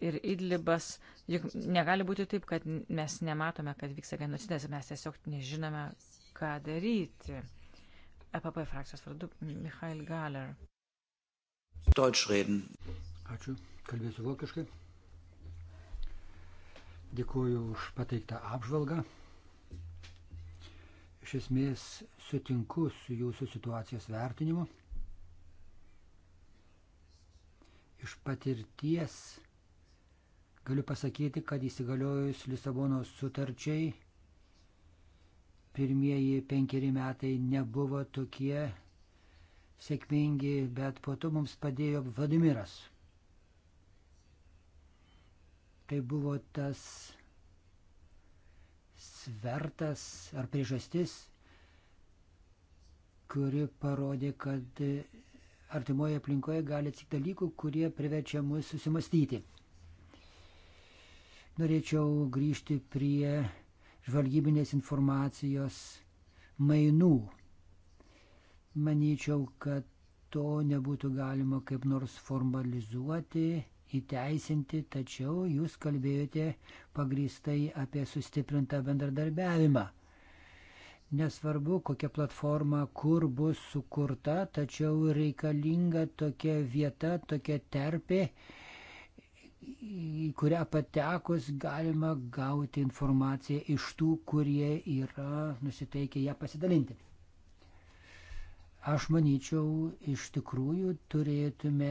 ir Idlibas, juk negali būti taip, kad mes nematome, kad vyksta genocidas, mes tiesiog nežinome, ką daryti. EPP frakcijos vardu Michael Galer. Deutsch reden. Ačiū, kalbėsiu vokiškai. Dėkuoju už pateiktą apžvalgą. Iš esmės sutinku su jūsų situacijos vertinimu. Iš patirties Galiu pasakyti, kad įsigaliojus Lisabonos sutarčiai pirmieji penkeri metai nebuvo tokie sėkmingi, bet po to mums padėjo Vladimiras. Tai buvo tas svertas ar priežastis, kuri parodė, kad artimoje aplinkoje gali atsitikti dalykų, kurie priverčia mus susimastyti. Norėčiau grįžti prie žvalgybinės informacijos mainų. Manyčiau, kad to nebūtų galima kaip nors formalizuoti, įteisinti, tačiau jūs kalbėjote pagristai apie sustiprintą bendradarbiavimą. Nesvarbu, kokia platforma, kur bus sukurta, tačiau reikalinga tokia vieta, tokia terpė, į kurią patekus galima gauti informaciją iš tų, kurie yra nusiteikę ją pasidalinti. Aš manyčiau, iš tikrųjų turėtume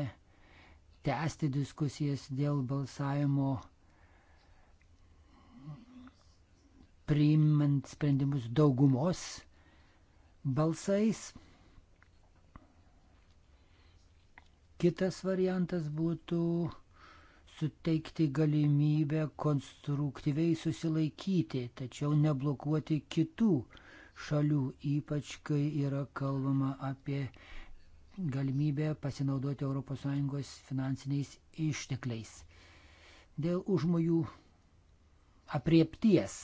tęsti diskusijas dėl balsavimo priimant sprendimus daugumos balsais. Kitas variantas būtų suteikti galimybę konstruktyviai susilaikyti, tačiau neblokuoti kitų šalių, ypač kai yra kalbama apie galimybę pasinaudoti ES finansiniais ištekliais. Dėl užmojų apriepties.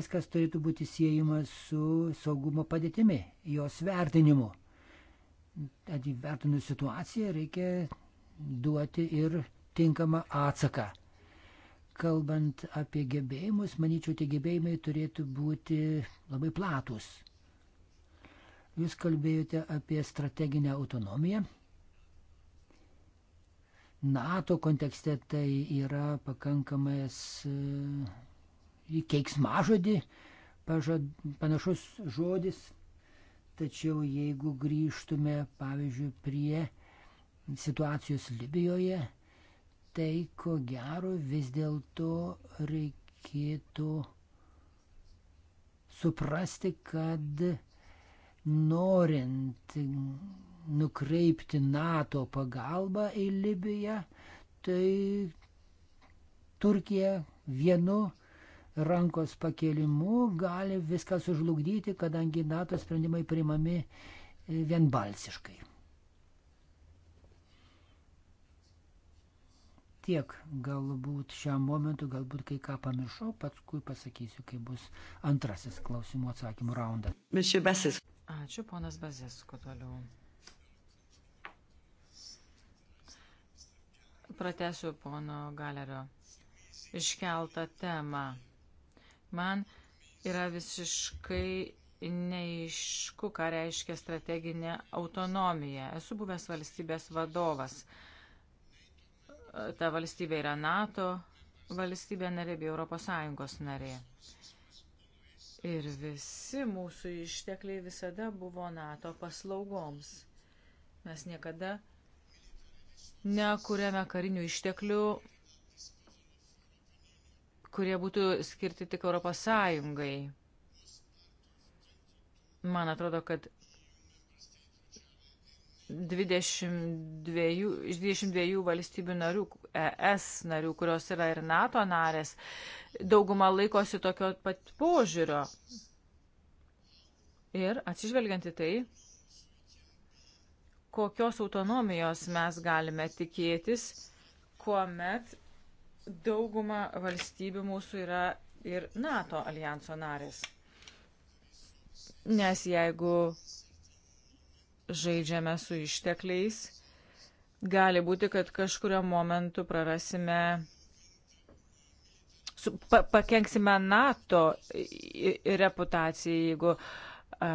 Viskas turėtų būti siejama su saugumo padėtimi, jos vertinimu atvertinus situaciją, reikia duoti ir tinkamą atsaką. Kalbant apie gebėjimus, manyčiau, tie gebėjimai turėtų būti labai platus. Jūs kalbėjote apie strateginę autonomiją. NATO kontekste tai yra pakankamas e, keiksmažodį, panašus žodis Tačiau jeigu grįžtume, pavyzdžiui, prie situacijos Libijoje, tai ko gero vis dėlto reikėtų suprasti, kad norint nukreipti NATO pagalbą į Libiją, tai Turkija vienu rankos pakėlimu gali viską sužlugdyti, kadangi NATO sprendimai priimami e, vienbalsiškai. Tiek galbūt šiam momentu, galbūt kai ką pamiršau, paskui pasakysiu, kai bus antrasis klausimų atsakymų raundas. Ačiū, ponas Bazės, kuo toliau. Pratesiu pono Galerio iškeltą temą. Man yra visiškai neišku, ką reiškia strateginė autonomija. Esu buvęs valstybės vadovas. Ta valstybė yra NATO valstybė narė bei Europos Sąjungos narė. Ir visi mūsų ištekliai visada buvo NATO paslaugoms. Mes niekada nekūrėme karinių išteklių kurie būtų skirti tik Europos Sąjungai. Man atrodo, kad 22, 22 valstybių narių, ES narių, kurios yra ir NATO narės, dauguma laikosi tokio pat požiūrio. Ir atsižvelgiant į tai, kokios autonomijos mes galime tikėtis, kuomet Dauguma valstybių mūsų yra ir NATO alijanso narės. Nes jeigu žaidžiame su ištekliais, gali būti, kad kažkurio momentu prarasime, su, pa, pakenksime NATO reputacijai, jeigu a,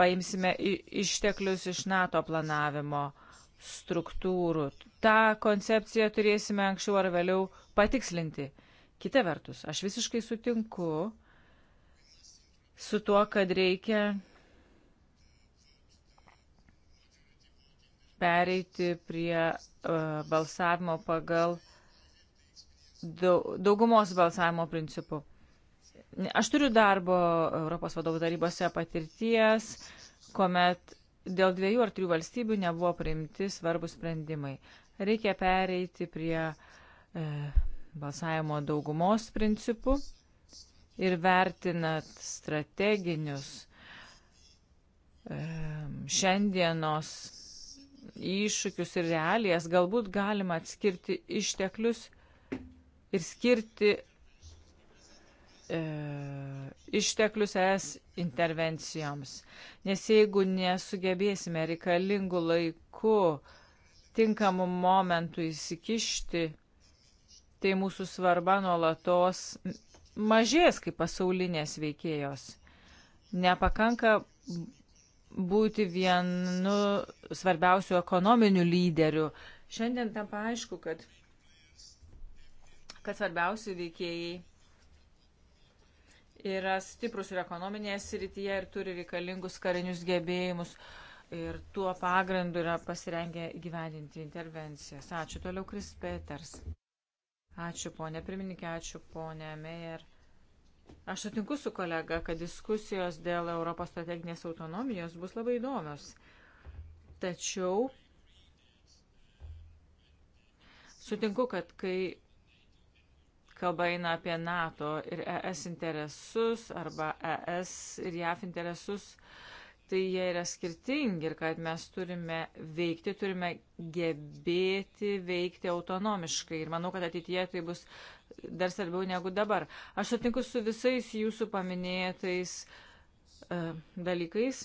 paimsime išteklius iš NATO planavimo struktūrų tą koncepciją turėsime anksčiau ar vėliau patikslinti. Kita vertus, aš visiškai sutinku su tuo, kad reikia pereiti prie uh, balsavimo pagal daugumos balsavimo principų. Aš turiu darbo Europos vadovų tarybose patirties, kuomet dėl dviejų ar trijų valstybių nebuvo priimti svarbus sprendimai. Reikia pereiti prie e, balsavimo daugumos principų ir vertinat strateginius e, šiandienos iššūkius ir realijas, galbūt galima atskirti išteklius ir skirti e, išteklius es intervencijoms. Nes jeigu nesugebėsime reikalingų laikų, e, tinkamu momentu įsikišti, tai mūsų svarba nuolatos mažės kaip pasaulinės veikėjos. Nepakanka būti vienu svarbiausių ekonominių lyderių. Šiandien tampa aišku, kad, kad svarbiausi veikėjai yra stiprus ir ekonominėje srityje ir turi reikalingus karinius gebėjimus, uh, ir tuo pagrindu yra pasirengę gyvendinti intervencijas. Ačiū toliau, Kris Peters. Ačiū, ponė pirmininkė, ačiū, ponė Meijer. Aš sutinku su kolega, kad diskusijos dėl Europos strateginės autonomijos bus labai įdomios. Tačiau sutinku, kad kai kalba eina apie NATO ir ES interesus arba ES ir JAF interesus, uh, tai jie yra skirtingi ir kad mes turime veikti, turime gebėti veikti autonomiškai. Ir manau, kad ateityje tai bus dar svarbiau negu dabar. Aš sutinku su visais jūsų paminėtais uh, dalykais.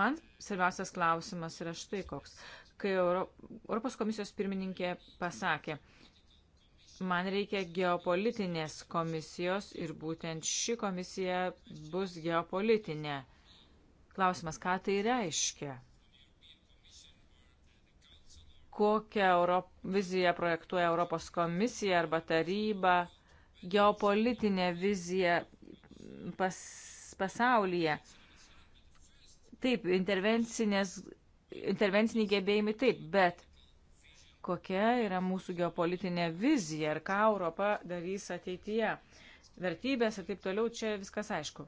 Man svarbiausias klausimas yra štai koks. Kai Euro Europos komisijos pirmininkė pasakė, man reikia geopolitinės komisijos ir būtent ši komisija bus geopolitinė. Uh, Klausimas, ką tai reiškia? Kokią Europ... viziją projektuoja Europos komisija arba taryba, geopolitinė vizija pas... pasaulyje? Taip, intervenciniai gebėjimai taip, bet kokia yra mūsų geopolitinė vizija ir ką Europa darys ateityje? Vertybės ir taip toliau, čia viskas aišku.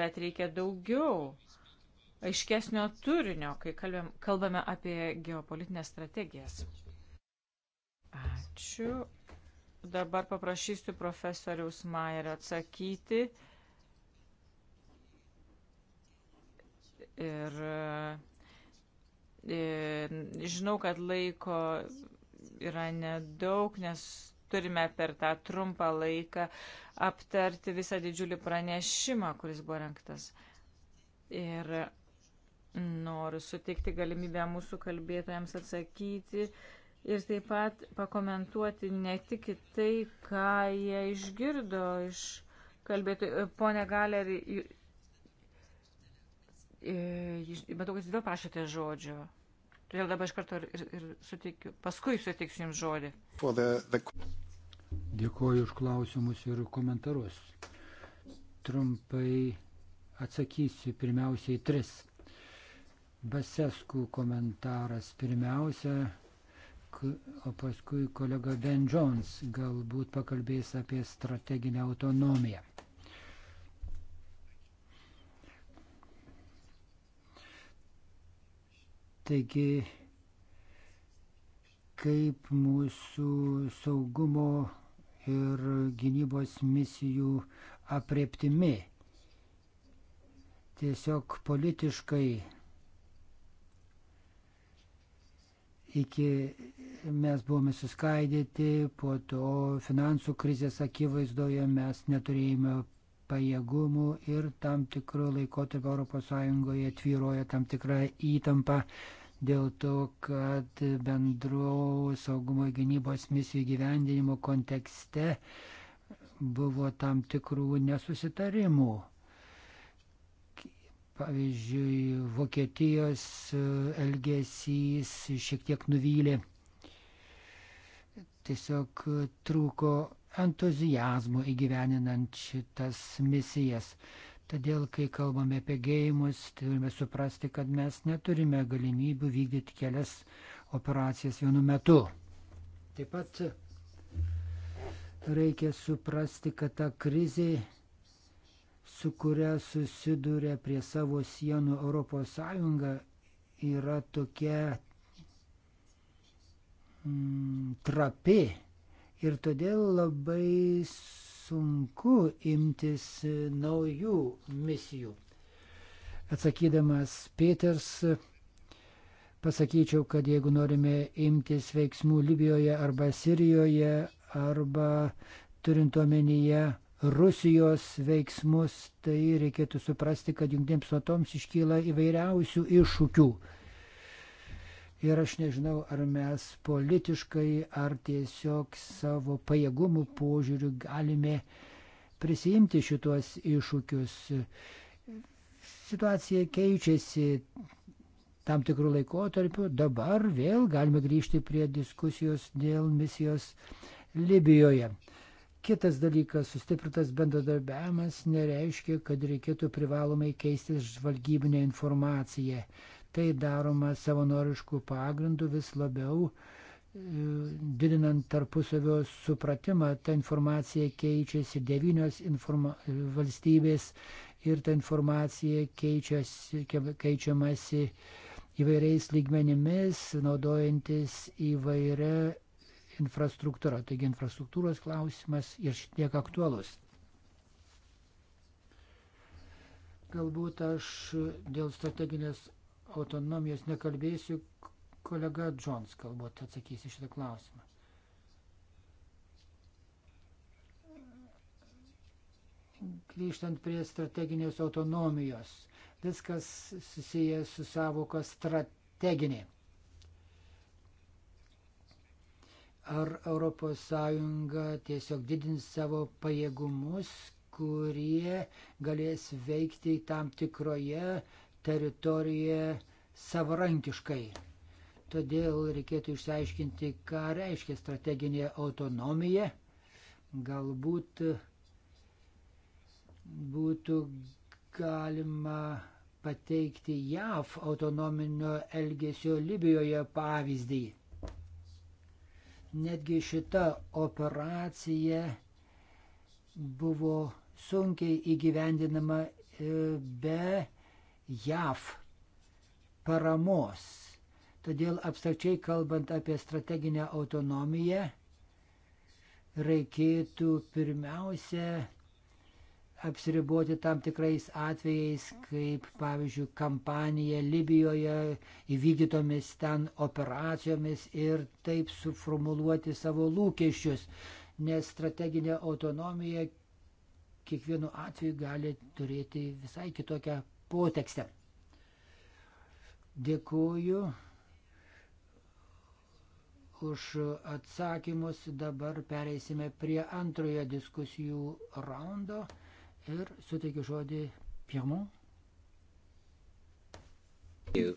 Bet reikia daugiau aiškesnio turinio, kai kalbėm, kalbame apie geopolitinės strategijas. Ačiū. Dabar paprašysiu profesoriaus Mairio atsakyti. Ir, ir e, žinau, kad laiko yra nedaug, nes turime per tą trumpą laiką aptarti visą didžiulį pranešimą, kuris buvo renktas. Ir Noriu sutikti galimybę mūsų kalbėtojams atsakyti ir taip pat pakomentuoti ne tik tai, ką jie išgirdo iš kalbėtojų. E, pone Galerį, matau, kad jūs vėl prašėte žodžio. Todėl dabar iš karto ir, ir, ir suteikiu, paskui suteiksiu jums žodį. The... Dėkuoju už klausimus ir komentarus. Trumpai atsakysiu pirmiausiai tris Baseskų komentaras pirmiausia, o paskui kolega Ben Jones galbūt pakalbės apie strateginę autonomiją. Taigi, kaip mūsų saugumo ir gynybos misijų apreptimi. Tiesiog politiškai iki mes buvome suskaidyti, po to finansų krizės akivaizdoje mes neturėjome pajėgumų ir tam tikrų laikotarpio ES tvyroja tam tikra įtampa dėl to, kad bendrų saugumo gynybos misijų gyvendinimo kontekste buvo tam tikrų nesusitarimų. Pavyzdžiui, Vokietijos e, elgesys šiek tiek nuvylė. Tiesiog trūko entuzijazmo įgyveninant šitas misijas. Todėl, kai kalbame apie gėjimus, turime suprasti, kad mes neturime galimybių vykdyti kelias operacijas vienu metu. Taip pat reikia suprasti, kad ta krizė su kuria susiduria prie savo sienų ES, yra tokia mm, trapi ir todėl labai sunku imtis naujų misijų. Atsakydamas Peters, pasakyčiau, kad jeigu norime imtis veiksmų Libijoje arba Sirijoje arba turint omenyje Rusijos veiksmus, tai reikėtų suprasti, kad jungtinėms tautoms iškyla įvairiausių iššūkių. Ir aš nežinau, ar mes politiškai, ar tiesiog savo pajėgumų požiūrių galime prisijimti šituos iššūkius. Situacija keičiasi tam tikrų laikotarpių. Dabar vėl galime grįžti prie diskusijos dėl misijos Libijoje. Kitas dalykas, sustiprintas bendradarbiavimas nereiškia, kad reikėtų privalomai keistis žvalgybinę informaciją. Tai daroma savanoriškų pagrindų vis labiau, e, didinant tarpusavio supratimą. Ta informacija keičiasi devynios informa valstybės ir ta informacija keičiasi, keičiamasi įvairiais lygmenimis, naudojantis įvairia infrastruktūra. Taigi infrastruktūros klausimas išlieka aktualus. Galbūt aš dėl strateginės autonomijos nekalbėsiu, kolega Džons galbūt atsakys į šitą klausimą. Grįžtant prie strateginės autonomijos, viskas susijęs su savoka strateginė. ar ES tiesiog didins savo pajėgumus, kurie galės veikti tam tikroje teritorijoje savarankiškai. Todėl reikėtų išsiaiškinti, ką reiškia strateginė autonomija. Galbūt būtų galima pateikti JAV autonominio elgesio Libijoje pavyzdį Netgi šita operacija buvo sunkiai įgyvendinama e, be JAV paramos. Todėl abstrakčiai kalbant apie strateginę autonomiją, reikėtų pirmiausia apsiriboti tam tikrais atvejais, kaip pavyzdžiui kampanija Libijoje, įvykdytomis ten operacijomis ir taip suformuluoti savo lūkesčius, nes strateginė autonomija kiekvienu atveju gali turėti visai kitokią potekstę. Dėkuoju už atsakymus. Dabar pereisime prie antrojo diskusijų raundo ir suteikiu žodį Piermon. Uh,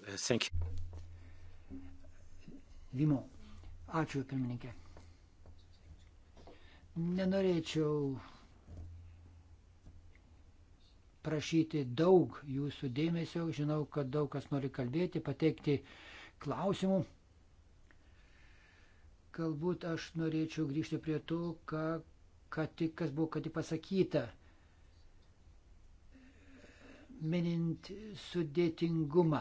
Vimo, ačiū pirmininkė. Nenorėčiau prašyti daug jūsų dėmesio, žinau, kad daug kas nori kalbėti, pateikti klausimų. Galbūt aš norėčiau grįžti prie to, ką, ką tik, kas buvo ką tik pasakyta minint sudėtingumą,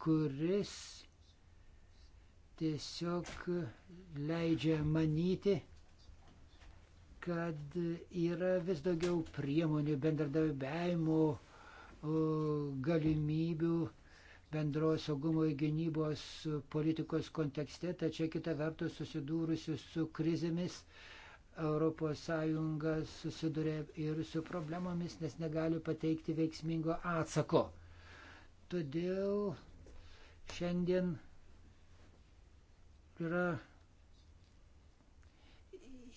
kuris tiesiog leidžia manyti, kad yra vis daugiau priemonių bendradarbiavimo galimybių bendros saugumo ir gynybos politikos kontekste, tačiau kita vertus susidūrusi su krizėmis, uh, ES susiduria ir su problemomis, nes negali pateikti veiksmingo atsako. Todėl šiandien yra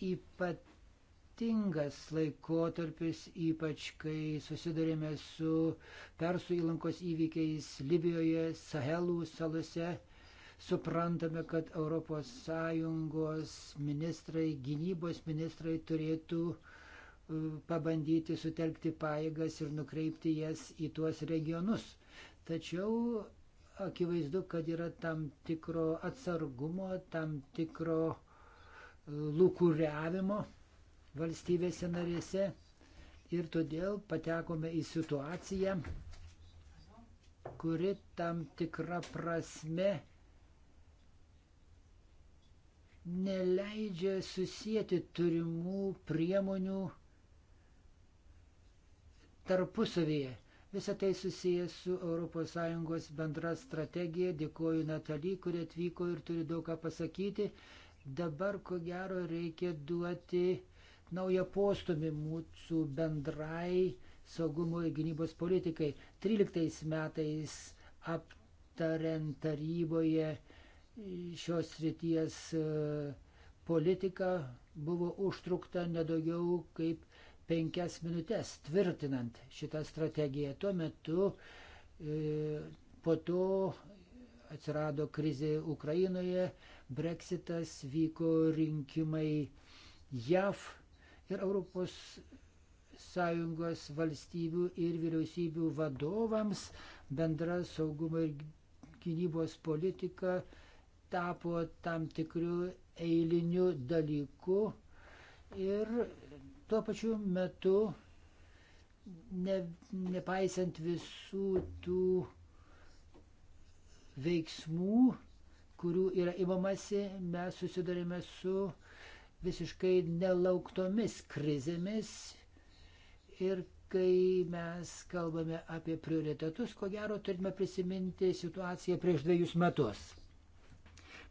ypatingas laikotarpis, ypač kai susidurėme su Persų įlankos įvykiais Libijoje, Sahelų salose suprantame, kad ES ministrai, gynybos ministrai turėtų e, pabandyti sutelkti paėgas ir nukreipti jas į tuos regionus. Tačiau akivaizdu, kad yra tam tikro atsargumo, tam tikro e, lūkuriavimo valstybėse narėse ir todėl patekome į situaciją, kuri tam tikra prasme neleidžia susijęti turimų priemonių tarpusavyje. Visą tai susijęs su ES bendra strategija. Dėkoju Natalijai, kuri atvyko ir turi daug ką pasakyti. Dabar, ko gero, reikia duoti naują postumį mūsų bendrai saugumo ir gynybos politikai. 13 metais aptariant taryboje šios ryties e, politika buvo užtrukta nedaugiau kaip penkias minutės tvirtinant šitą strategiją. Tuo metu e, po to atsirado krizė Ukrainoje, breksitas, vyko rinkimai JAV ir Europos sąjungos valstybių ir vyriausybių vadovams bendra saugumo ir gynybos politika uh, tapo tam tikriu eiliniu dalyku ir tuo pačiu metu, ne, nepaisant visų tų veiksmų, kurių yra imamasi, mes susidarėme su visiškai nelauktomis krizėmis ir kai mes kalbame apie prioritetus, ko gero turime prisiminti situaciją prieš dviejus metus.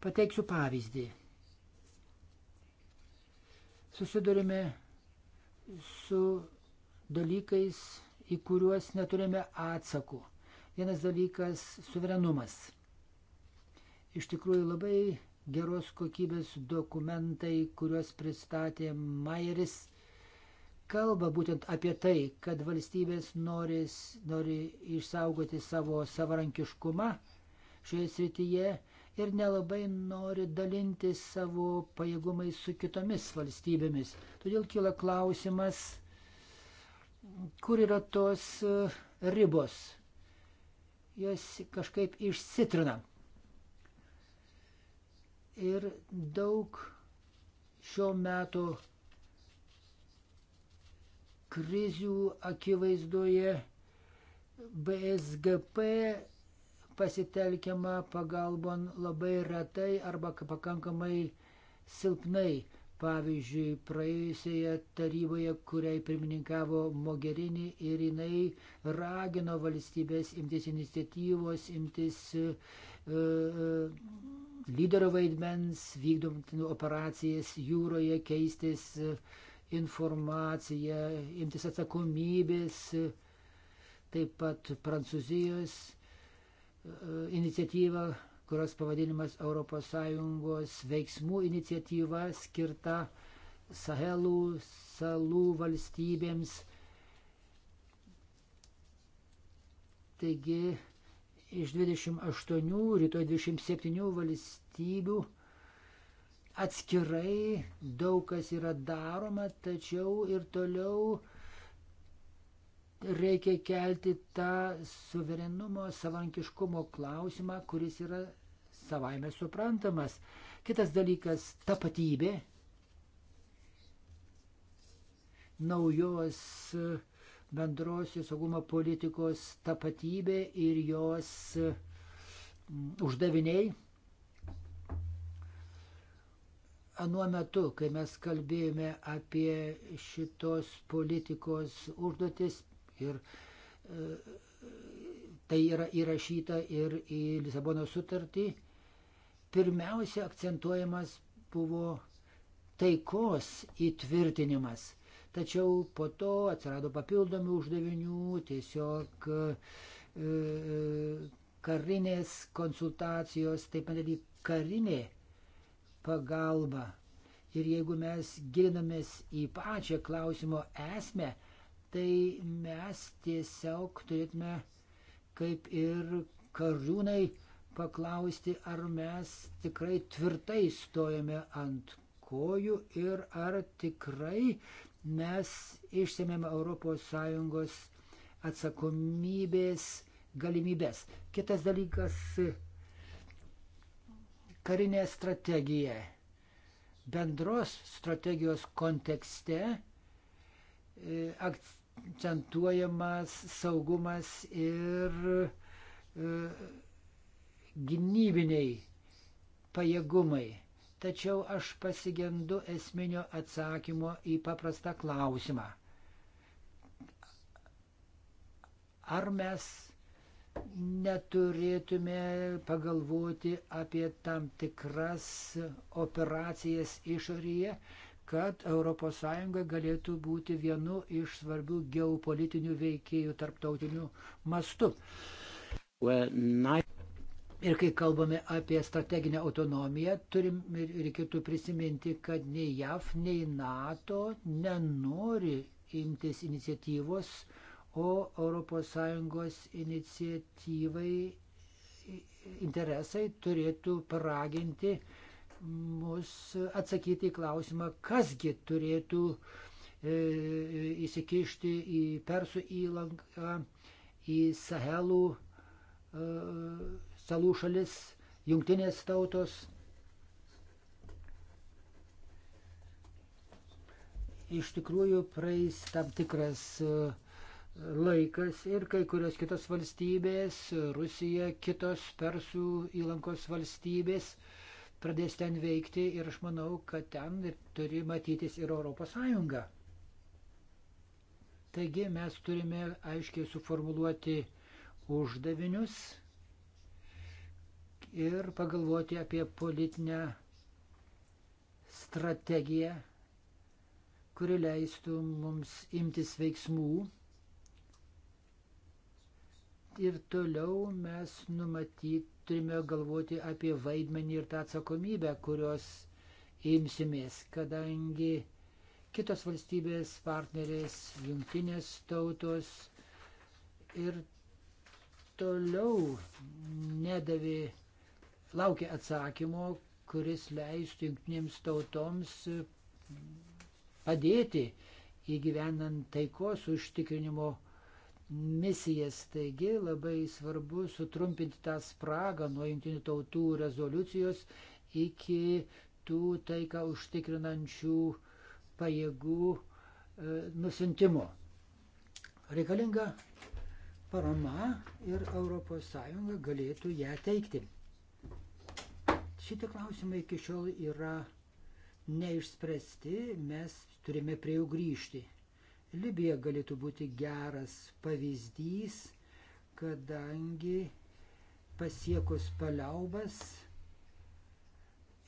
Pateiksiu pavyzdį. Susidurime su dalykais, į kuriuos neturime atsakų. Vienas dalykas - suverenumas. Iš tikrųjų labai geros kokybės dokumentai, kuriuos pristatė Mairis, kalba būtent apie tai, kad valstybės noris, nori išsaugoti savo savarankiškumą šioje srityje ir nelabai nori dalintis savo pajėgumais su kitomis valstybėmis. Todėl kyla klausimas, kur yra tos e, ribos. Jos kažkaip išsitrina. Ir daug šio meto krizių akivaizdoje BSGP pasitelkiama pagalbon labai retai arba pakankamai silpnai. Pavyzdžiui, praėjusioje taryboje, kuriai pirmininkavo Mogherini ir jinai ragino valstybės imtis iniciatyvos, imtis uh, lyderio vaidmens, vykdomant operacijas jūroje, keistis e, informaciją, imtis atsakomybės. Taip pat Prancūzijos iniciatyvą, kurios pavadinimas ES veiksmų iniciatyva skirta Sahelų salų valstybėms. Taigi iš 28, rytoj 27 valstybių atskirai daug kas yra daroma, tačiau ir toliau reikia kelti tą suverenumo, savankiškumo klausimą, kuris yra savaime suprantamas. Kitas dalykas - tapatybė. Naujos bendrosios saugumo politikos tapatybė ir jos mm, uždaviniai. Anuo metu, kai mes kalbėjome apie šitos politikos užduotis, ir e, tai yra įrašyta ir į Lisabono sutartį. Pirmiausia akcentuojamas buvo taikos įtvirtinimas. Tačiau po to atsirado papildomių uždavinių, tiesiog e, e, karinės konsultacijos, taip pat ir karinė pagalba. Ir jeigu mes gilinamės į pačią klausimo esmę, tai mes tiesiog turėtume kaip ir karūnai paklausti, ar mes tikrai tvirtai stojame ant kojų ir ar tikrai mes išsėmėme ES atsakomybės galimybės. Kitas dalykas - karinė strategija. Bendros strategijos kontekste e, akcentuojamas saugumas ir e, gynybiniai pajėgumai. Tačiau aš pasigendu esminio atsakymo į paprastą klausimą. Ar mes neturėtume pagalvoti apie tam tikras operacijas išorėje, kad ES galėtų būti vienu iš svarbių geopolitinių veikėjų tarptautiniu mastu. Ir kai kalbame apie strateginę autonomiją, turim, reikėtų prisiminti, kad nei JAV, nei NATO nenori imtis iniciatyvos, o ES iniciatyvai interesai turėtų paraginti uh, mus atsakyti į klausimą, kasgi turėtų e, įsikišti į Persų įlanką, į Sahelų e, salų šalis, jungtinės tautos. Iš tikrųjų praeis tam tikras e, laikas ir kai kurios kitos valstybės, Rusija, kitos Persų įlankos valstybės, uh, pradės ten veikti ir aš manau, kad ten turi matytis ir ES. Taigi mes turime aiškiai suformuluoti uždavinius ir pagalvoti apie politinę strategiją, kuri leistų mums imtis veiksmų. Ir toliau mes numatyti turime galvoti apie vaidmenį ir tą atsakomybę, kurios imsimės, kadangi kitos valstybės partnerės, jungtinės tautos ir toliau nedavė, laukia atsakymo, kuris leistų jungtinėms tautoms padėti įgyvenant taikos užtikrinimo misijas. Taigi labai svarbu sutrumpinti tą spragą nuo jungtinių tautų rezoliucijos iki tų taiką užtikrinančių pajėgų e, nusintimo. Reikalinga parama ir ES galėtų ją teikti. Šitie klausimai iki šiol yra neišspręsti, mes turime prie jų grįžti. Libija galėtų būti geras pavyzdys, kadangi pasiekus paliaubas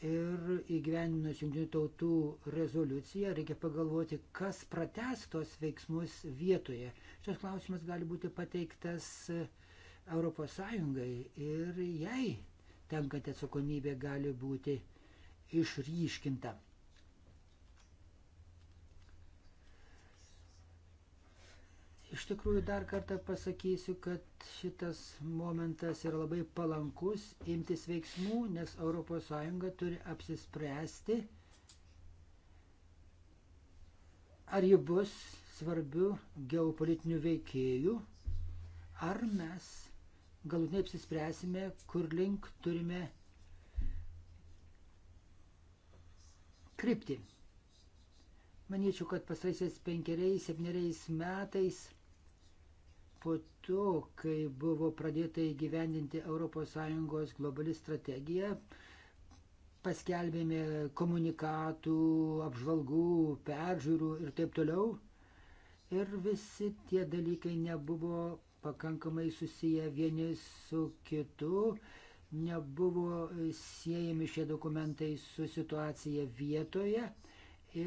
ir įgyvendinus jungtinių tautų rezoliuciją reikia pagalvoti, kas prates tos veiksmus vietoje. Šios klausimas gali būti pateiktas ES ir jai tenkantį atsakomybę gali būti išryškinta. Iš tikrųjų, dar kartą pasakysiu, kad šitas momentas yra labai palankus imtis veiksmų, nes ES turi apsispręsti, ar ji bus svarbių geopolitinių veikėjų, ar mes galutinai apsispręsime, kur link turime krypti. Manyčiau, kad pasaisiais penkeriais, septyneriais metais po to, kai buvo pradėta įgyvendinti ES globali strategija, paskelbėme komunikatų, apžvalgų, peržiūrų ir taip toliau. Ir visi tie dalykai nebuvo pakankamai susiję vieni su kitu, nebuvo siejami šie dokumentai su situacija vietoje.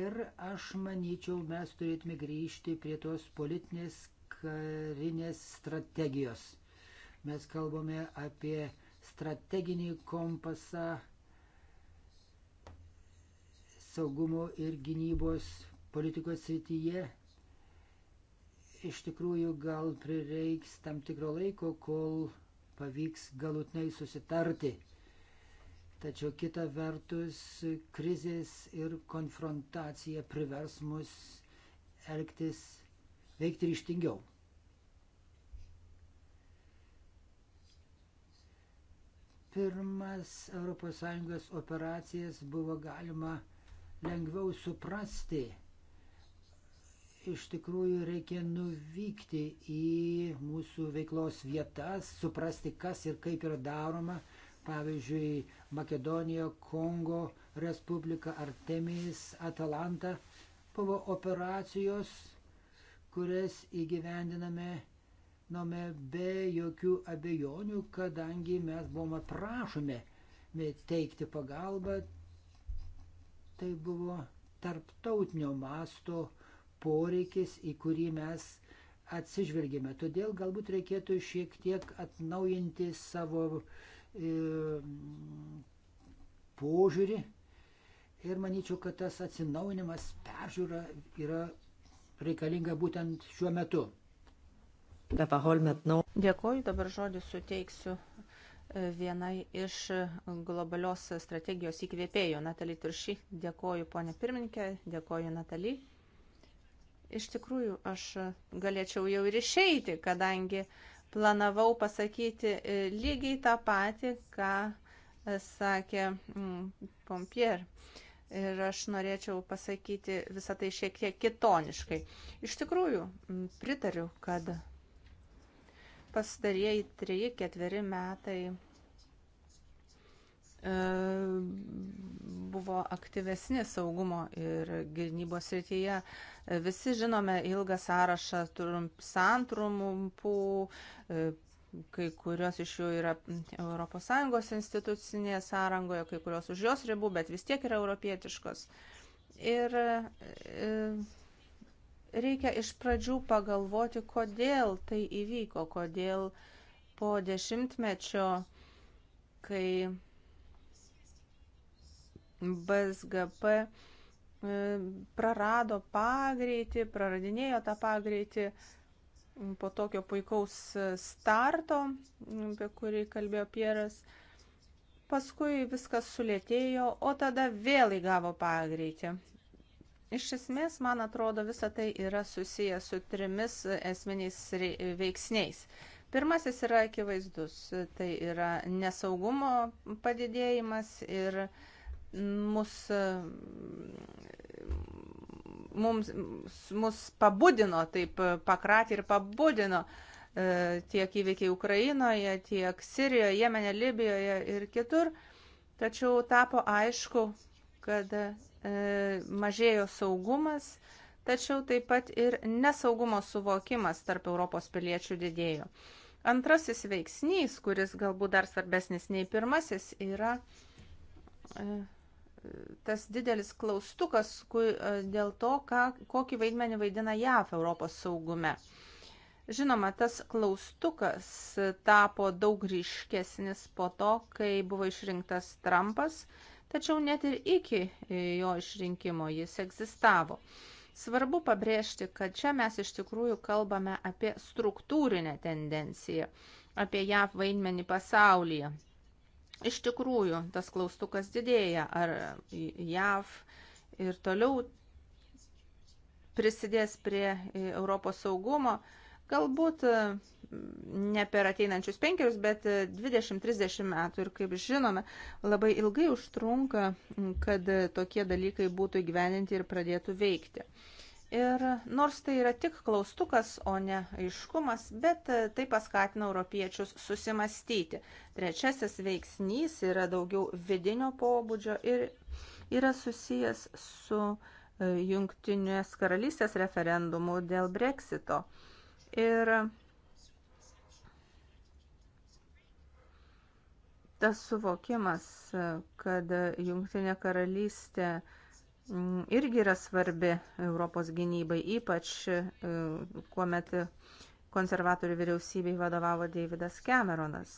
Ir aš manyčiau, mes turėtume grįžti prie tos politinės karinės strategijos. Mes kalbame apie strateginį kompasą saugumo ir gynybos politikos srityje. Iš tikrųjų, gal prireiks tam tikro laiko, kol pavyks galutinai susitarti. Tačiau kita vertus, krizės ir konfrontacija privers mus elgtis, veikti ryštingiau. pirmas ES operacijas buvo galima lengviau suprasti. Iš tikrųjų reikia nuvykti į mūsų veiklos vietas, suprasti, kas ir kaip yra daroma. Pavyzdžiui, Makedonija, Kongo Respublika, Artemis, Atalanta buvo operacijos, kurias įgyvendiname žinome be jokių abejonių, kadangi mes buvome prašome teikti pagalbą. Tai buvo tarptautinio masto poreikis, į kurį mes atsižvelgėme. Todėl galbūt reikėtų šiek tiek atnaujinti savo e, požiūrį. Ir manyčiau, kad tas atsinaujinimas, peržiūra yra reikalinga būtent šiuo metu. Dėkoju, dabar žodį suteiksiu e, vienai iš globalios strategijos įkvėpėjų, Natalį Turšį. Dėkoju, ponė pirmininkė, dėkoju, Natalį. Iš tikrųjų, aš galėčiau jau ir išeiti, kadangi planavau pasakyti e, lygiai tą patį, ką e, sakė mm, Pompier. Ir aš norėčiau pasakyti visą tai šiek tiek kitoniškai. Iš tikrųjų, pritariu, kad pastarieji treji, ketveri metai e, buvo aktyvesni saugumo ir gynybos srityje. E, visi žinome ilgą sąrašą santrumpų, e, kai kurios iš jų yra ES institucinėje sąrangoje, kai kurios už jos ribų, bet vis tiek yra europietiškos. Ir reikia iš pradžių pagalvoti, kodėl tai įvyko, kodėl po dešimtmečio, kai BSGP e, prarado pagreitį, praradinėjo tą pagreitį po tokio puikaus starto, apie kurį kalbėjo Pieras. Paskui viskas sulėtėjo, o tada vėl įgavo pagreitį. Iš esmės, man atrodo, visa tai yra susiję su trimis esminiais veiksniais. Pirmasis yra akivaizdus, tai yra nesaugumo padidėjimas ir mus, mums, mus pabudino, taip pakratį ir pabudino e, tiek įvykiai Ukrainoje, tiek Sirijoje, Jemene, Libijoje ir kitur. Tačiau tapo aišku, kad E, mažėjo saugumas, tačiau taip pat ir nesaugumo suvokimas tarp Europos piliečių didėjo. Antrasis veiksnys, kuris galbūt dar svarbesnis nei pirmasis, yra e, tas didelis klaustukas e, dėl to, ką, kokį vaidmenį vaidina JAV Europos saugume. Žinoma, tas klaustukas tapo daug ryškesnis po to, kai buvo išrinktas Trumpas Tačiau net ir iki e, jo išrinkimo jis egzistavo. Svarbu pabrėžti, kad čia mes iš tikrųjų kalbame apie struktūrinę tendenciją, apie JAV vaidmenį pasaulyje. Iš tikrųjų, tas klaustukas didėja, ar JAV ir toliau prisidės prie e, Europos saugumo, galbūt e, ne per ateinančius penkerius, bet 20-30 metų. Ir kaip žinome, labai ilgai užtrunka, kad tokie dalykai būtų įgyveninti ir pradėtų veikti. Ir nors tai yra tik klaustukas, o ne aiškumas, bet tai paskatina europiečius susimastyti. Trečiasis veiksnys yra daugiau vidinio pobūdžio ir yra susijęs su e, Junktinės karalystės referendumu dėl breksito. Ir tas suvokimas, kad Junktinė karalystė mm, irgi yra svarbi Europos gynybai, ypač e, kuomet konservatorių vyriausybei vadovavo Davidas Cameronas.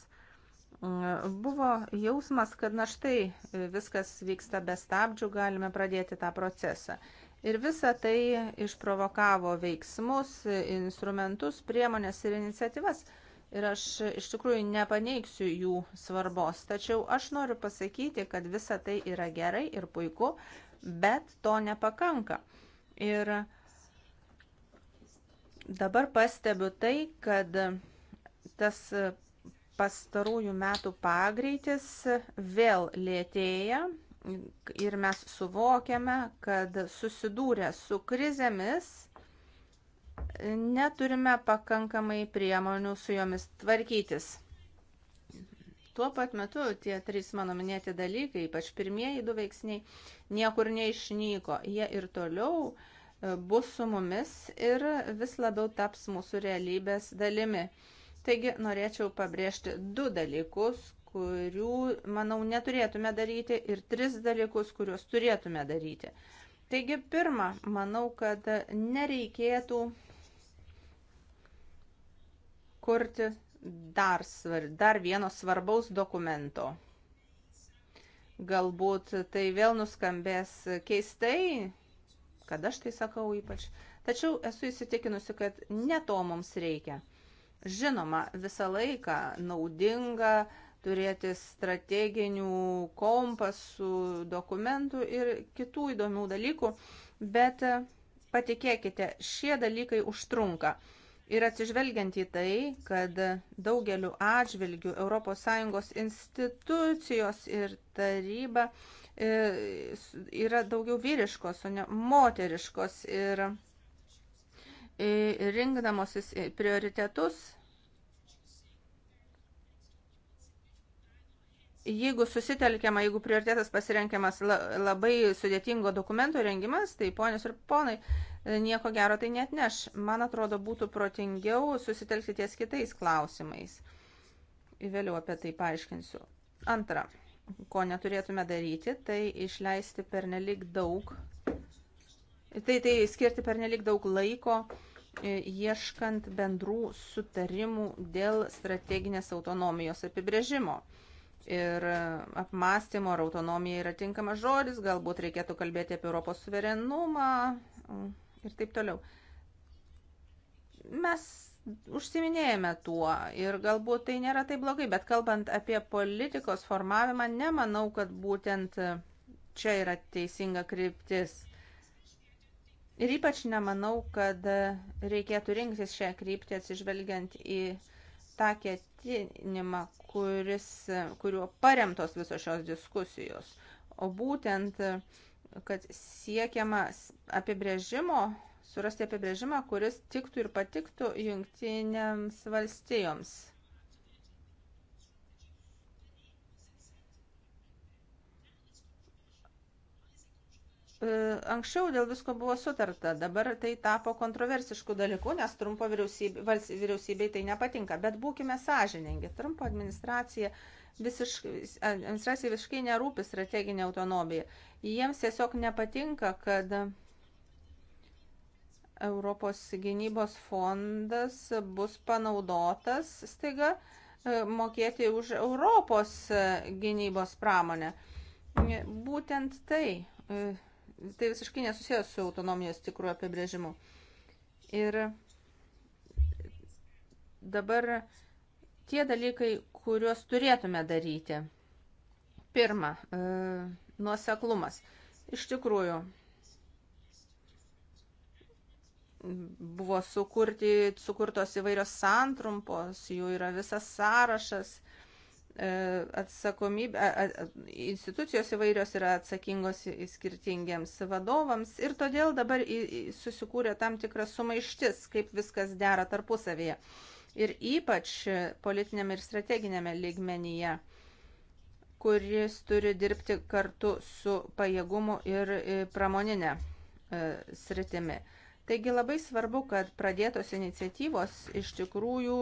Mm, buvo jausmas, kad na štai e, viskas vyksta be stabdžių, galime pradėti tą procesą. Ir visa tai išprovokavo veiksmus, instrumentus, priemonės ir iniciatyvas, ir aš iš tikrųjų nepaneigsiu jų svarbos. Tačiau aš noriu pasakyti, kad visa tai yra gerai ir puiku, bet to nepakanka. Ir dabar pastebiu tai, kad tas pastarųjų metų pagreitis vėl lėtėja ir mes suvokiame, kad susidūrę su krizėmis neturime pakankamai priemonių su jomis tvarkytis. Tuo pat metu tie trys mano minėti dalykai, ypač pirmieji du veiksniai, niekur neišnyko. Jie ir toliau e, bus su mumis ir vis labiau taps mūsų realybės dalimi. Taigi norėčiau pabrėžti du dalykus, kurių, manau, neturėtume daryti ir tris dalykus, kuriuos turėtume daryti. Taigi, pirma, manau, kad nereikėtų kurti dar, svar, dar vieno svarbaus dokumento. Galbūt tai vėl nuskambės keistai, kad aš tai sakau ypač, tačiau esu įsitikinusi, kad ne to mums reikia. Žinoma, visą laiką naudinga turėti strateginių kompasų, dokumentų ir kitų įdomių dalykų, bet patikėkite, šie dalykai užtrunka. Ir atsižvelgiant į tai, kad daugeliu atžvilgių ES institucijos ir taryba e, yra daugiau vyriškos, o ne moteriškos ir e, rinkdamosis e, prioritetus, jeigu susitelkiama, jeigu prioritetas pasirenkiamas labai sudėtingo dokumento rengimas, tai ponios ir ponai, nieko gero tai net neš. Man atrodo, būtų protingiau susitelkti ties kitais klausimais. Vėliau apie tai paaiškinsiu. Antra, ko neturėtume daryti, tai išleisti pernelik daug, tai, tai skirti pernelik daug laiko e, ieškant bendrų sutarimų dėl strateginės autonomijos apibrėžimo ir e, apmąstymo, ar autonomija yra tinkamas žodis, galbūt reikėtų kalbėti apie Europos suverenumą, ir taip toliau. Mes užsiminėjame tuo ir galbūt tai nėra taip blogai, bet kalbant apie politikos formavimą, nemanau, kad būtent čia yra teisinga kryptis. Ir ypač nemanau, kad reikėtų rinktis šią kryptį atsižvelgiant į tą ketinimą, kuris, kuriuo paremtos visos šios diskusijos. O būtent kad siekiama apibrėžimo, surasti apibrėžimą, kuris tiktų ir patiktų jungtinėms valstijoms. E, anksčiau dėl visko buvo sutarta, dabar tai tapo kontroversiškų dalykų, nes Trumpo vyriausybė, vyriausybei tai nepatinka, bet būkime sąžiningi. Trumpo administracija uh, visiškai, administracijai visiškai nerūpi strateginė autonomija. Jiems tiesiog nepatinka, kad Europos gynybos fondas bus panaudotas staiga e, mokėti už Europos e, gynybos pramonę. E, būtent tai. Tai visiškai nesusijęs su autonomijos tikruoju apibrėžimu. Ir dabar tie dalykai, kuriuos turėtume daryti. Pirma, e, nuoseklumas. Iš tikrųjų, buvo sukurti, sukurtos įvairios santrumpos, jų yra visas sąrašas e, atsakomybė, institucijos įvairios yra atsakingos skirtingiems vadovams ir todėl dabar susikūrė tam tikras sumaištis, kaip viskas dera tarpusavėje ir ypač politinėme ir strateginėme lygmenyje, kuris turi dirbti kartu su pajėgumu ir e, pramoninė e, sritimi. Taigi labai svarbu, kad pradėtos iniciatyvos iš tikrųjų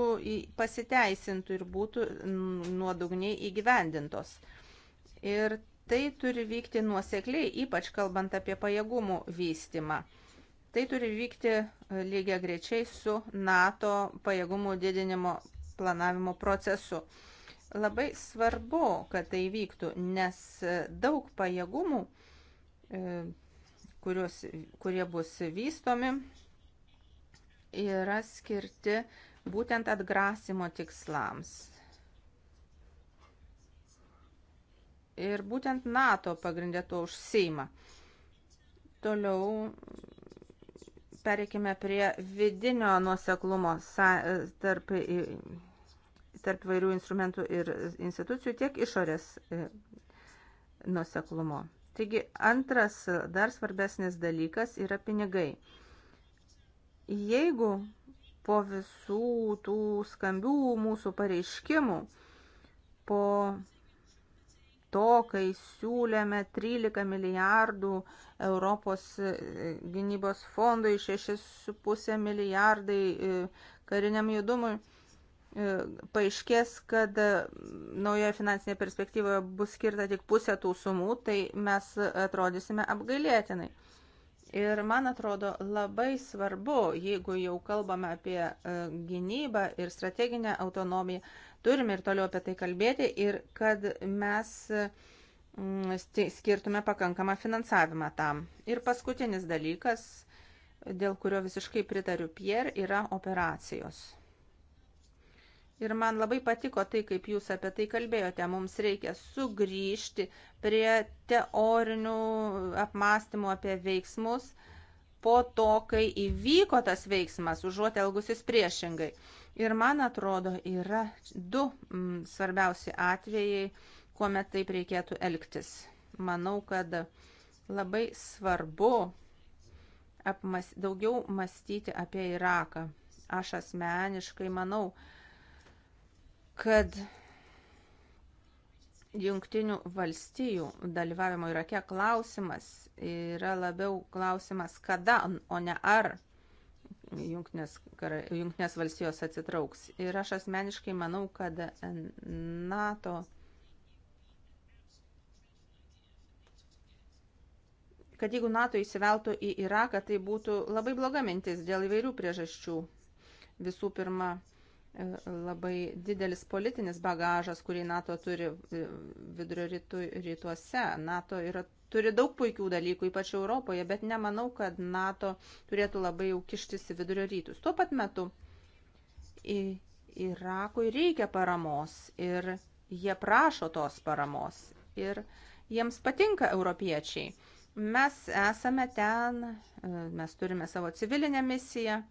pasiteisintų ir būtų nuodugniai įgyvendintos. Ir tai turi vykti nuosekliai, ypač kalbant apie pajėgumų vystimą. Tai turi vykti e, lygiai grečiai su NATO pajėgumų didinimo planavimo procesu. Labai svarbu, kad tai vyktų, nes e, daug pajėgumų, e, kurios, kurie bus vystomi, yra skirti būtent atgrasimo tikslams. Ir būtent NATO pagrindė tuo užseima. Toliau Pereikime prie vidinio nuoseklumo tarp, tarp vairių instrumentų ir institucijų, tiek išorės e, nuoseklumo. Taigi antras dar svarbesnis dalykas yra pinigai. Jeigu po visų tų skambių mūsų pareiškimų, po to, kai siūlėme 13 milijardų Europos e, gynybos fondui, 6,5 milijardai e, kariniam judumui, e, paaiškės, kad naujoje finansinėje perspektyvoje bus skirta tik pusė tų sumų, tai mes atrodysime apgailėtinai. Ir man atrodo labai svarbu, jeigu jau kalbame apie gynybą ir strateginę autonomiją, turime ir toliau apie tai kalbėti ir kad mes mm, skirtume pakankamą finansavimą tam. Ir paskutinis dalykas, dėl kurio visiškai pritariu Pierre, yra operacijos. Ir man labai patiko tai, kaip jūs apie tai kalbėjote. Mums reikia sugrįžti prie teorinių apmąstymų apie veiksmus po to, kai įvyko tas veiksmas, užuot elgusis priešingai. Ir man atrodo, yra du mm, svarbiausi atvejai, kuomet taip reikėtų elgtis. Manau, kad labai svarbu apmas, daugiau mąstyti apie Iraką. Aš asmeniškai manau, kad jungtinių valstijų dalyvavimo Irake klausimas yra labiau klausimas kada, o ne ar Junktinės, Junktinės valstijos atsitrauks. Ir aš asmeniškai manau, kad NATO kad jeigu NATO įsiveltų į Iraką, tai būtų labai bloga mintis dėl įvairių priežasčių. Visų pirma, e, labai didelis politinis bagažas, kurį NATO turi e, vidurio rytu, rytuose. NATO yra turi daug puikių dalykų, ypač Europoje, bet nemanau, kad NATO turėtų labai jau kištis į vidurio rytus. Tuo pat metu į Irakui reikia paramos ir jie prašo tos paramos ir jiems patinka europiečiai. Mes esame ten, e, mes turime savo civilinę misiją.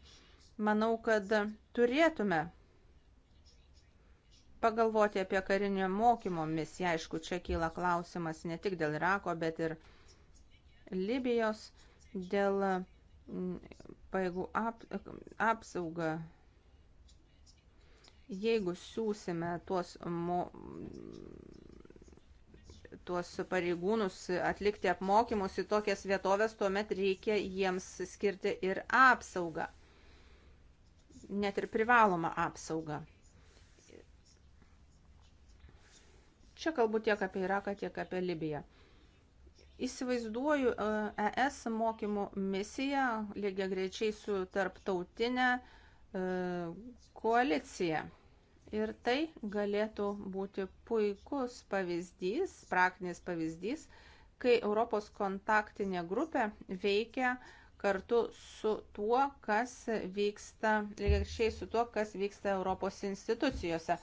Manau, kad turėtume pagalvoti apie karinio mokymo misiją. Aišku, čia kyla klausimas ne tik dėl Irako, bet ir Libijos, dėl mm, paėgų ap, apsaugą. Jeigu siūsime tuos, mo, tuos pareigūnus atlikti apmokymus į tokias vietovės, tuomet reikia jiems skirti ir apsaugą, net ir privalomą apsaugą. Čia kalbu tiek apie Iraką, tiek apie Libiją. Įsivaizduoju ES e mokymų misiją lygiai greičiai su tarptautinė e, koalicija. Ir tai galėtų būti puikus pavyzdys, praktinis pavyzdys, kai Europos kontaktinė grupė veikia kartu su tuo, kas vyksta, lygiai su tuo, kas vyksta Europos institucijose.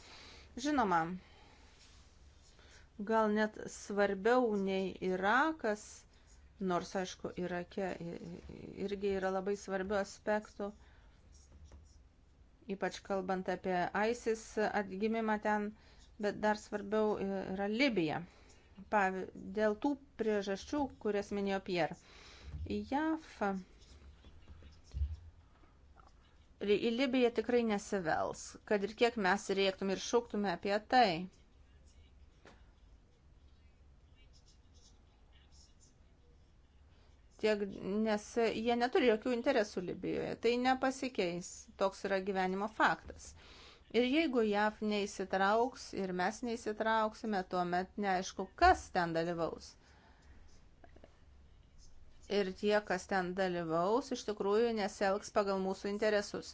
Žinoma, gal net svarbiau nei Irakas, nors aišku, Irake irgi yra labai svarbių aspektų, ypač kalbant apie ISIS atgimimą ten, bet dar svarbiau yra Libija. Pavyzdžiui, dėl tų priežasčių, kurias minėjo Pierre. JAF į Libiją tikrai nesivels, kad ir kiek mes rėktum ir šauktume apie tai. tiek, nes jie neturi jokių interesų Libijoje. Tai nepasikeis. Toks yra gyvenimo faktas. Ir jeigu JAV neįsitrauks ir mes neįsitrauksime, tuomet neaišku, kas ten dalyvaus. Ir tie, kas ten dalyvaus, iš tikrųjų nesielgs pagal mūsų interesus.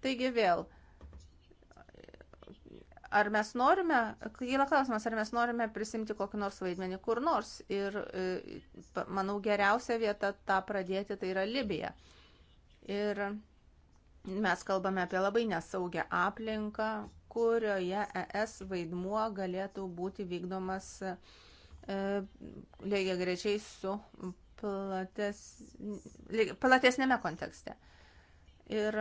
Taigi vėl, uh, Ar mes norime, kyla klausimas, ar mes norime prisimti kokį nors vaidmenį kur nors. Ir e, manau, geriausia vieta tą pradėti tai yra Libija. Ir mes kalbame apie labai nesaugią aplinką, kurioje ES vaidmuo galėtų būti vykdomas e, lygiai grečiai su plates, lygia, platesnėme kontekste. Ir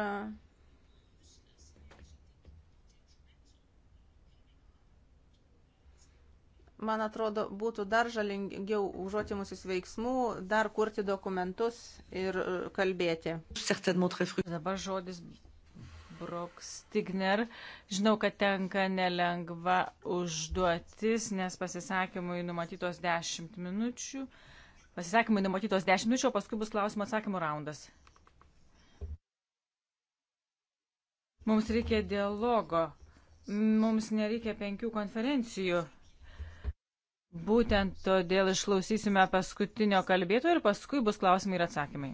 man atrodo, būtų dar žalingiau užuoti mūsų veiksmų, dar kurti dokumentus ir e, kalbėti. Dabar žodis Brok Stigner. Žinau, kad tenka nelengva užduotis, nes pasisakymui numatytos 10 minučių. Pasisakymui numatytos 10 minučių, o paskui bus klausimų atsakymų raundas. Mums reikia dialogo. Mums nereikia penkių konferencijų. Būtent todėl išklausysime paskutinio kalbėtojo ir paskui bus klausimai ir atsakymai.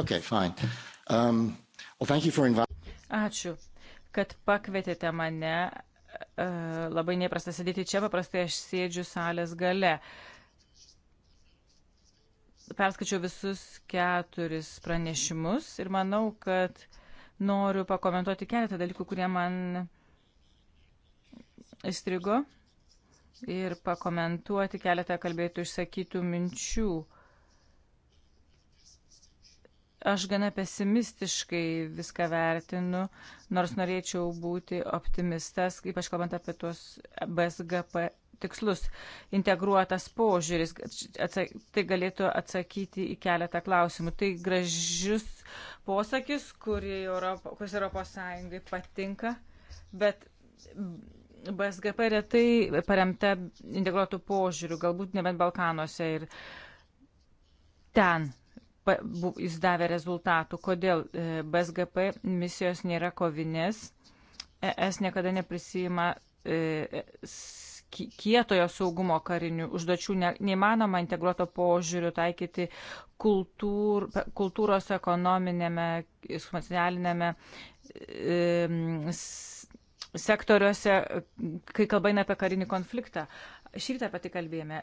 Okay, fine. Um, well, thank you for Ačiū, kad pakvietėte mane. Uh, labai neprasta sėdėti čia, paprastai aš sėdžiu salės gale. Uh, perskačiau visus keturis pranešimus ir manau, kad noriu pakomentuoti keletą dalykų, kurie man įstrigo ir pakomentuoti keletą kalbėtų išsakytų minčių aš gana pesimistiškai viską vertinu, nors norėčiau būti optimistas, ypač kalbant apie tuos BSGP tikslus. Integruotas požiūris, tai galėtų atsakyti į keletą klausimų. Tai gražius posakis, Europo, kuris Europos Sąjungai patinka, bet BSGP retai paremta integruotų požiūrių, galbūt nebent Balkanuose ir ten jis davė rezultatų, kodėl e, BSGP misijos nėra kovinės, ES niekada neprisima e, kietojo saugumo karinių užduočių, neįmanoma integruoto požiūrių taikyti kultūr, kultūros ekonominėme, socialinėme e, sektoriuose, kai kalba eina apie karinį konfliktą. Šitą apie tai kalbėjome.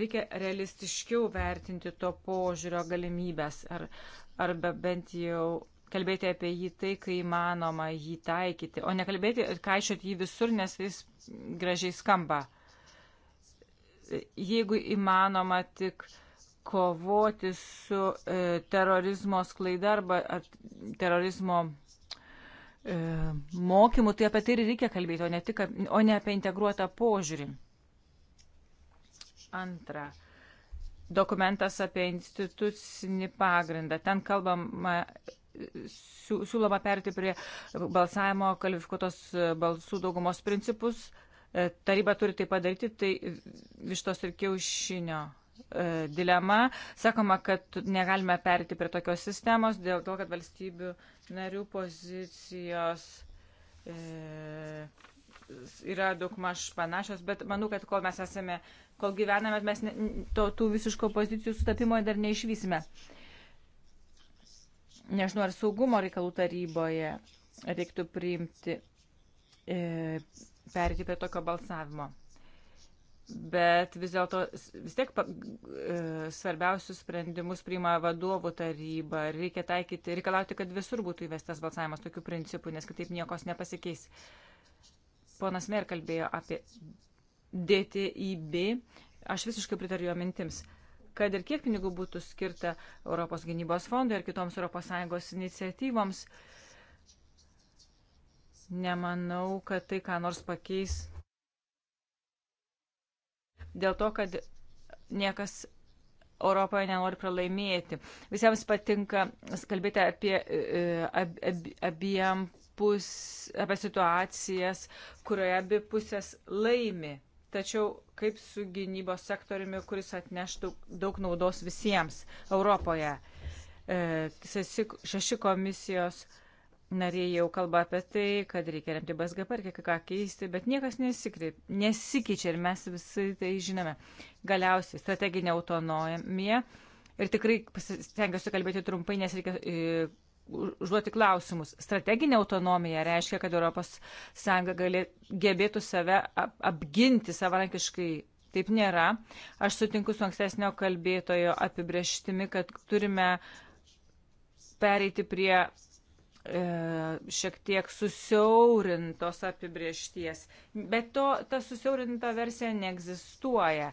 Reikia realistiškiau vertinti to požiūrio galimybės ar, arba bent jau kalbėti apie jį tai, kai įmanoma jį taikyti, o nekalbėti, kaišėti jį visur, nes jis gražiai skamba. Jeigu įmanoma tik kovoti su e, terorizmo sklaida arba ar terorizmo e, mokymu, tai apie tai ir reikia kalbėti, o ne, tik, o ne apie integruotą požiūrį. Antra, dokumentas apie institucinį pagrindą. Ten kalbama, siūloma perti prie balsavimo kvalifikuotos balsų daugumos principus. E, taryba turi tai padaryti, tai vištos ir kiaušinio e, dilema. Sakoma, kad negalime perėti prie tokios sistemos dėl to, kad valstybių narių pozicijos e, yra daugmaž panašios, bet manau, kad kol mes esame, kol gyvename, mes ne, to, tų visiško pozicijų sutapimo dar neišvysime. Nežinau, ar saugumo reikalų taryboje reiktų priimti, e, perėti prie tokio balsavimo. Bet vis dėlto vis tiek pa, e, svarbiausius sprendimus priima vadovų taryba ir reikia taikyti, reikalauti, kad visur būtų įvestas balsavimas tokių principų, nes kitaip niekos nepasikeis. E, Ponas Mer kalbėjo apie DTIB. Aš visiškai pritariu jo mintims kad ir kiek pinigų būtų skirta Europos gynybos fondui ir kitoms ES iniciatyvoms, nemanau, kad tai ką nors pakeis. Dėl to, kad niekas Europoje nenori pralaimėti. Visiems patinka kalbėti apie e, e, ab, ab, abiem pus, apie situacijas, kurioje abi pusės laimi. Tačiau kaip su gynybos sektoriumi, kuris atneštų daug naudos visiems Europoje. E, šeši komisijos nariai jau kalba apie tai, kad reikia remti BSGP ir kiek ką keisti, bet niekas nesikreip, nesikeičia ir mes visi tai žinome. Galiausiai strateginė autonomija. Ir tikrai stengiuosi kalbėti trumpai, nes reikia e, užduoti klausimus. Strateginė autonomija reiškia, kad ES galė, gebėtų save ap, apginti savarankiškai. Taip nėra. Aš sutinku su ankstesnio kalbėtojo apibrieštimi, kad turime pereiti prie E, šiek tiek susiaurintos apibriešties. Bet to, ta susiaurinta versija neegzistuoja.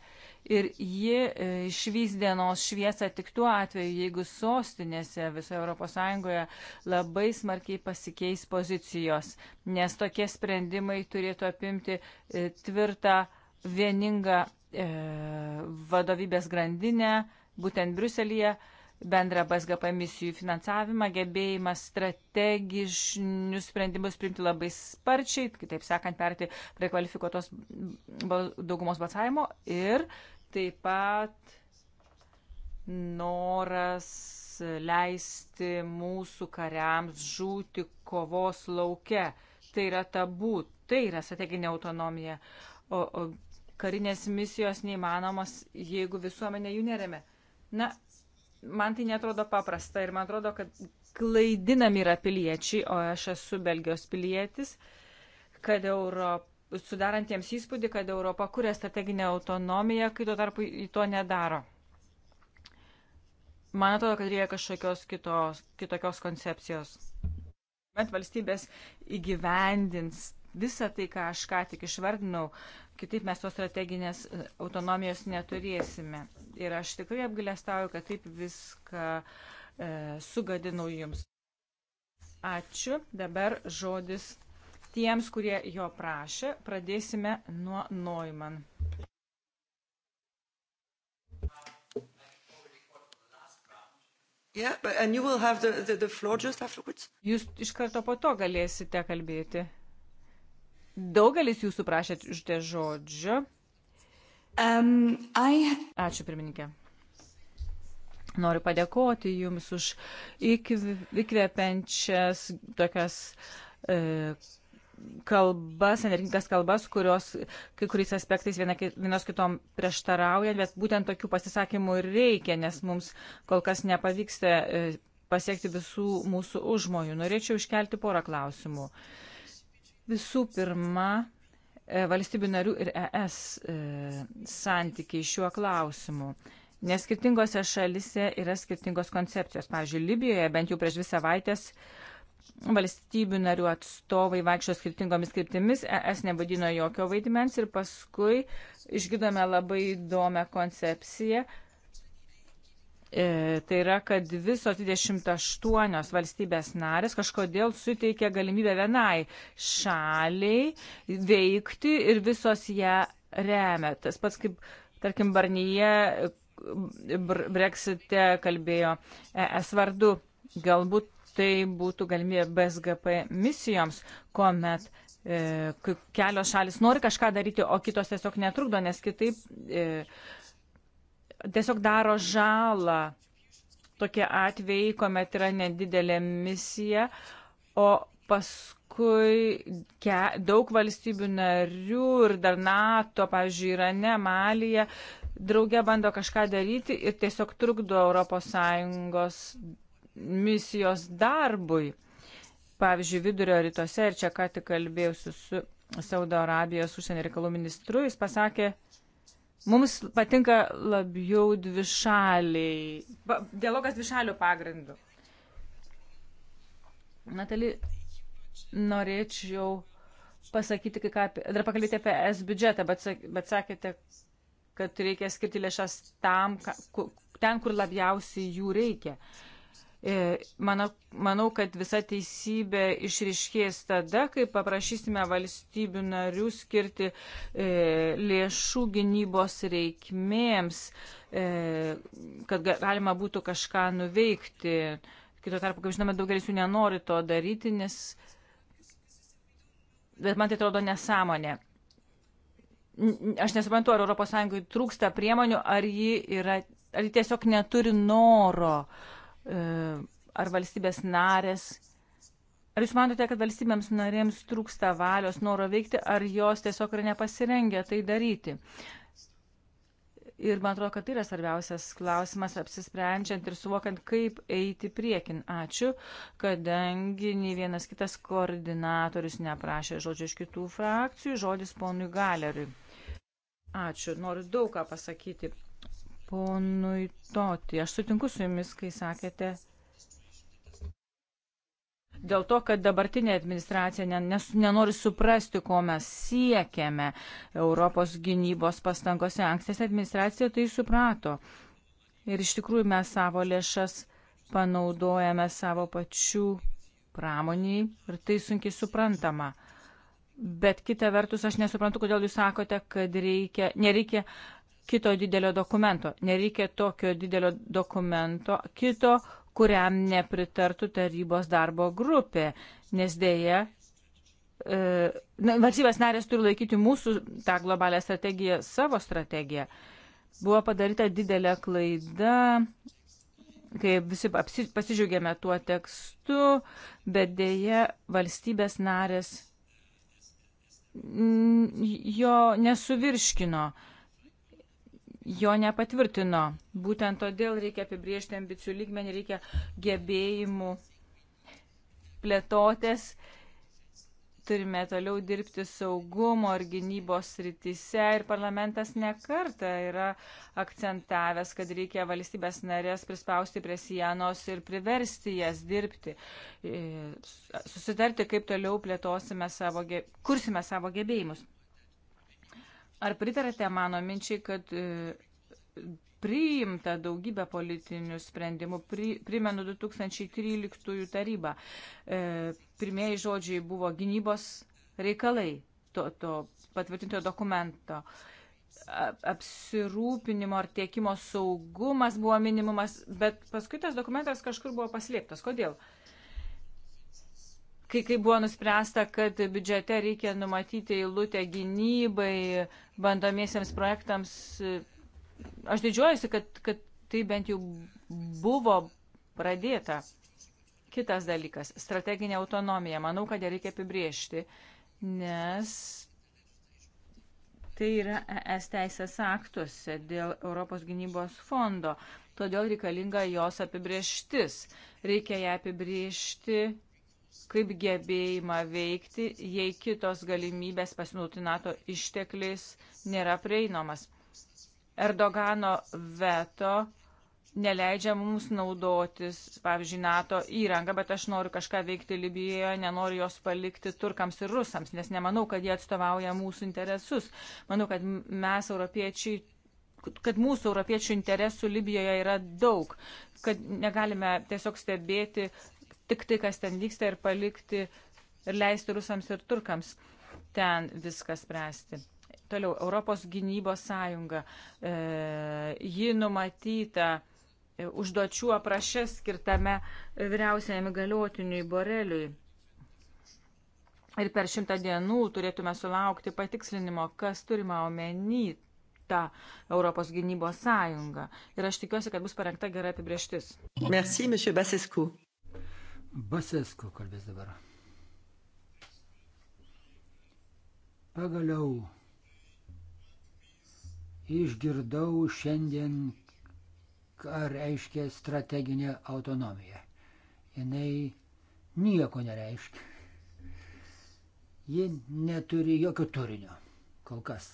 Ir ji e, išvys dienos šviesą tik tuo atveju, jeigu sostinėse visoje ES labai smarkiai pasikeis pozicijos, nes tokie sprendimai turėtų apimti e, tvirtą, vieningą e, vadovybės grandinę, būtent Bruselėje. E, bendrą BSGP misijų finansavimą, gebėjimą strategišnius sprendimus priimti labai sparčiai, kitaip sakant, perti prie kvalifikuotos daugumos balsavimo ir taip pat noras leisti mūsų kariams žūti kovos lauke. Tai yra tabu, tai yra strateginė autonomija. O, o karinės misijos neįmanomos, jeigu visuomenė jų neremia. Na, man tai netrodo paprasta ir man atrodo, kad klaidinami yra piliečiai, o aš esu Belgijos pilietis, kad Europa sudarantiems įspūdį, kad Europa kuria strateginę autonomiją, kai tuo tarpu į to nedaro. Man atrodo, kad reikia kažkokios kitos, kitokios koncepcijos. Bet valstybės įgyvendins visą tai, ką aš ką tik išvardinau, kitaip mes tos strateginės e, autonomijos neturėsime. Ir aš tikrai apgailestauju, kad taip viską e, sugadinau jums. Ačiū. Dabar žodis tiems, kurie jo prašė. Pradėsime nuo Neumann. Yeah, the, the, the Jūs iš karto po to galėsite kalbėti. Daugelis jūsų prašėte žodžio. Um, I... Ačiū, pirmininkė. Noriu padėkoti Jums už įkvepiančias tokias e, kalbas, energingas kalbas, kurios kai kuriais aspektais viena, vienos kitom prieštarauja, bet būtent tokių pasisakymų ir reikia, nes mums kol kas nepavyksta e, pasiekti visų mūsų užmojų. Norėčiau iškelti porą klausimų. E, Visų pirma, e, valstybių narių ir ES e, santykiai šiuo klausimu. Nes skirtingose šalise yra skirtingos koncepcijos. Pavyzdžiui, Libijoje bent jau prieš dvi savaitės valstybių narių atstovai vaikščio skirtingomis kryptimis, ES nevadino jokio vaidmens ir paskui išgidome labai įdomią koncepciją, E, tai yra, kad visos 28 valstybės narės kažkodėl suteikia galimybę vienai šaliai veikti ir visos ją remia. Tas pats kaip, tarkim, Barnyje e, Brexite kalbėjo ES vardu. Galbūt tai būtų galimybė BSGP misijoms, kuomet e, kelios šalis nori kažką daryti, o kitos tiesiog netrukdo, nes kitaip. E, tiesiog daro žalą. Tokie atvejai, kuomet yra nedidelė misija, o paskui ke, daug valstybių narių ir dar NATO, pavyzdžiui, Irane, Malija, drauge bando kažką daryti ir tiesiog trukdo ES misijos darbui. Pavyzdžiui, vidurio rytuose ir čia ką tik kalbėjusiu su Saudo Arabijos užsienio reikalų ministru, jis pasakė, Mums patinka labiau dvišaliai, dialogas dvišalių pagrindų. Natali, norėčiau pasakyti, kai ką, apie, dar pakalbėti apie S biudžetą, bet, bet sakėte, kad reikia skirti lėšas tam, ka, ku, ten, kur labiausiai jų reikia. Uh, E, manau, manau, kad visa teisybė išriškės tada, kai paprašysime valstybių narių skirti e, lėšų gynybos reikmėms, e, kad galima būtų kažką nuveikti. Kito tarpu, kaip žinome, daugelis jų nenori to daryti, nes. Bet man tai atrodo nesąmonė. Aš nesuprantu, ar ES trūksta priemonių, ar ji, yra, ar ji tiesiog neturi noro. E, E, ar valstybės narės. Ar jūs manote, kad valstybėms narėms trūksta valios, noro veikti, ar jos tiesiog yra nepasirengę tai daryti? Ir man atrodo, kad tai yra svarbiausias klausimas apsisprendžiant ir suvokiant, kaip eiti priekin. Ačiū, kadangi nei vienas kitas koordinatorius neprašė žodžio iš kitų frakcijų, žodis ponui Galeriui. Ačiū, noriu daug ką pasakyti ponui Toti. Aš sutinku su jumis, kai sakėte, dėl to, kad dabartinė administracija nes, nenori suprasti, ko mes siekiame Europos gynybos pastangose. Ankstesnė administracija tai suprato. Ir iš tikrųjų mes savo lėšas panaudojame savo pačių pramoniai ir tai sunkiai suprantama. Bet kita vertus, aš nesuprantu, kodėl jūs sakote, kad reikia, nereikia kito didelio dokumento. Nereikia tokio didelio dokumento, kito, kuriam nepritartų tarybos darbo grupė, nes dėja. E, Varsybės narės turi laikyti mūsų tą globalią strategiją savo strategiją. Buvo padaryta didelė klaida, kai visi apsi, pasižiūrėjome tuo tekstu, bet dėja valstybės narės jo nesuvirškino. E, jo nepatvirtino. Būtent todėl reikia apibriežti ambicijų lygmenį, reikia gebėjimų plėtotės. Turime toliau dirbti saugumo ir gynybos rytise ir parlamentas nekarta yra akcentavęs, kad reikia valstybės narės prispausti prie sienos ir priversti jas dirbti. E, susitarti, kaip toliau plėtosime savo, kursime savo gebėjimus. Ar pritarate mano minčiai, kad e, priimta daugybė politinių sprendimų. Pri, primenu 2013 tarybą. E, pirmieji žodžiai buvo gynybos reikalai to, to patvirtinto dokumento. Apsirūpinimo ar tiekimo saugumas buvo minimumas, bet paskui tas dokumentas kažkur buvo paslėptas. Kodėl? E, kai, kai buvo nuspręsta, kad biudžete reikia numatyti eilutę gynybai, bandomiesiems projektams, aš didžiuojuosi, kad, kad tai bent jau buvo pradėta. Kitas dalykas - strateginė autonomija. Manau, kad ją reikia apibriežti, nes tai yra ES teisės aktuose dėl Europos gynybos fondo. Todėl reikalinga jos apibrieštis. Reikia ją apibriežti kaip gebėjimą veikti, jei kitos galimybės pasinaudoti NATO ištekliais nėra prieinamas. Erdogano veto neleidžia mums naudotis, pavyzdžiui, NATO įrangą, bet aš noriu kažką veikti Libijoje, nenoriu jos palikti turkams ir rusams, nes nemanau, kad jie atstovauja mūsų interesus. Manau, kad mes, europiečiai, kad mūsų europiečių interesų Libijoje yra daug, kad negalime tiesiog stebėti tik tai, kas ten vyksta ir palikti ir leisti rusams ir turkams ten viską spręsti. Toliau, Europos gynybos sąjunga. E, ji numatyta e, užduočių aprašė skirtame vyriausiajam galiotiniui Boreliui. Ir per šimtą dienų turėtume sulaukti patikslinimo, kas turima omeny tą Europos gynybos sąjungą. Ir aš tikiuosi, kad bus parengta gera apibrieštis. Merci, monsieur Basescu. Basesko kalbės dabar. Pagaliau išgirdau šiandien, ką reiškia strateginė autonomija. Jinai nieko nereiškia. Ji neturi jokio turinio, kol kas.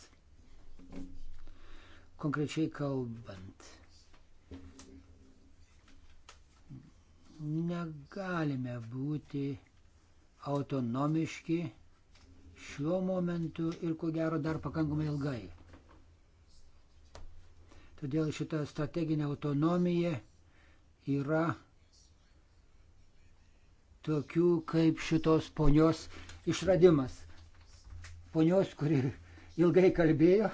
Konkrečiai kalbant negalime būti autonomiški šiuo momentu ir ko gero dar pakankamai ilgai. Todėl šita strateginė autonomija yra tokių kaip šitos ponios išradimas. Ponios, kuri ilgai kalbėjo.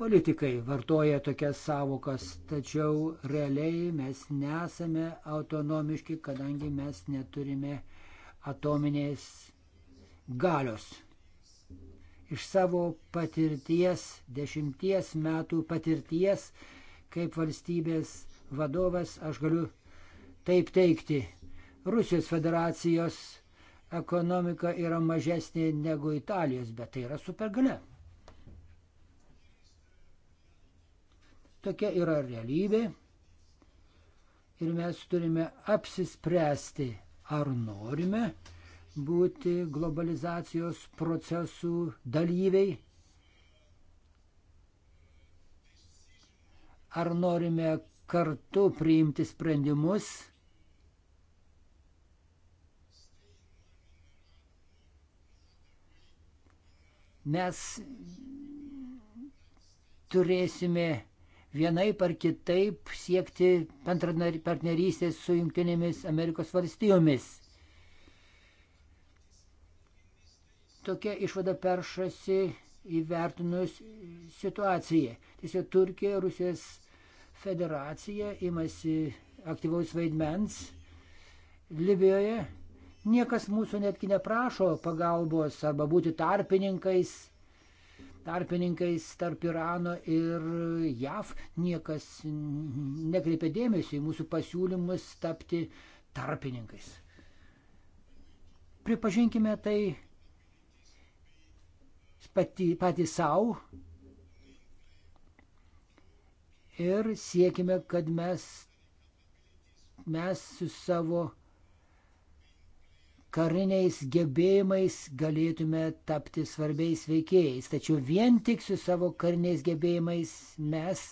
Politikai vartoja tokias savokas, tačiau realiai mes nesame autonomiški, kadangi mes neturime atominės galios. Iš savo patirties, dešimties metų patirties, kaip valstybės vadovas, aš galiu taip teikti. Rusijos federacijos ekonomika yra mažesnė negu Italijos, bet tai yra supergalia. Tokia yra realybė. Ir mes turime apsispręsti, ar norime būti globalizacijos procesų dalyviai, ar norime kartu priimti sprendimus, mes turėsime vienaip ar kitaip siekti partnerystės su Junktinėmis Amerikos valstijomis. Tokia išvada peršasi įvertinus situaciją. Tiesiog Turkija, Rusijos federacija imasi aktyvaus vaidmens Libijoje. Niekas mūsų netgi neprašo pagalbos arba būti tarpininkais tarpininkais tarp Irano ir JAV niekas nekreipia dėmesio į mūsų pasiūlymus tapti tarpininkais. Pripažinkime tai pati, patys savo ir siekime, kad mes, mes su savo kariniais gebėjimais galėtume tapti svarbiais veikėjais. Tačiau vien tik su savo kariniais gebėjimais mes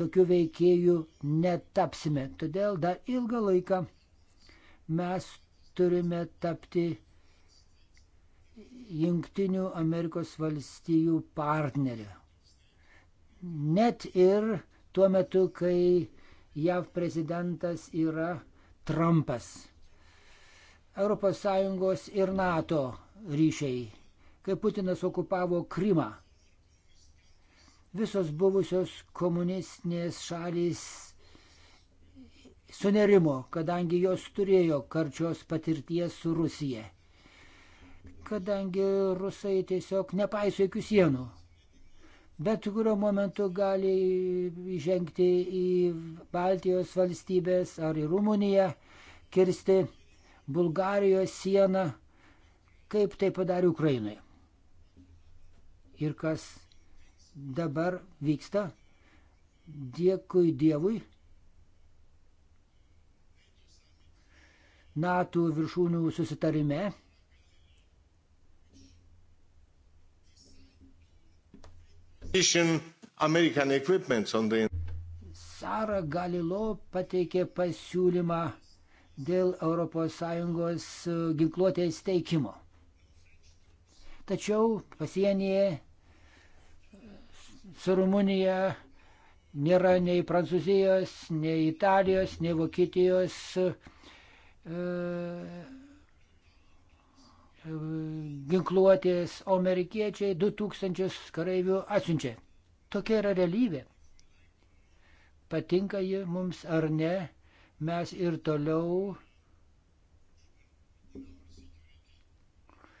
tokių veikėjų netapsime. Todėl dar ilgą laiką mes turime tapti Junktinių Amerikos valstijų partneriu. Net ir tuo metu, kai JAV prezidentas yra Trumpas. ES ir NATO ryšiai, kai Putinas okupavo Krymą. Visos buvusios komunistinės šalys sunerimo, kadangi jos turėjo karčios patirties su Rusija. Kadangi rusai tiesiog nepaiso jokių sienų bet kuriuo momentu gali įžengti į Baltijos valstybės ar į Rumuniją, kirsti Bulgarijos sieną, kaip tai padarė Ukrainai. Ir kas dabar vyksta, dėkui Dievui, NATO viršūnių susitarime American equipment on the Sara Galilo pateikė pasiūlymą dėl ES ginkluotės teikimo. Tačiau pasienyje su Rumunija nėra nei Prancūzijos, nei Italijos, nei Vokietijos e, e ginkluotės, o amerikiečiai 2000 kareivių atsiunčia. Tokia yra realybė. Patinka ji mums ar ne, mes ir toliau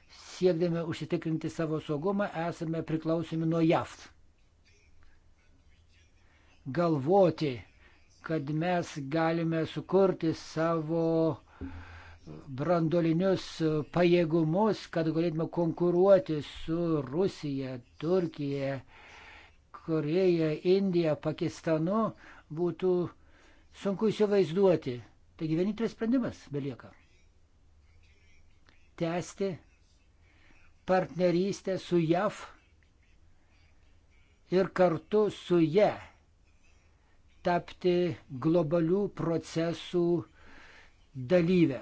siekdami užsitikrinti savo saugumą esame priklausomi nuo JAV. Galvoti, kad mes galime sukurti savo brandolinius pajėgumus, kad galėtume konkuruoti su Rusija, Turkija, Koreja, Indija, Pakistanu, būtų Sunku įsivaizduoti. Taigi vienintelis sprendimas belieka. Tęsti partnerystę su JAV ir kartu su jie tapti globalių procesų dalyvę.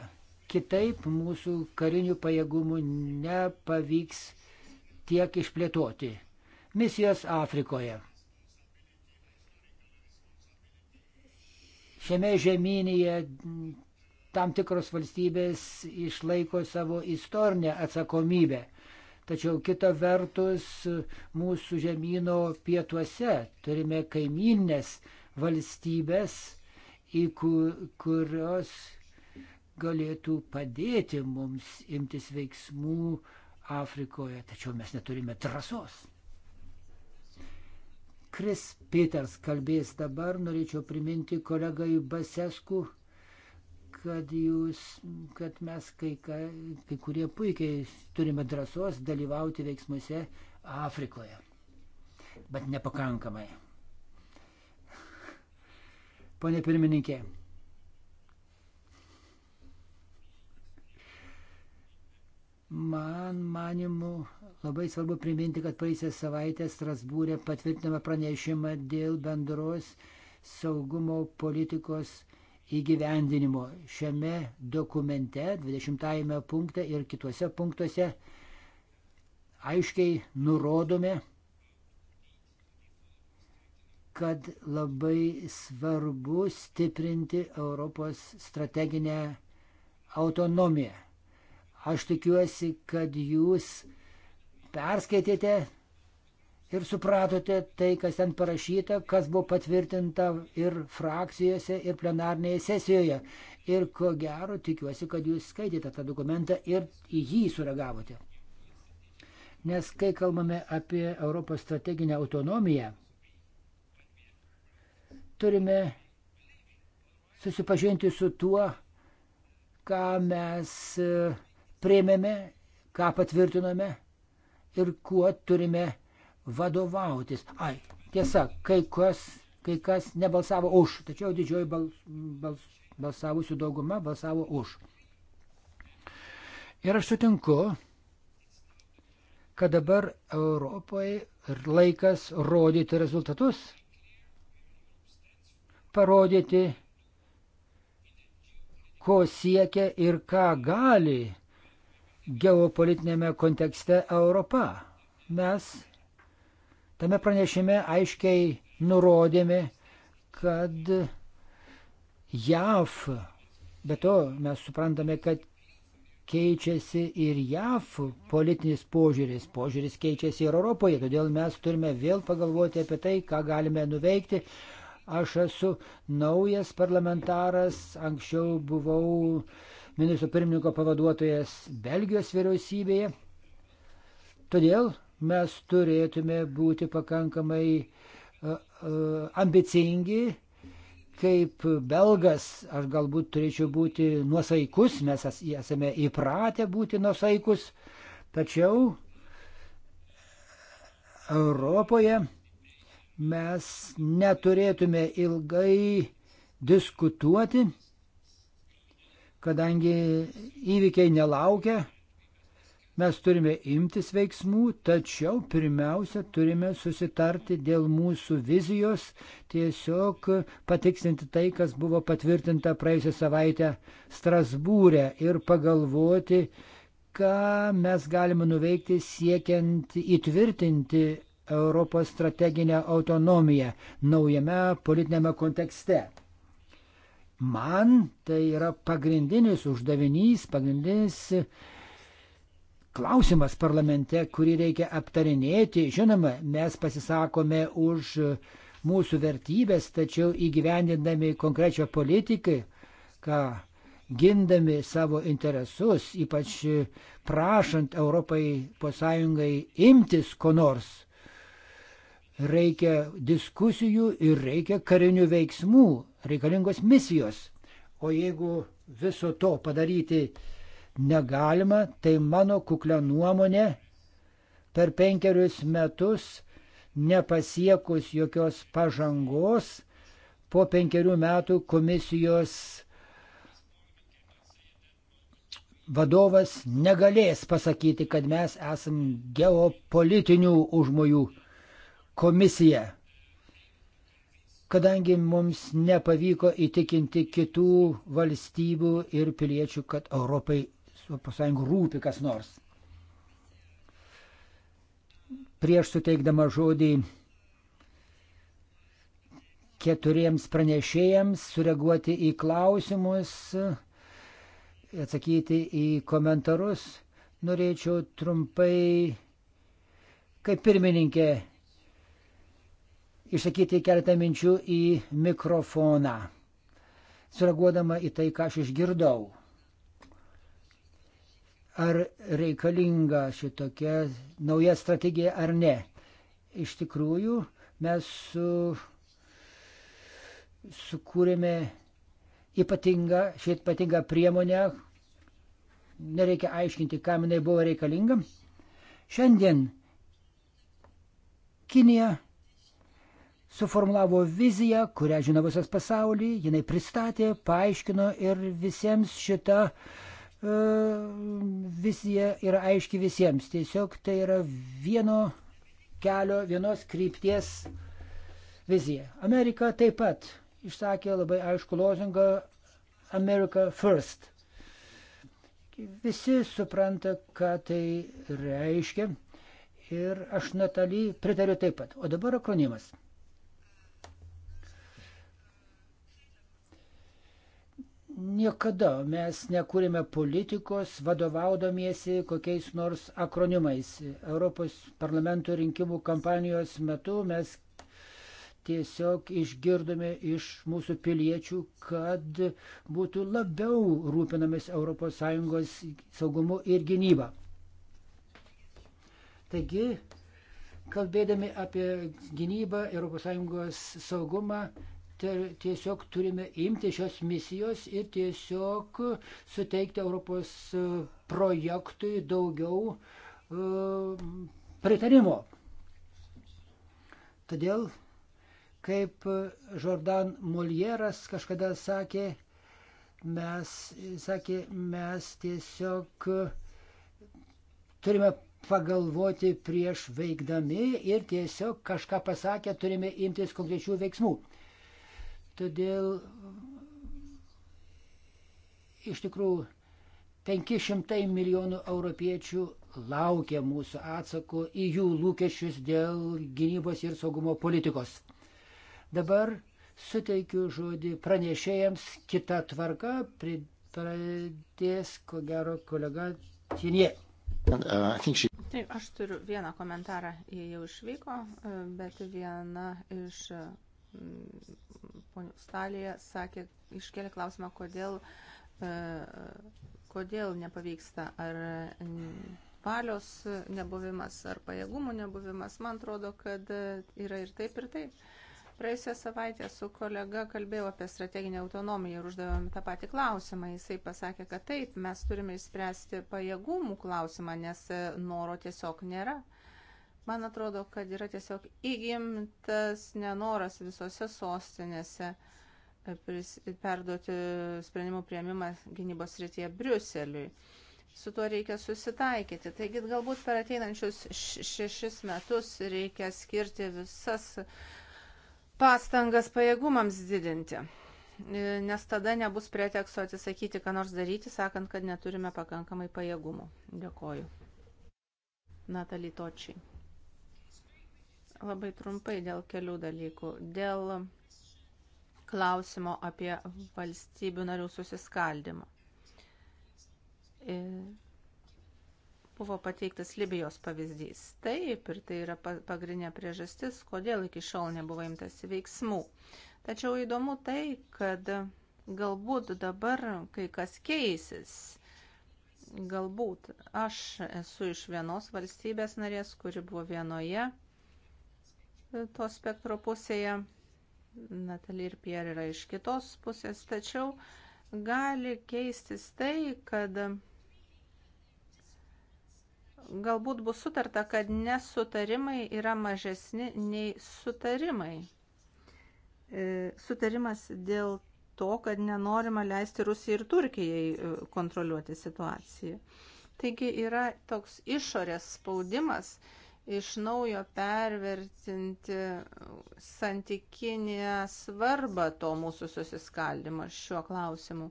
Kitaip mūsų karinių pajėgumų nepavyks tiek išplėtoti. Misijos Afrikoje. Šiame žemynėje tam tikros valstybės išlaiko savo istorinę atsakomybę. Tačiau kita vertus, mūsų žemynų pietuose turime kaiminės valstybės, į kur, kurios galėtų padėti mums imtis veiksmų Afrikoje. Tačiau mes neturime drąsos. Kris Peters kalbės dabar, norėčiau priminti kolegai Basesku, kad, jūs, kad mes kai, ka, kai kurie puikiai turime drąsos dalyvauti veiksmuose Afrikoje, bet nepakankamai. Pone pirmininkė. Man manimu Labai svarbu priminti, kad praėjusią savaitę Strasbūrė patvirtinama pranešimą dėl bendros saugumo politikos įgyvendinimo. Šiame dokumente, 20-ame punkte ir kituose punktuose aiškiai nurodome, kad labai svarbu stiprinti Europos strateginę autonomiją. Aš tikiuosi, kad jūs perskaitėte ir supratote tai, kas ten parašyta, kas buvo patvirtinta ir frakcijose, ir plenarnėje sesijoje. Ir ko gero, tikiuosi, kad jūs skaitėte tą dokumentą ir į jį sureagavote. Nes kai kalbame apie Europos strateginę autonomiją, turime susipažinti su tuo, ką mes e, priėmėme, ką patvirtinome ir kuo turime vadovautis. Ai, tiesa, kai kas, kai kas nebalsavo už, tačiau didžioji bals, bals, balsavusių dauguma balsavo už. Ir aš sutinku, kad dabar Europoje laikas rodyti rezultatus, parodyti, ko siekia ir ką gali geopolitinėme kontekste Europa. Mes tame pranešime aiškiai nurodėme, kad JAV, bet to mes suprantame, kad keičiasi ir JAV politinis požiūris, požiūris keičiasi ir Europoje, todėl mes turime vėl pagalvoti apie tai, ką galime nuveikti. Aš esu naujas parlamentaras, anksčiau buvau uh, ministro pirmininko pavaduotojas Belgijos vyriausybėje. Todėl mes turėtume būti pakankamai ambicingi. Kaip belgas aš galbūt turėčiau būti nuosaikus, mes esame įpratę būti nuosaikus, tačiau Europoje mes neturėtume ilgai diskutuoti kadangi įvykiai nelaukia, mes turime imtis veiksmų, tačiau pirmiausia turime susitarti dėl mūsų vizijos, tiesiog patiksinti tai, kas buvo patvirtinta praėjusią savaitę Strasbūrė ir pagalvoti, ką mes galime nuveikti siekiant įtvirtinti Europos strateginę autonomiją naujame politinėme kontekste man tai yra pagrindinis uždavinys, pagrindinis klausimas parlamente, kurį reikia aptarinėti. Žinoma, mes pasisakome už mūsų vertybės, tačiau įgyvendindami konkrečią politiką, ką gindami savo interesus, ypač prašant Europai po sąjungai imtis ko nors, reikia diskusijų ir reikia karinių veiksmų, reikalingos misijos. O jeigu viso to padaryti negalima, tai mano kuklia nuomonė per penkerius metus nepasiekus jokios pažangos, po penkerių metų komisijos vadovas negalės pasakyti, kad mes esam geopolitinių užmojų komisiją. Kadangi mums nepavyko įtikinti kitų valstybių ir piliečių, kad Europai pasąjungų rūpi kas nors. Prieš suteikdama žodį keturiems pranešėjams sureaguoti į klausimus, atsakyti į komentarus, norėčiau trumpai, kaip pirmininkė, išsakyti keletą minčių į mikrofoną, sureaguodama į tai, ką aš išgirdau. Ar reikalinga šitokia nauja strategija ar ne? Iš tikrųjų, mes su, sukūrėme ypatingą, šitą ypatingą priemonę. Nereikia aiškinti, kam jinai buvo reikalinga. Šiandien Kinija suformulavo viziją, kurią žino visas pasaulį, jinai pristatė, paaiškino ir visiems šita uh, vizija yra aiški visiems. Tiesiog tai yra vieno kelio, vienos krypties vizija. Amerika taip pat išsakė labai aišku lozingą America First. Visi supranta, ką tai reiškia. Ir aš Natalį pritariu taip pat. O dabar akronimas. Niekada mes nekūrėme politikos vadovaudomiesi kokiais nors akronimais. Europos parlamento rinkimų kampanijos metu mes tiesiog išgirdome iš mūsų piliečių, kad būtų labiau rūpinamis ES saugumu ir gynyba. Taigi, kalbėdami apie gynybą, ES saugumą, tiesiog turime imti šios misijos ir tiesiog suteikti Europos e, projektui daugiau e, pritarimo. Todėl, kaip Jordan Molieras kažkada sakė, mes, sakė, mes tiesiog e, turime pagalvoti prieš veikdami ir tiesiog kažką pasakę turime imtis konkrečių veiksmų. Todėl iš tikrųjų 500 milijonų europiečių laukia mūsų atsako į jų lūkesčius dėl gynybos ir saugumo politikos. Dabar suteikiu žodį pranešėjams kitą tvarką, pradės ko gero kolega Tinie. Uh, Taip, aš turiu vieną komentarą, jie jau išvyko, uh, bet viena iš uh, ponios Stalėje sakė, iškelia klausimą, kodėl, e, kodėl nepavyksta, ar valios nebuvimas, ar pajėgumų nebuvimas. Man atrodo, kad yra ir taip, ir taip. Praėjusią savaitę su kolega kalbėjau apie strateginę autonomiją ir uždavėm tą patį klausimą. Jisai pasakė, kad taip, mes turime išspręsti pajėgumų klausimą, nes noro tiesiog nėra. Man atrodo, kad yra tiesiog įgimtas nenoras visose sostinėse e, perduoti sprendimų prieimimą gynybos rytyje Briuseliui. Su tuo reikia susitaikyti. Taigi galbūt per ateinančius šešis metus reikia skirti visas pastangas pajėgumams didinti. E, nes tada nebus pretekso atsisakyti, ką nors daryti, sakant, kad neturime pakankamai pajėgumų. Dėkoju. Natalitočiai. Labai trumpai dėl kelių dalykų. Dėl klausimo apie valstybių narių susiskaldimą. E, buvo pateiktas Libijos pavyzdys. Taip, ir tai yra pagrindinė priežastis, kodėl iki šiol nebuvo imtasi veiksmų. Tačiau įdomu tai, kad galbūt dabar kai kas keisis. Galbūt aš esu iš vienos valstybės narės, kuri buvo vienoje to spektro pusėje, Natalija ir Pierre yra iš kitos pusės, tačiau gali keistis tai, kad galbūt bus sutarta, kad nesutarimai yra mažesni nei sutarimai. E, sutarimas dėl to, kad nenorima leisti Rusijai ir Turkijai e, kontroliuoti situaciją. Taigi yra toks išorės spaudimas, iš naujo pervertinti santykinę svarbą to mūsų susiskaldimo šiuo klausimu.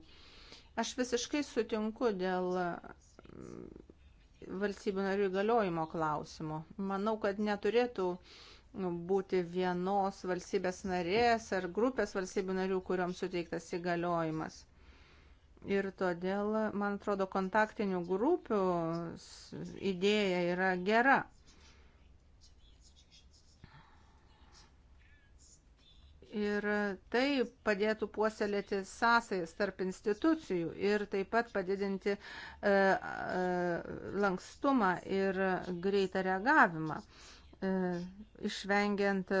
Aš visiškai sutinku dėl mm, valstybių narių įgaliojimo klausimo. Manau, kad neturėtų būti vienos valstybės narės ar grupės valstybių narių, kuriuom suteiktas įgaliojimas. Ir todėl, man atrodo, kontaktinių grupių idėja yra gera. Ir tai padėtų puoselėti sąsajas tarp institucijų ir taip pat padidinti e, e, lankstumą ir greitą reagavimą, e, išvengiant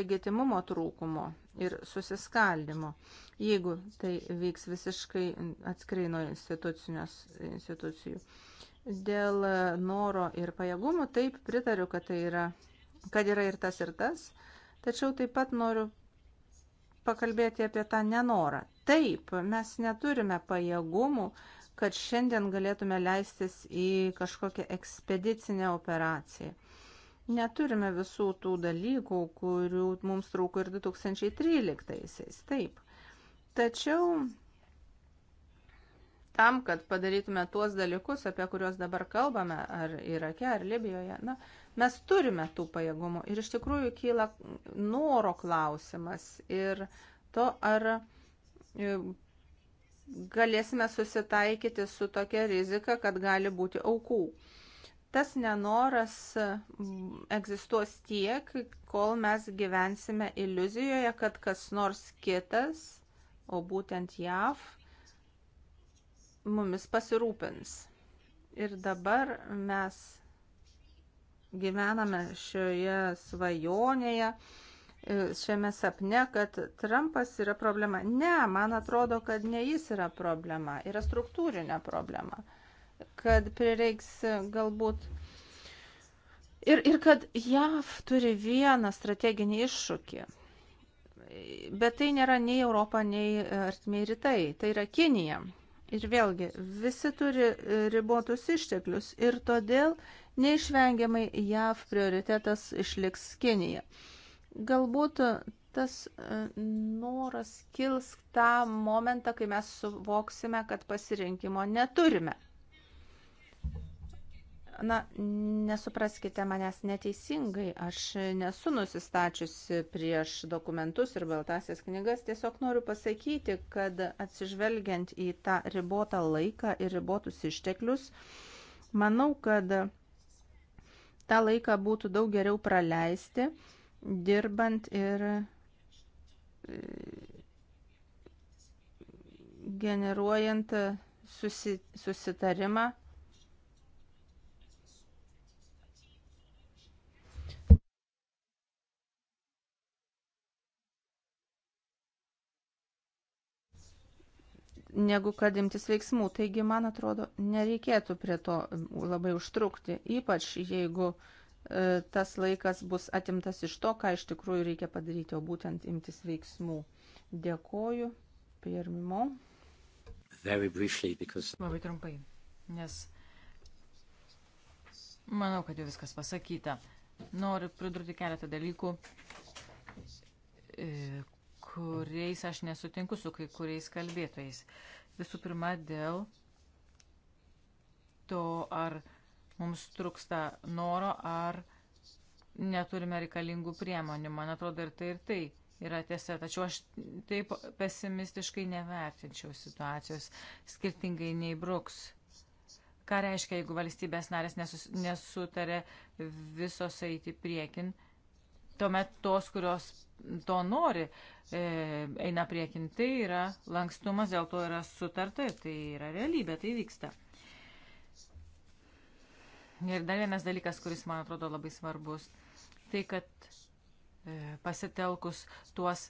legitimumo trūkumo ir susiskaldimo, jeigu tai vyks visiškai atskrai nuo institucijų. Dėl noro ir pajėgumų taip pritariu, kad, tai yra, kad yra ir tas ir tas, tačiau taip pat noriu pakalbėti apie tą nenorą. Taip, mes neturime pajėgumų, kad šiandien galėtume leistis į kažkokią ekspedicinę operaciją. Neturime visų tų dalykų, kurių mums trūko ir 2013-aisiais. Taip. Tačiau tam, kad padarytume tuos dalykus, apie kuriuos dabar kalbame, ar Irake, ar Libijoje, na, Mes turime tų pajėgumų ir iš tikrųjų kyla noro klausimas ir to, ar e, galėsime susitaikyti su tokia rizika, kad gali būti aukų. Tas nenoras egzistuos tiek, kol mes gyvensime iliuzijoje, kad kas nors kitas, o būtent JAV, mumis pasirūpins. Ir dabar mes gyvename šioje svajonėje, e, šiame sapne, kad Trumpas yra problema. Ne, man atrodo, kad ne jis yra problema, yra struktūrinė problema. Kad prireiks e, galbūt Ir, ir kad JAV turi vieną strateginį iššūkį. Bet tai nėra nei Europa, nei artimiai rytai. Tai yra Kinija. Ir vėlgi, visi turi e, ribotus išteklius. Ir todėl Neišvengiamai JAV prioritetas išliks Kinija. Galbūt tas e, noras kils tą momentą, kai mes suvoksime, kad pasirinkimo neturime. Na, nesupraskite manęs neteisingai, aš nesu nusistačiusi prieš dokumentus ir baltasias knygas, tiesiog noriu pasakyti, kad atsižvelgiant į tą ribotą laiką ir ribotus išteklius, manau, kad tą laiką būtų daug geriau praleisti, dirbant ir e, generuojant susitarimą negu kad imtis veiksmų. Taigi, man atrodo, nereikėtų prie to labai užtrukti, ypač jeigu e, tas laikas bus atimtas iš to, ką iš tikrųjų reikia padaryti, o būtent imtis veiksmų. Dėkoju, Piermimo. Because... Labai trumpai, nes manau, kad jau viskas pasakyta. Noriu pridurti keletą dalykų, e, kuriais aš nesutinku su kai kuriais kalbėtojais. Visų pirma, dėl to, ar mums trūksta noro, ar neturime reikalingų priemonių. Man atrodo, ir tai, ir tai yra tiesa. Tačiau aš taip pesimistiškai nevertinčiau situacijos, skirtingai nei Bruks. Ką reiškia, jeigu valstybės narės nesutarė visos eiti priekin? tuomet tos, kurios to nori, e, eina priekin. Tai yra lankstumas, dėl to yra sutarta ir tai yra realybė, tai vyksta. Ir dar vienas dalykas, kuris man atrodo labai svarbus, tai kad e, pasitelkus tuos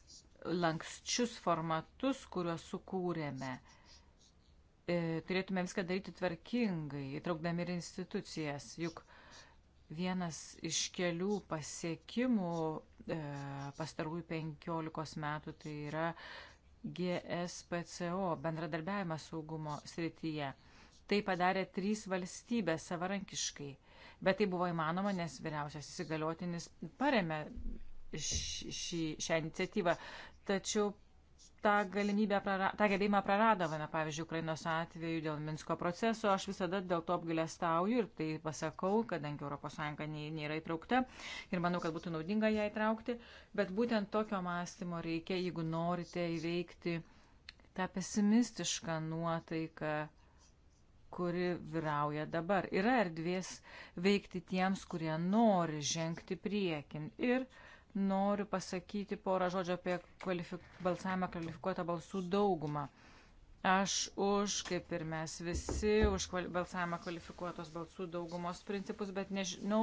lankščius formatus, kuriuos sukūrėme, e, turėtume viską daryti tvarkingai, įtraukdami ir institucijas, juk e, Vienas iš kelių pasiekimų e, pastarųjų penkiolikos metų tai yra GSPCO bendradarbiavimas saugumo srityje. Tai padarė trys valstybės savarankiškai. Bet tai buvo įmanoma, nes vyriausias įsigaliotinis paremė šį, šią iniciatyvą. Tačiau tą galimybę, prara, tą gebėjimą praradavome, pavyzdžiui, Ukrainos atveju dėl Minsko proceso, aš visada dėl to apgailestauju ir tai pasakau, kadangi ES nėra įtraukta ir manau, kad būtų naudinga ją įtraukti, bet būtent tokio mąstymo reikia, jeigu norite įveikti tą pesimistišką nuotaiką kuri vyrauja dabar. Yra erdvės veikti tiems, kurie nori žengti priekin. Ir uh, noriu pasakyti porą žodžių apie kvalifik... balsavimą kvalifikuotą balsų daugumą. Aš už, kaip ir mes visi, už kval... balsavimą kvalifikuotos balsų daugumos principus, bet nežinau,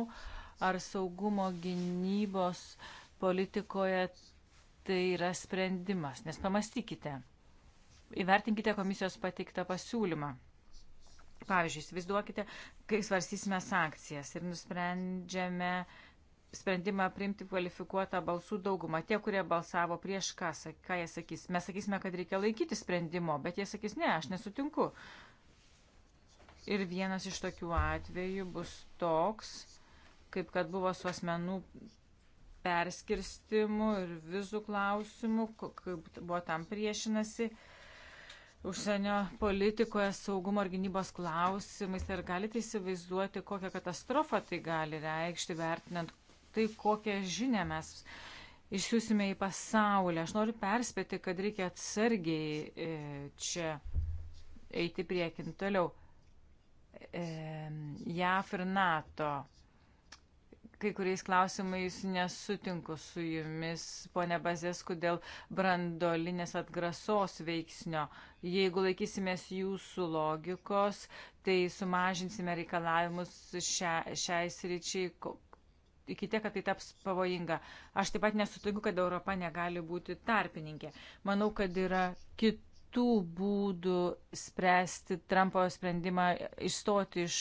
ar saugumo gynybos politikoje tai yra sprendimas. Nes pamastykite, įvertinkite komisijos pateiktą pasiūlymą. Pavyzdžiui, įsivaizduokite, kai svarstysime sankcijas ir nusprendžiame uh, sprendimą priimti kvalifikuotą balsų daugumą. Tie, kurie balsavo prieš, ką, ką jie sakys? Mes sakysime, kad reikia laikyti sprendimo, bet jie sakys, ne, aš nesutinku. Ir vienas iš tokių atvejų bus toks, kaip kad buvo su asmenų perskirstimu ir vizų klausimu, kaip buvo tam priešinasi užsienio politikoje, saugumo ir gynybos klausimais. Ar galite įsivaizduoti, kokią katastrofą tai gali reikšti, vertinant tai, kokią žinę mes išsiusime į pasaulį. Aš noriu perspėti, kad reikia atsargiai e, čia eiti priekin toliau. E, JAF ir NATO. Kai kuriais klausimais nesutinku su jumis, ponė Bazėsku, dėl brandolinės atgrasos veiksnio. Jeigu laikysimės jūsų logikos, tai sumažinsime reikalavimus šia, šiai sričiai, tikite, kad tai taps pavojinga. Aš taip pat nesutinku, kad Europa negali būti tarpininkė. Manau, kad yra kitų būdų spręsti Trumpo sprendimą išstoti iš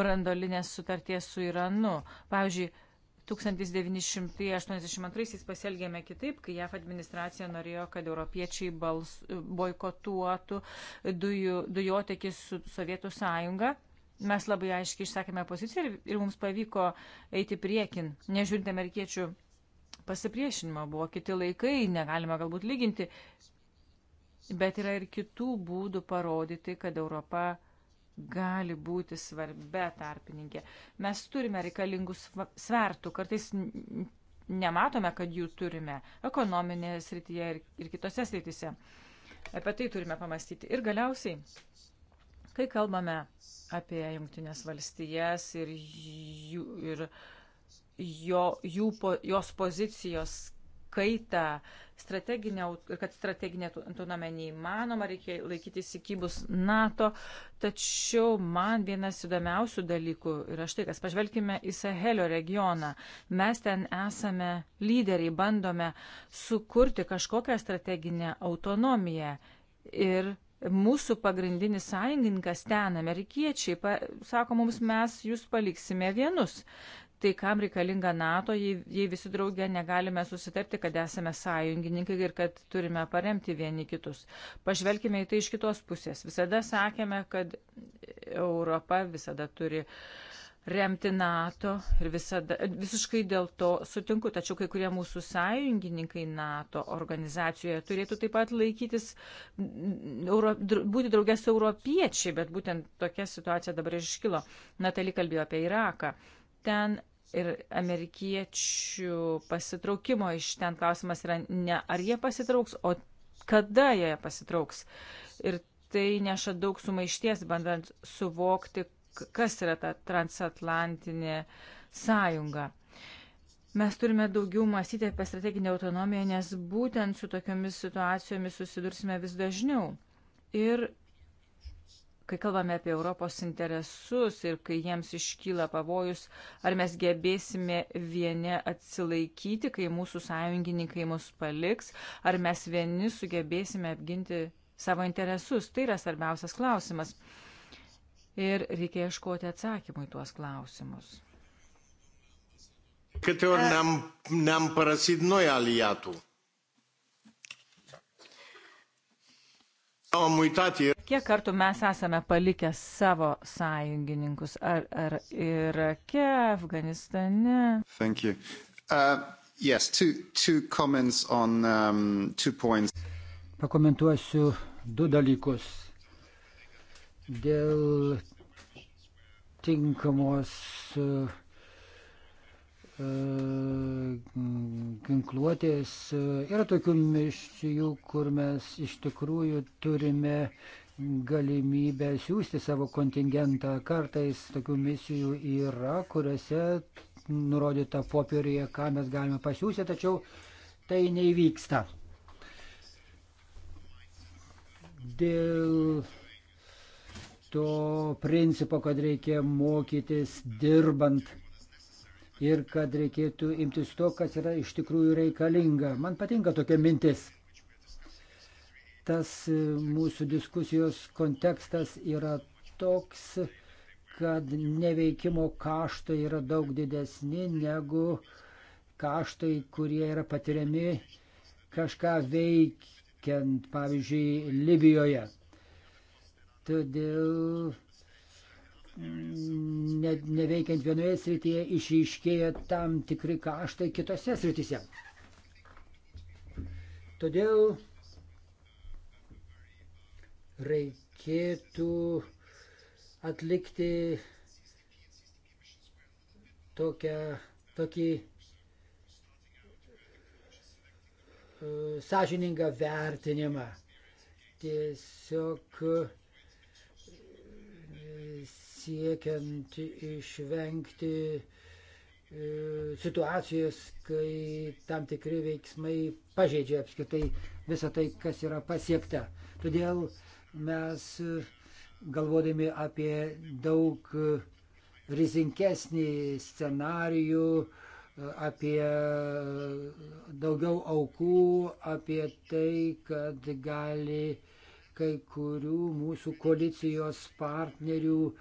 brandolinės sutarties su Iranu. Pavyzdžiui, 1982-aisiais pasielgėme kitaip, kai JAF administracija norėjo, kad europiečiai bals, boikotuotų dujų, dujotekį su Sovietų sąjunga. Mes labai aiškiai išsakėme poziciją ir, ir mums pavyko eiti priekin, nežiūrint amerikiečių pasipriešinimo. Buvo kiti laikai, negalima galbūt lyginti, bet yra ir kitų būdų parodyti, kad Europa gali būti svarbia tarpininkė. Mes turime reikalingus svertų, kartais nematome, kad jų turime ekonominėje srityje ir, ir kitose srityse. Apie tai turime pamastyti. Ir galiausiai Kai kalbame apie Junktinės valstijas ir, jų, ir jo, jų, po, jos pozicijos kaitą, strateginę, kad strateginė autonomija neįmanoma, reikia laikytis įkybus NATO. Tačiau man vienas įdomiausių dalykų yra štai, kas pažvelkime į Sahelio regioną. Mes ten esame lyderiai, bandome sukurti kažkokią strateginę autonomiją ir mūsų pagrindinis sąjungininkas ten, amerikiečiai, pa, sako mums, mes jūs paliksime vienus. Tai kam reikalinga NATO, jei, jei visi draugė negalime susitarti, kad esame sąjungininkai ir kad turime paremti vieni kitus. Pažvelkime į tai iš kitos pusės. Visada sakėme, kad Europa visada turi uh, remti NATO ir visada, visiškai dėl to sutinku, tačiau kai kurie mūsų sąjungininkai NATO organizacijoje turėtų taip pat laikytis, euro, būti draugės europiečiai, bet būtent tokia situacija dabar iškilo. Natali kalbėjo apie Iraką. Ten ir amerikiečių pasitraukimo iš ten klausimas yra ne ar jie pasitrauks, o kada jie pasitrauks. Ir tai neša daug sumaišties, bandant suvokti, kas yra ta transatlantinė sąjunga. Mes turime daugiau mąstyti apie strateginę autonomiją, nes būtent su tokiomis situacijomis susidursime vis dažniau. Ir kai kalbame apie Europos interesus ir kai jiems iškyla pavojus, ar mes gebėsime vieni atsilaikyti, kai mūsų sąjungininkai mus paliks, ar mes vieni sugebėsime apginti savo interesus. Tai yra svarbiausias klausimas ir reikia ieškoti atsakymų į tuos klausimus. Câte ori ne-am, ne-am părăsit noi aliatul? Am uitat. Kiek kartų mes esame palikę savo sąjungininkus ar, ar Irake, Afganistane? Thank you. Uh, yes, two, two comments on um, two points. Pakomentuosiu du dalykus dėl tinkamos e, ginkluotės. E, yra tokių misijų, kur mes iš tikrųjų turime galimybę siūsti savo kontingentą. Kartais tokių misijų yra, kuriuose nurodyta popierėje, ką mes galime pasiūsti, tačiau tai neįvyksta. Dėl to principo, kad reikia mokytis dirbant ir kad reikėtų imtis to, kas yra iš tikrųjų reikalinga. Man patinka tokia mintis. Tas e, mūsų diskusijos kontekstas yra toks, kad neveikimo kaštai yra daug didesni negu kaštai, kurie yra patiriami kažką veikiant, pavyzdžiui, Libijoje Todėl ne, neveikiant vienoje srityje išryškėja tam tikri kaštai kitose srityse. Todėl reikėtų atlikti tokią, tokį e, sąžiningą vertinimą. Tiesiog siekiant išvengti e, situacijos, kai tam tikri veiksmai pažeidžia apskritai visą tai, kas yra pasiekta. Todėl mes galvodami apie daug rizinkesnį scenarijų, apie daugiau aukų, apie tai, kad gali kai kurių mūsų koalicijos partnerių uh,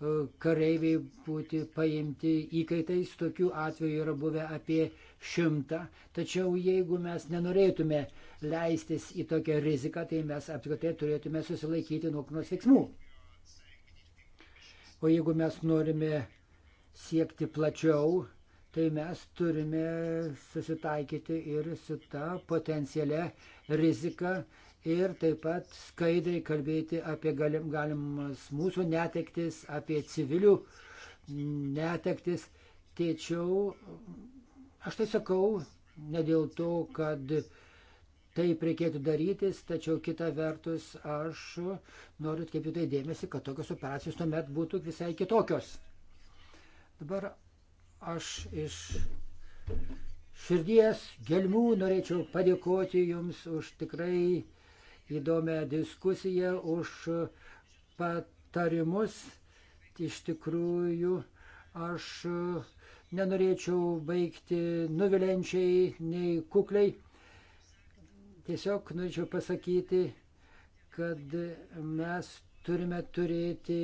E, kareiviai būti paimti įkaitais, tokių atvejų yra buvę apie šimtą. Tačiau jeigu mes nenorėtume leistis į tokią riziką, tai mes apskritai turėtume susilaikyti nuo kokios veiksmų. O jeigu mes norime siekti plačiau, tai mes turime susitaikyti ir su ta potencialia rizika ir taip pat skaidriai kalbėti apie galim, galimas mūsų netektis, apie civilių netektis. Tačiau aš tai sakau ne dėl to, kad taip reikėtų darytis, tačiau kita vertus aš noriu atkreipti tai dėmesį, kad tokios operacijos tuomet būtų visai kitokios. Dabar aš iš širdies gelmių norėčiau padėkoti Jums už tikrai įdomią diskusiją, už patarimus. Iš tikrųjų, aš nenorėčiau baigti nuvilenčiai nei kukliai. Tiesiog norėčiau pasakyti, kad mes turime turėti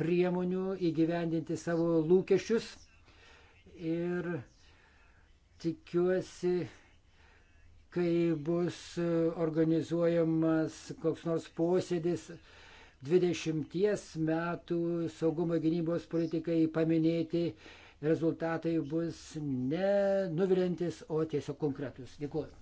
priemonių įgyvendinti savo lūkesčius ir tikiuosi, kai bus organizuojamas koks nors posėdis 20 metų saugumo gynybos politikai paminėti, rezultatai bus ne nuvilintis, o tiesiog konkretus. Dėkuoju.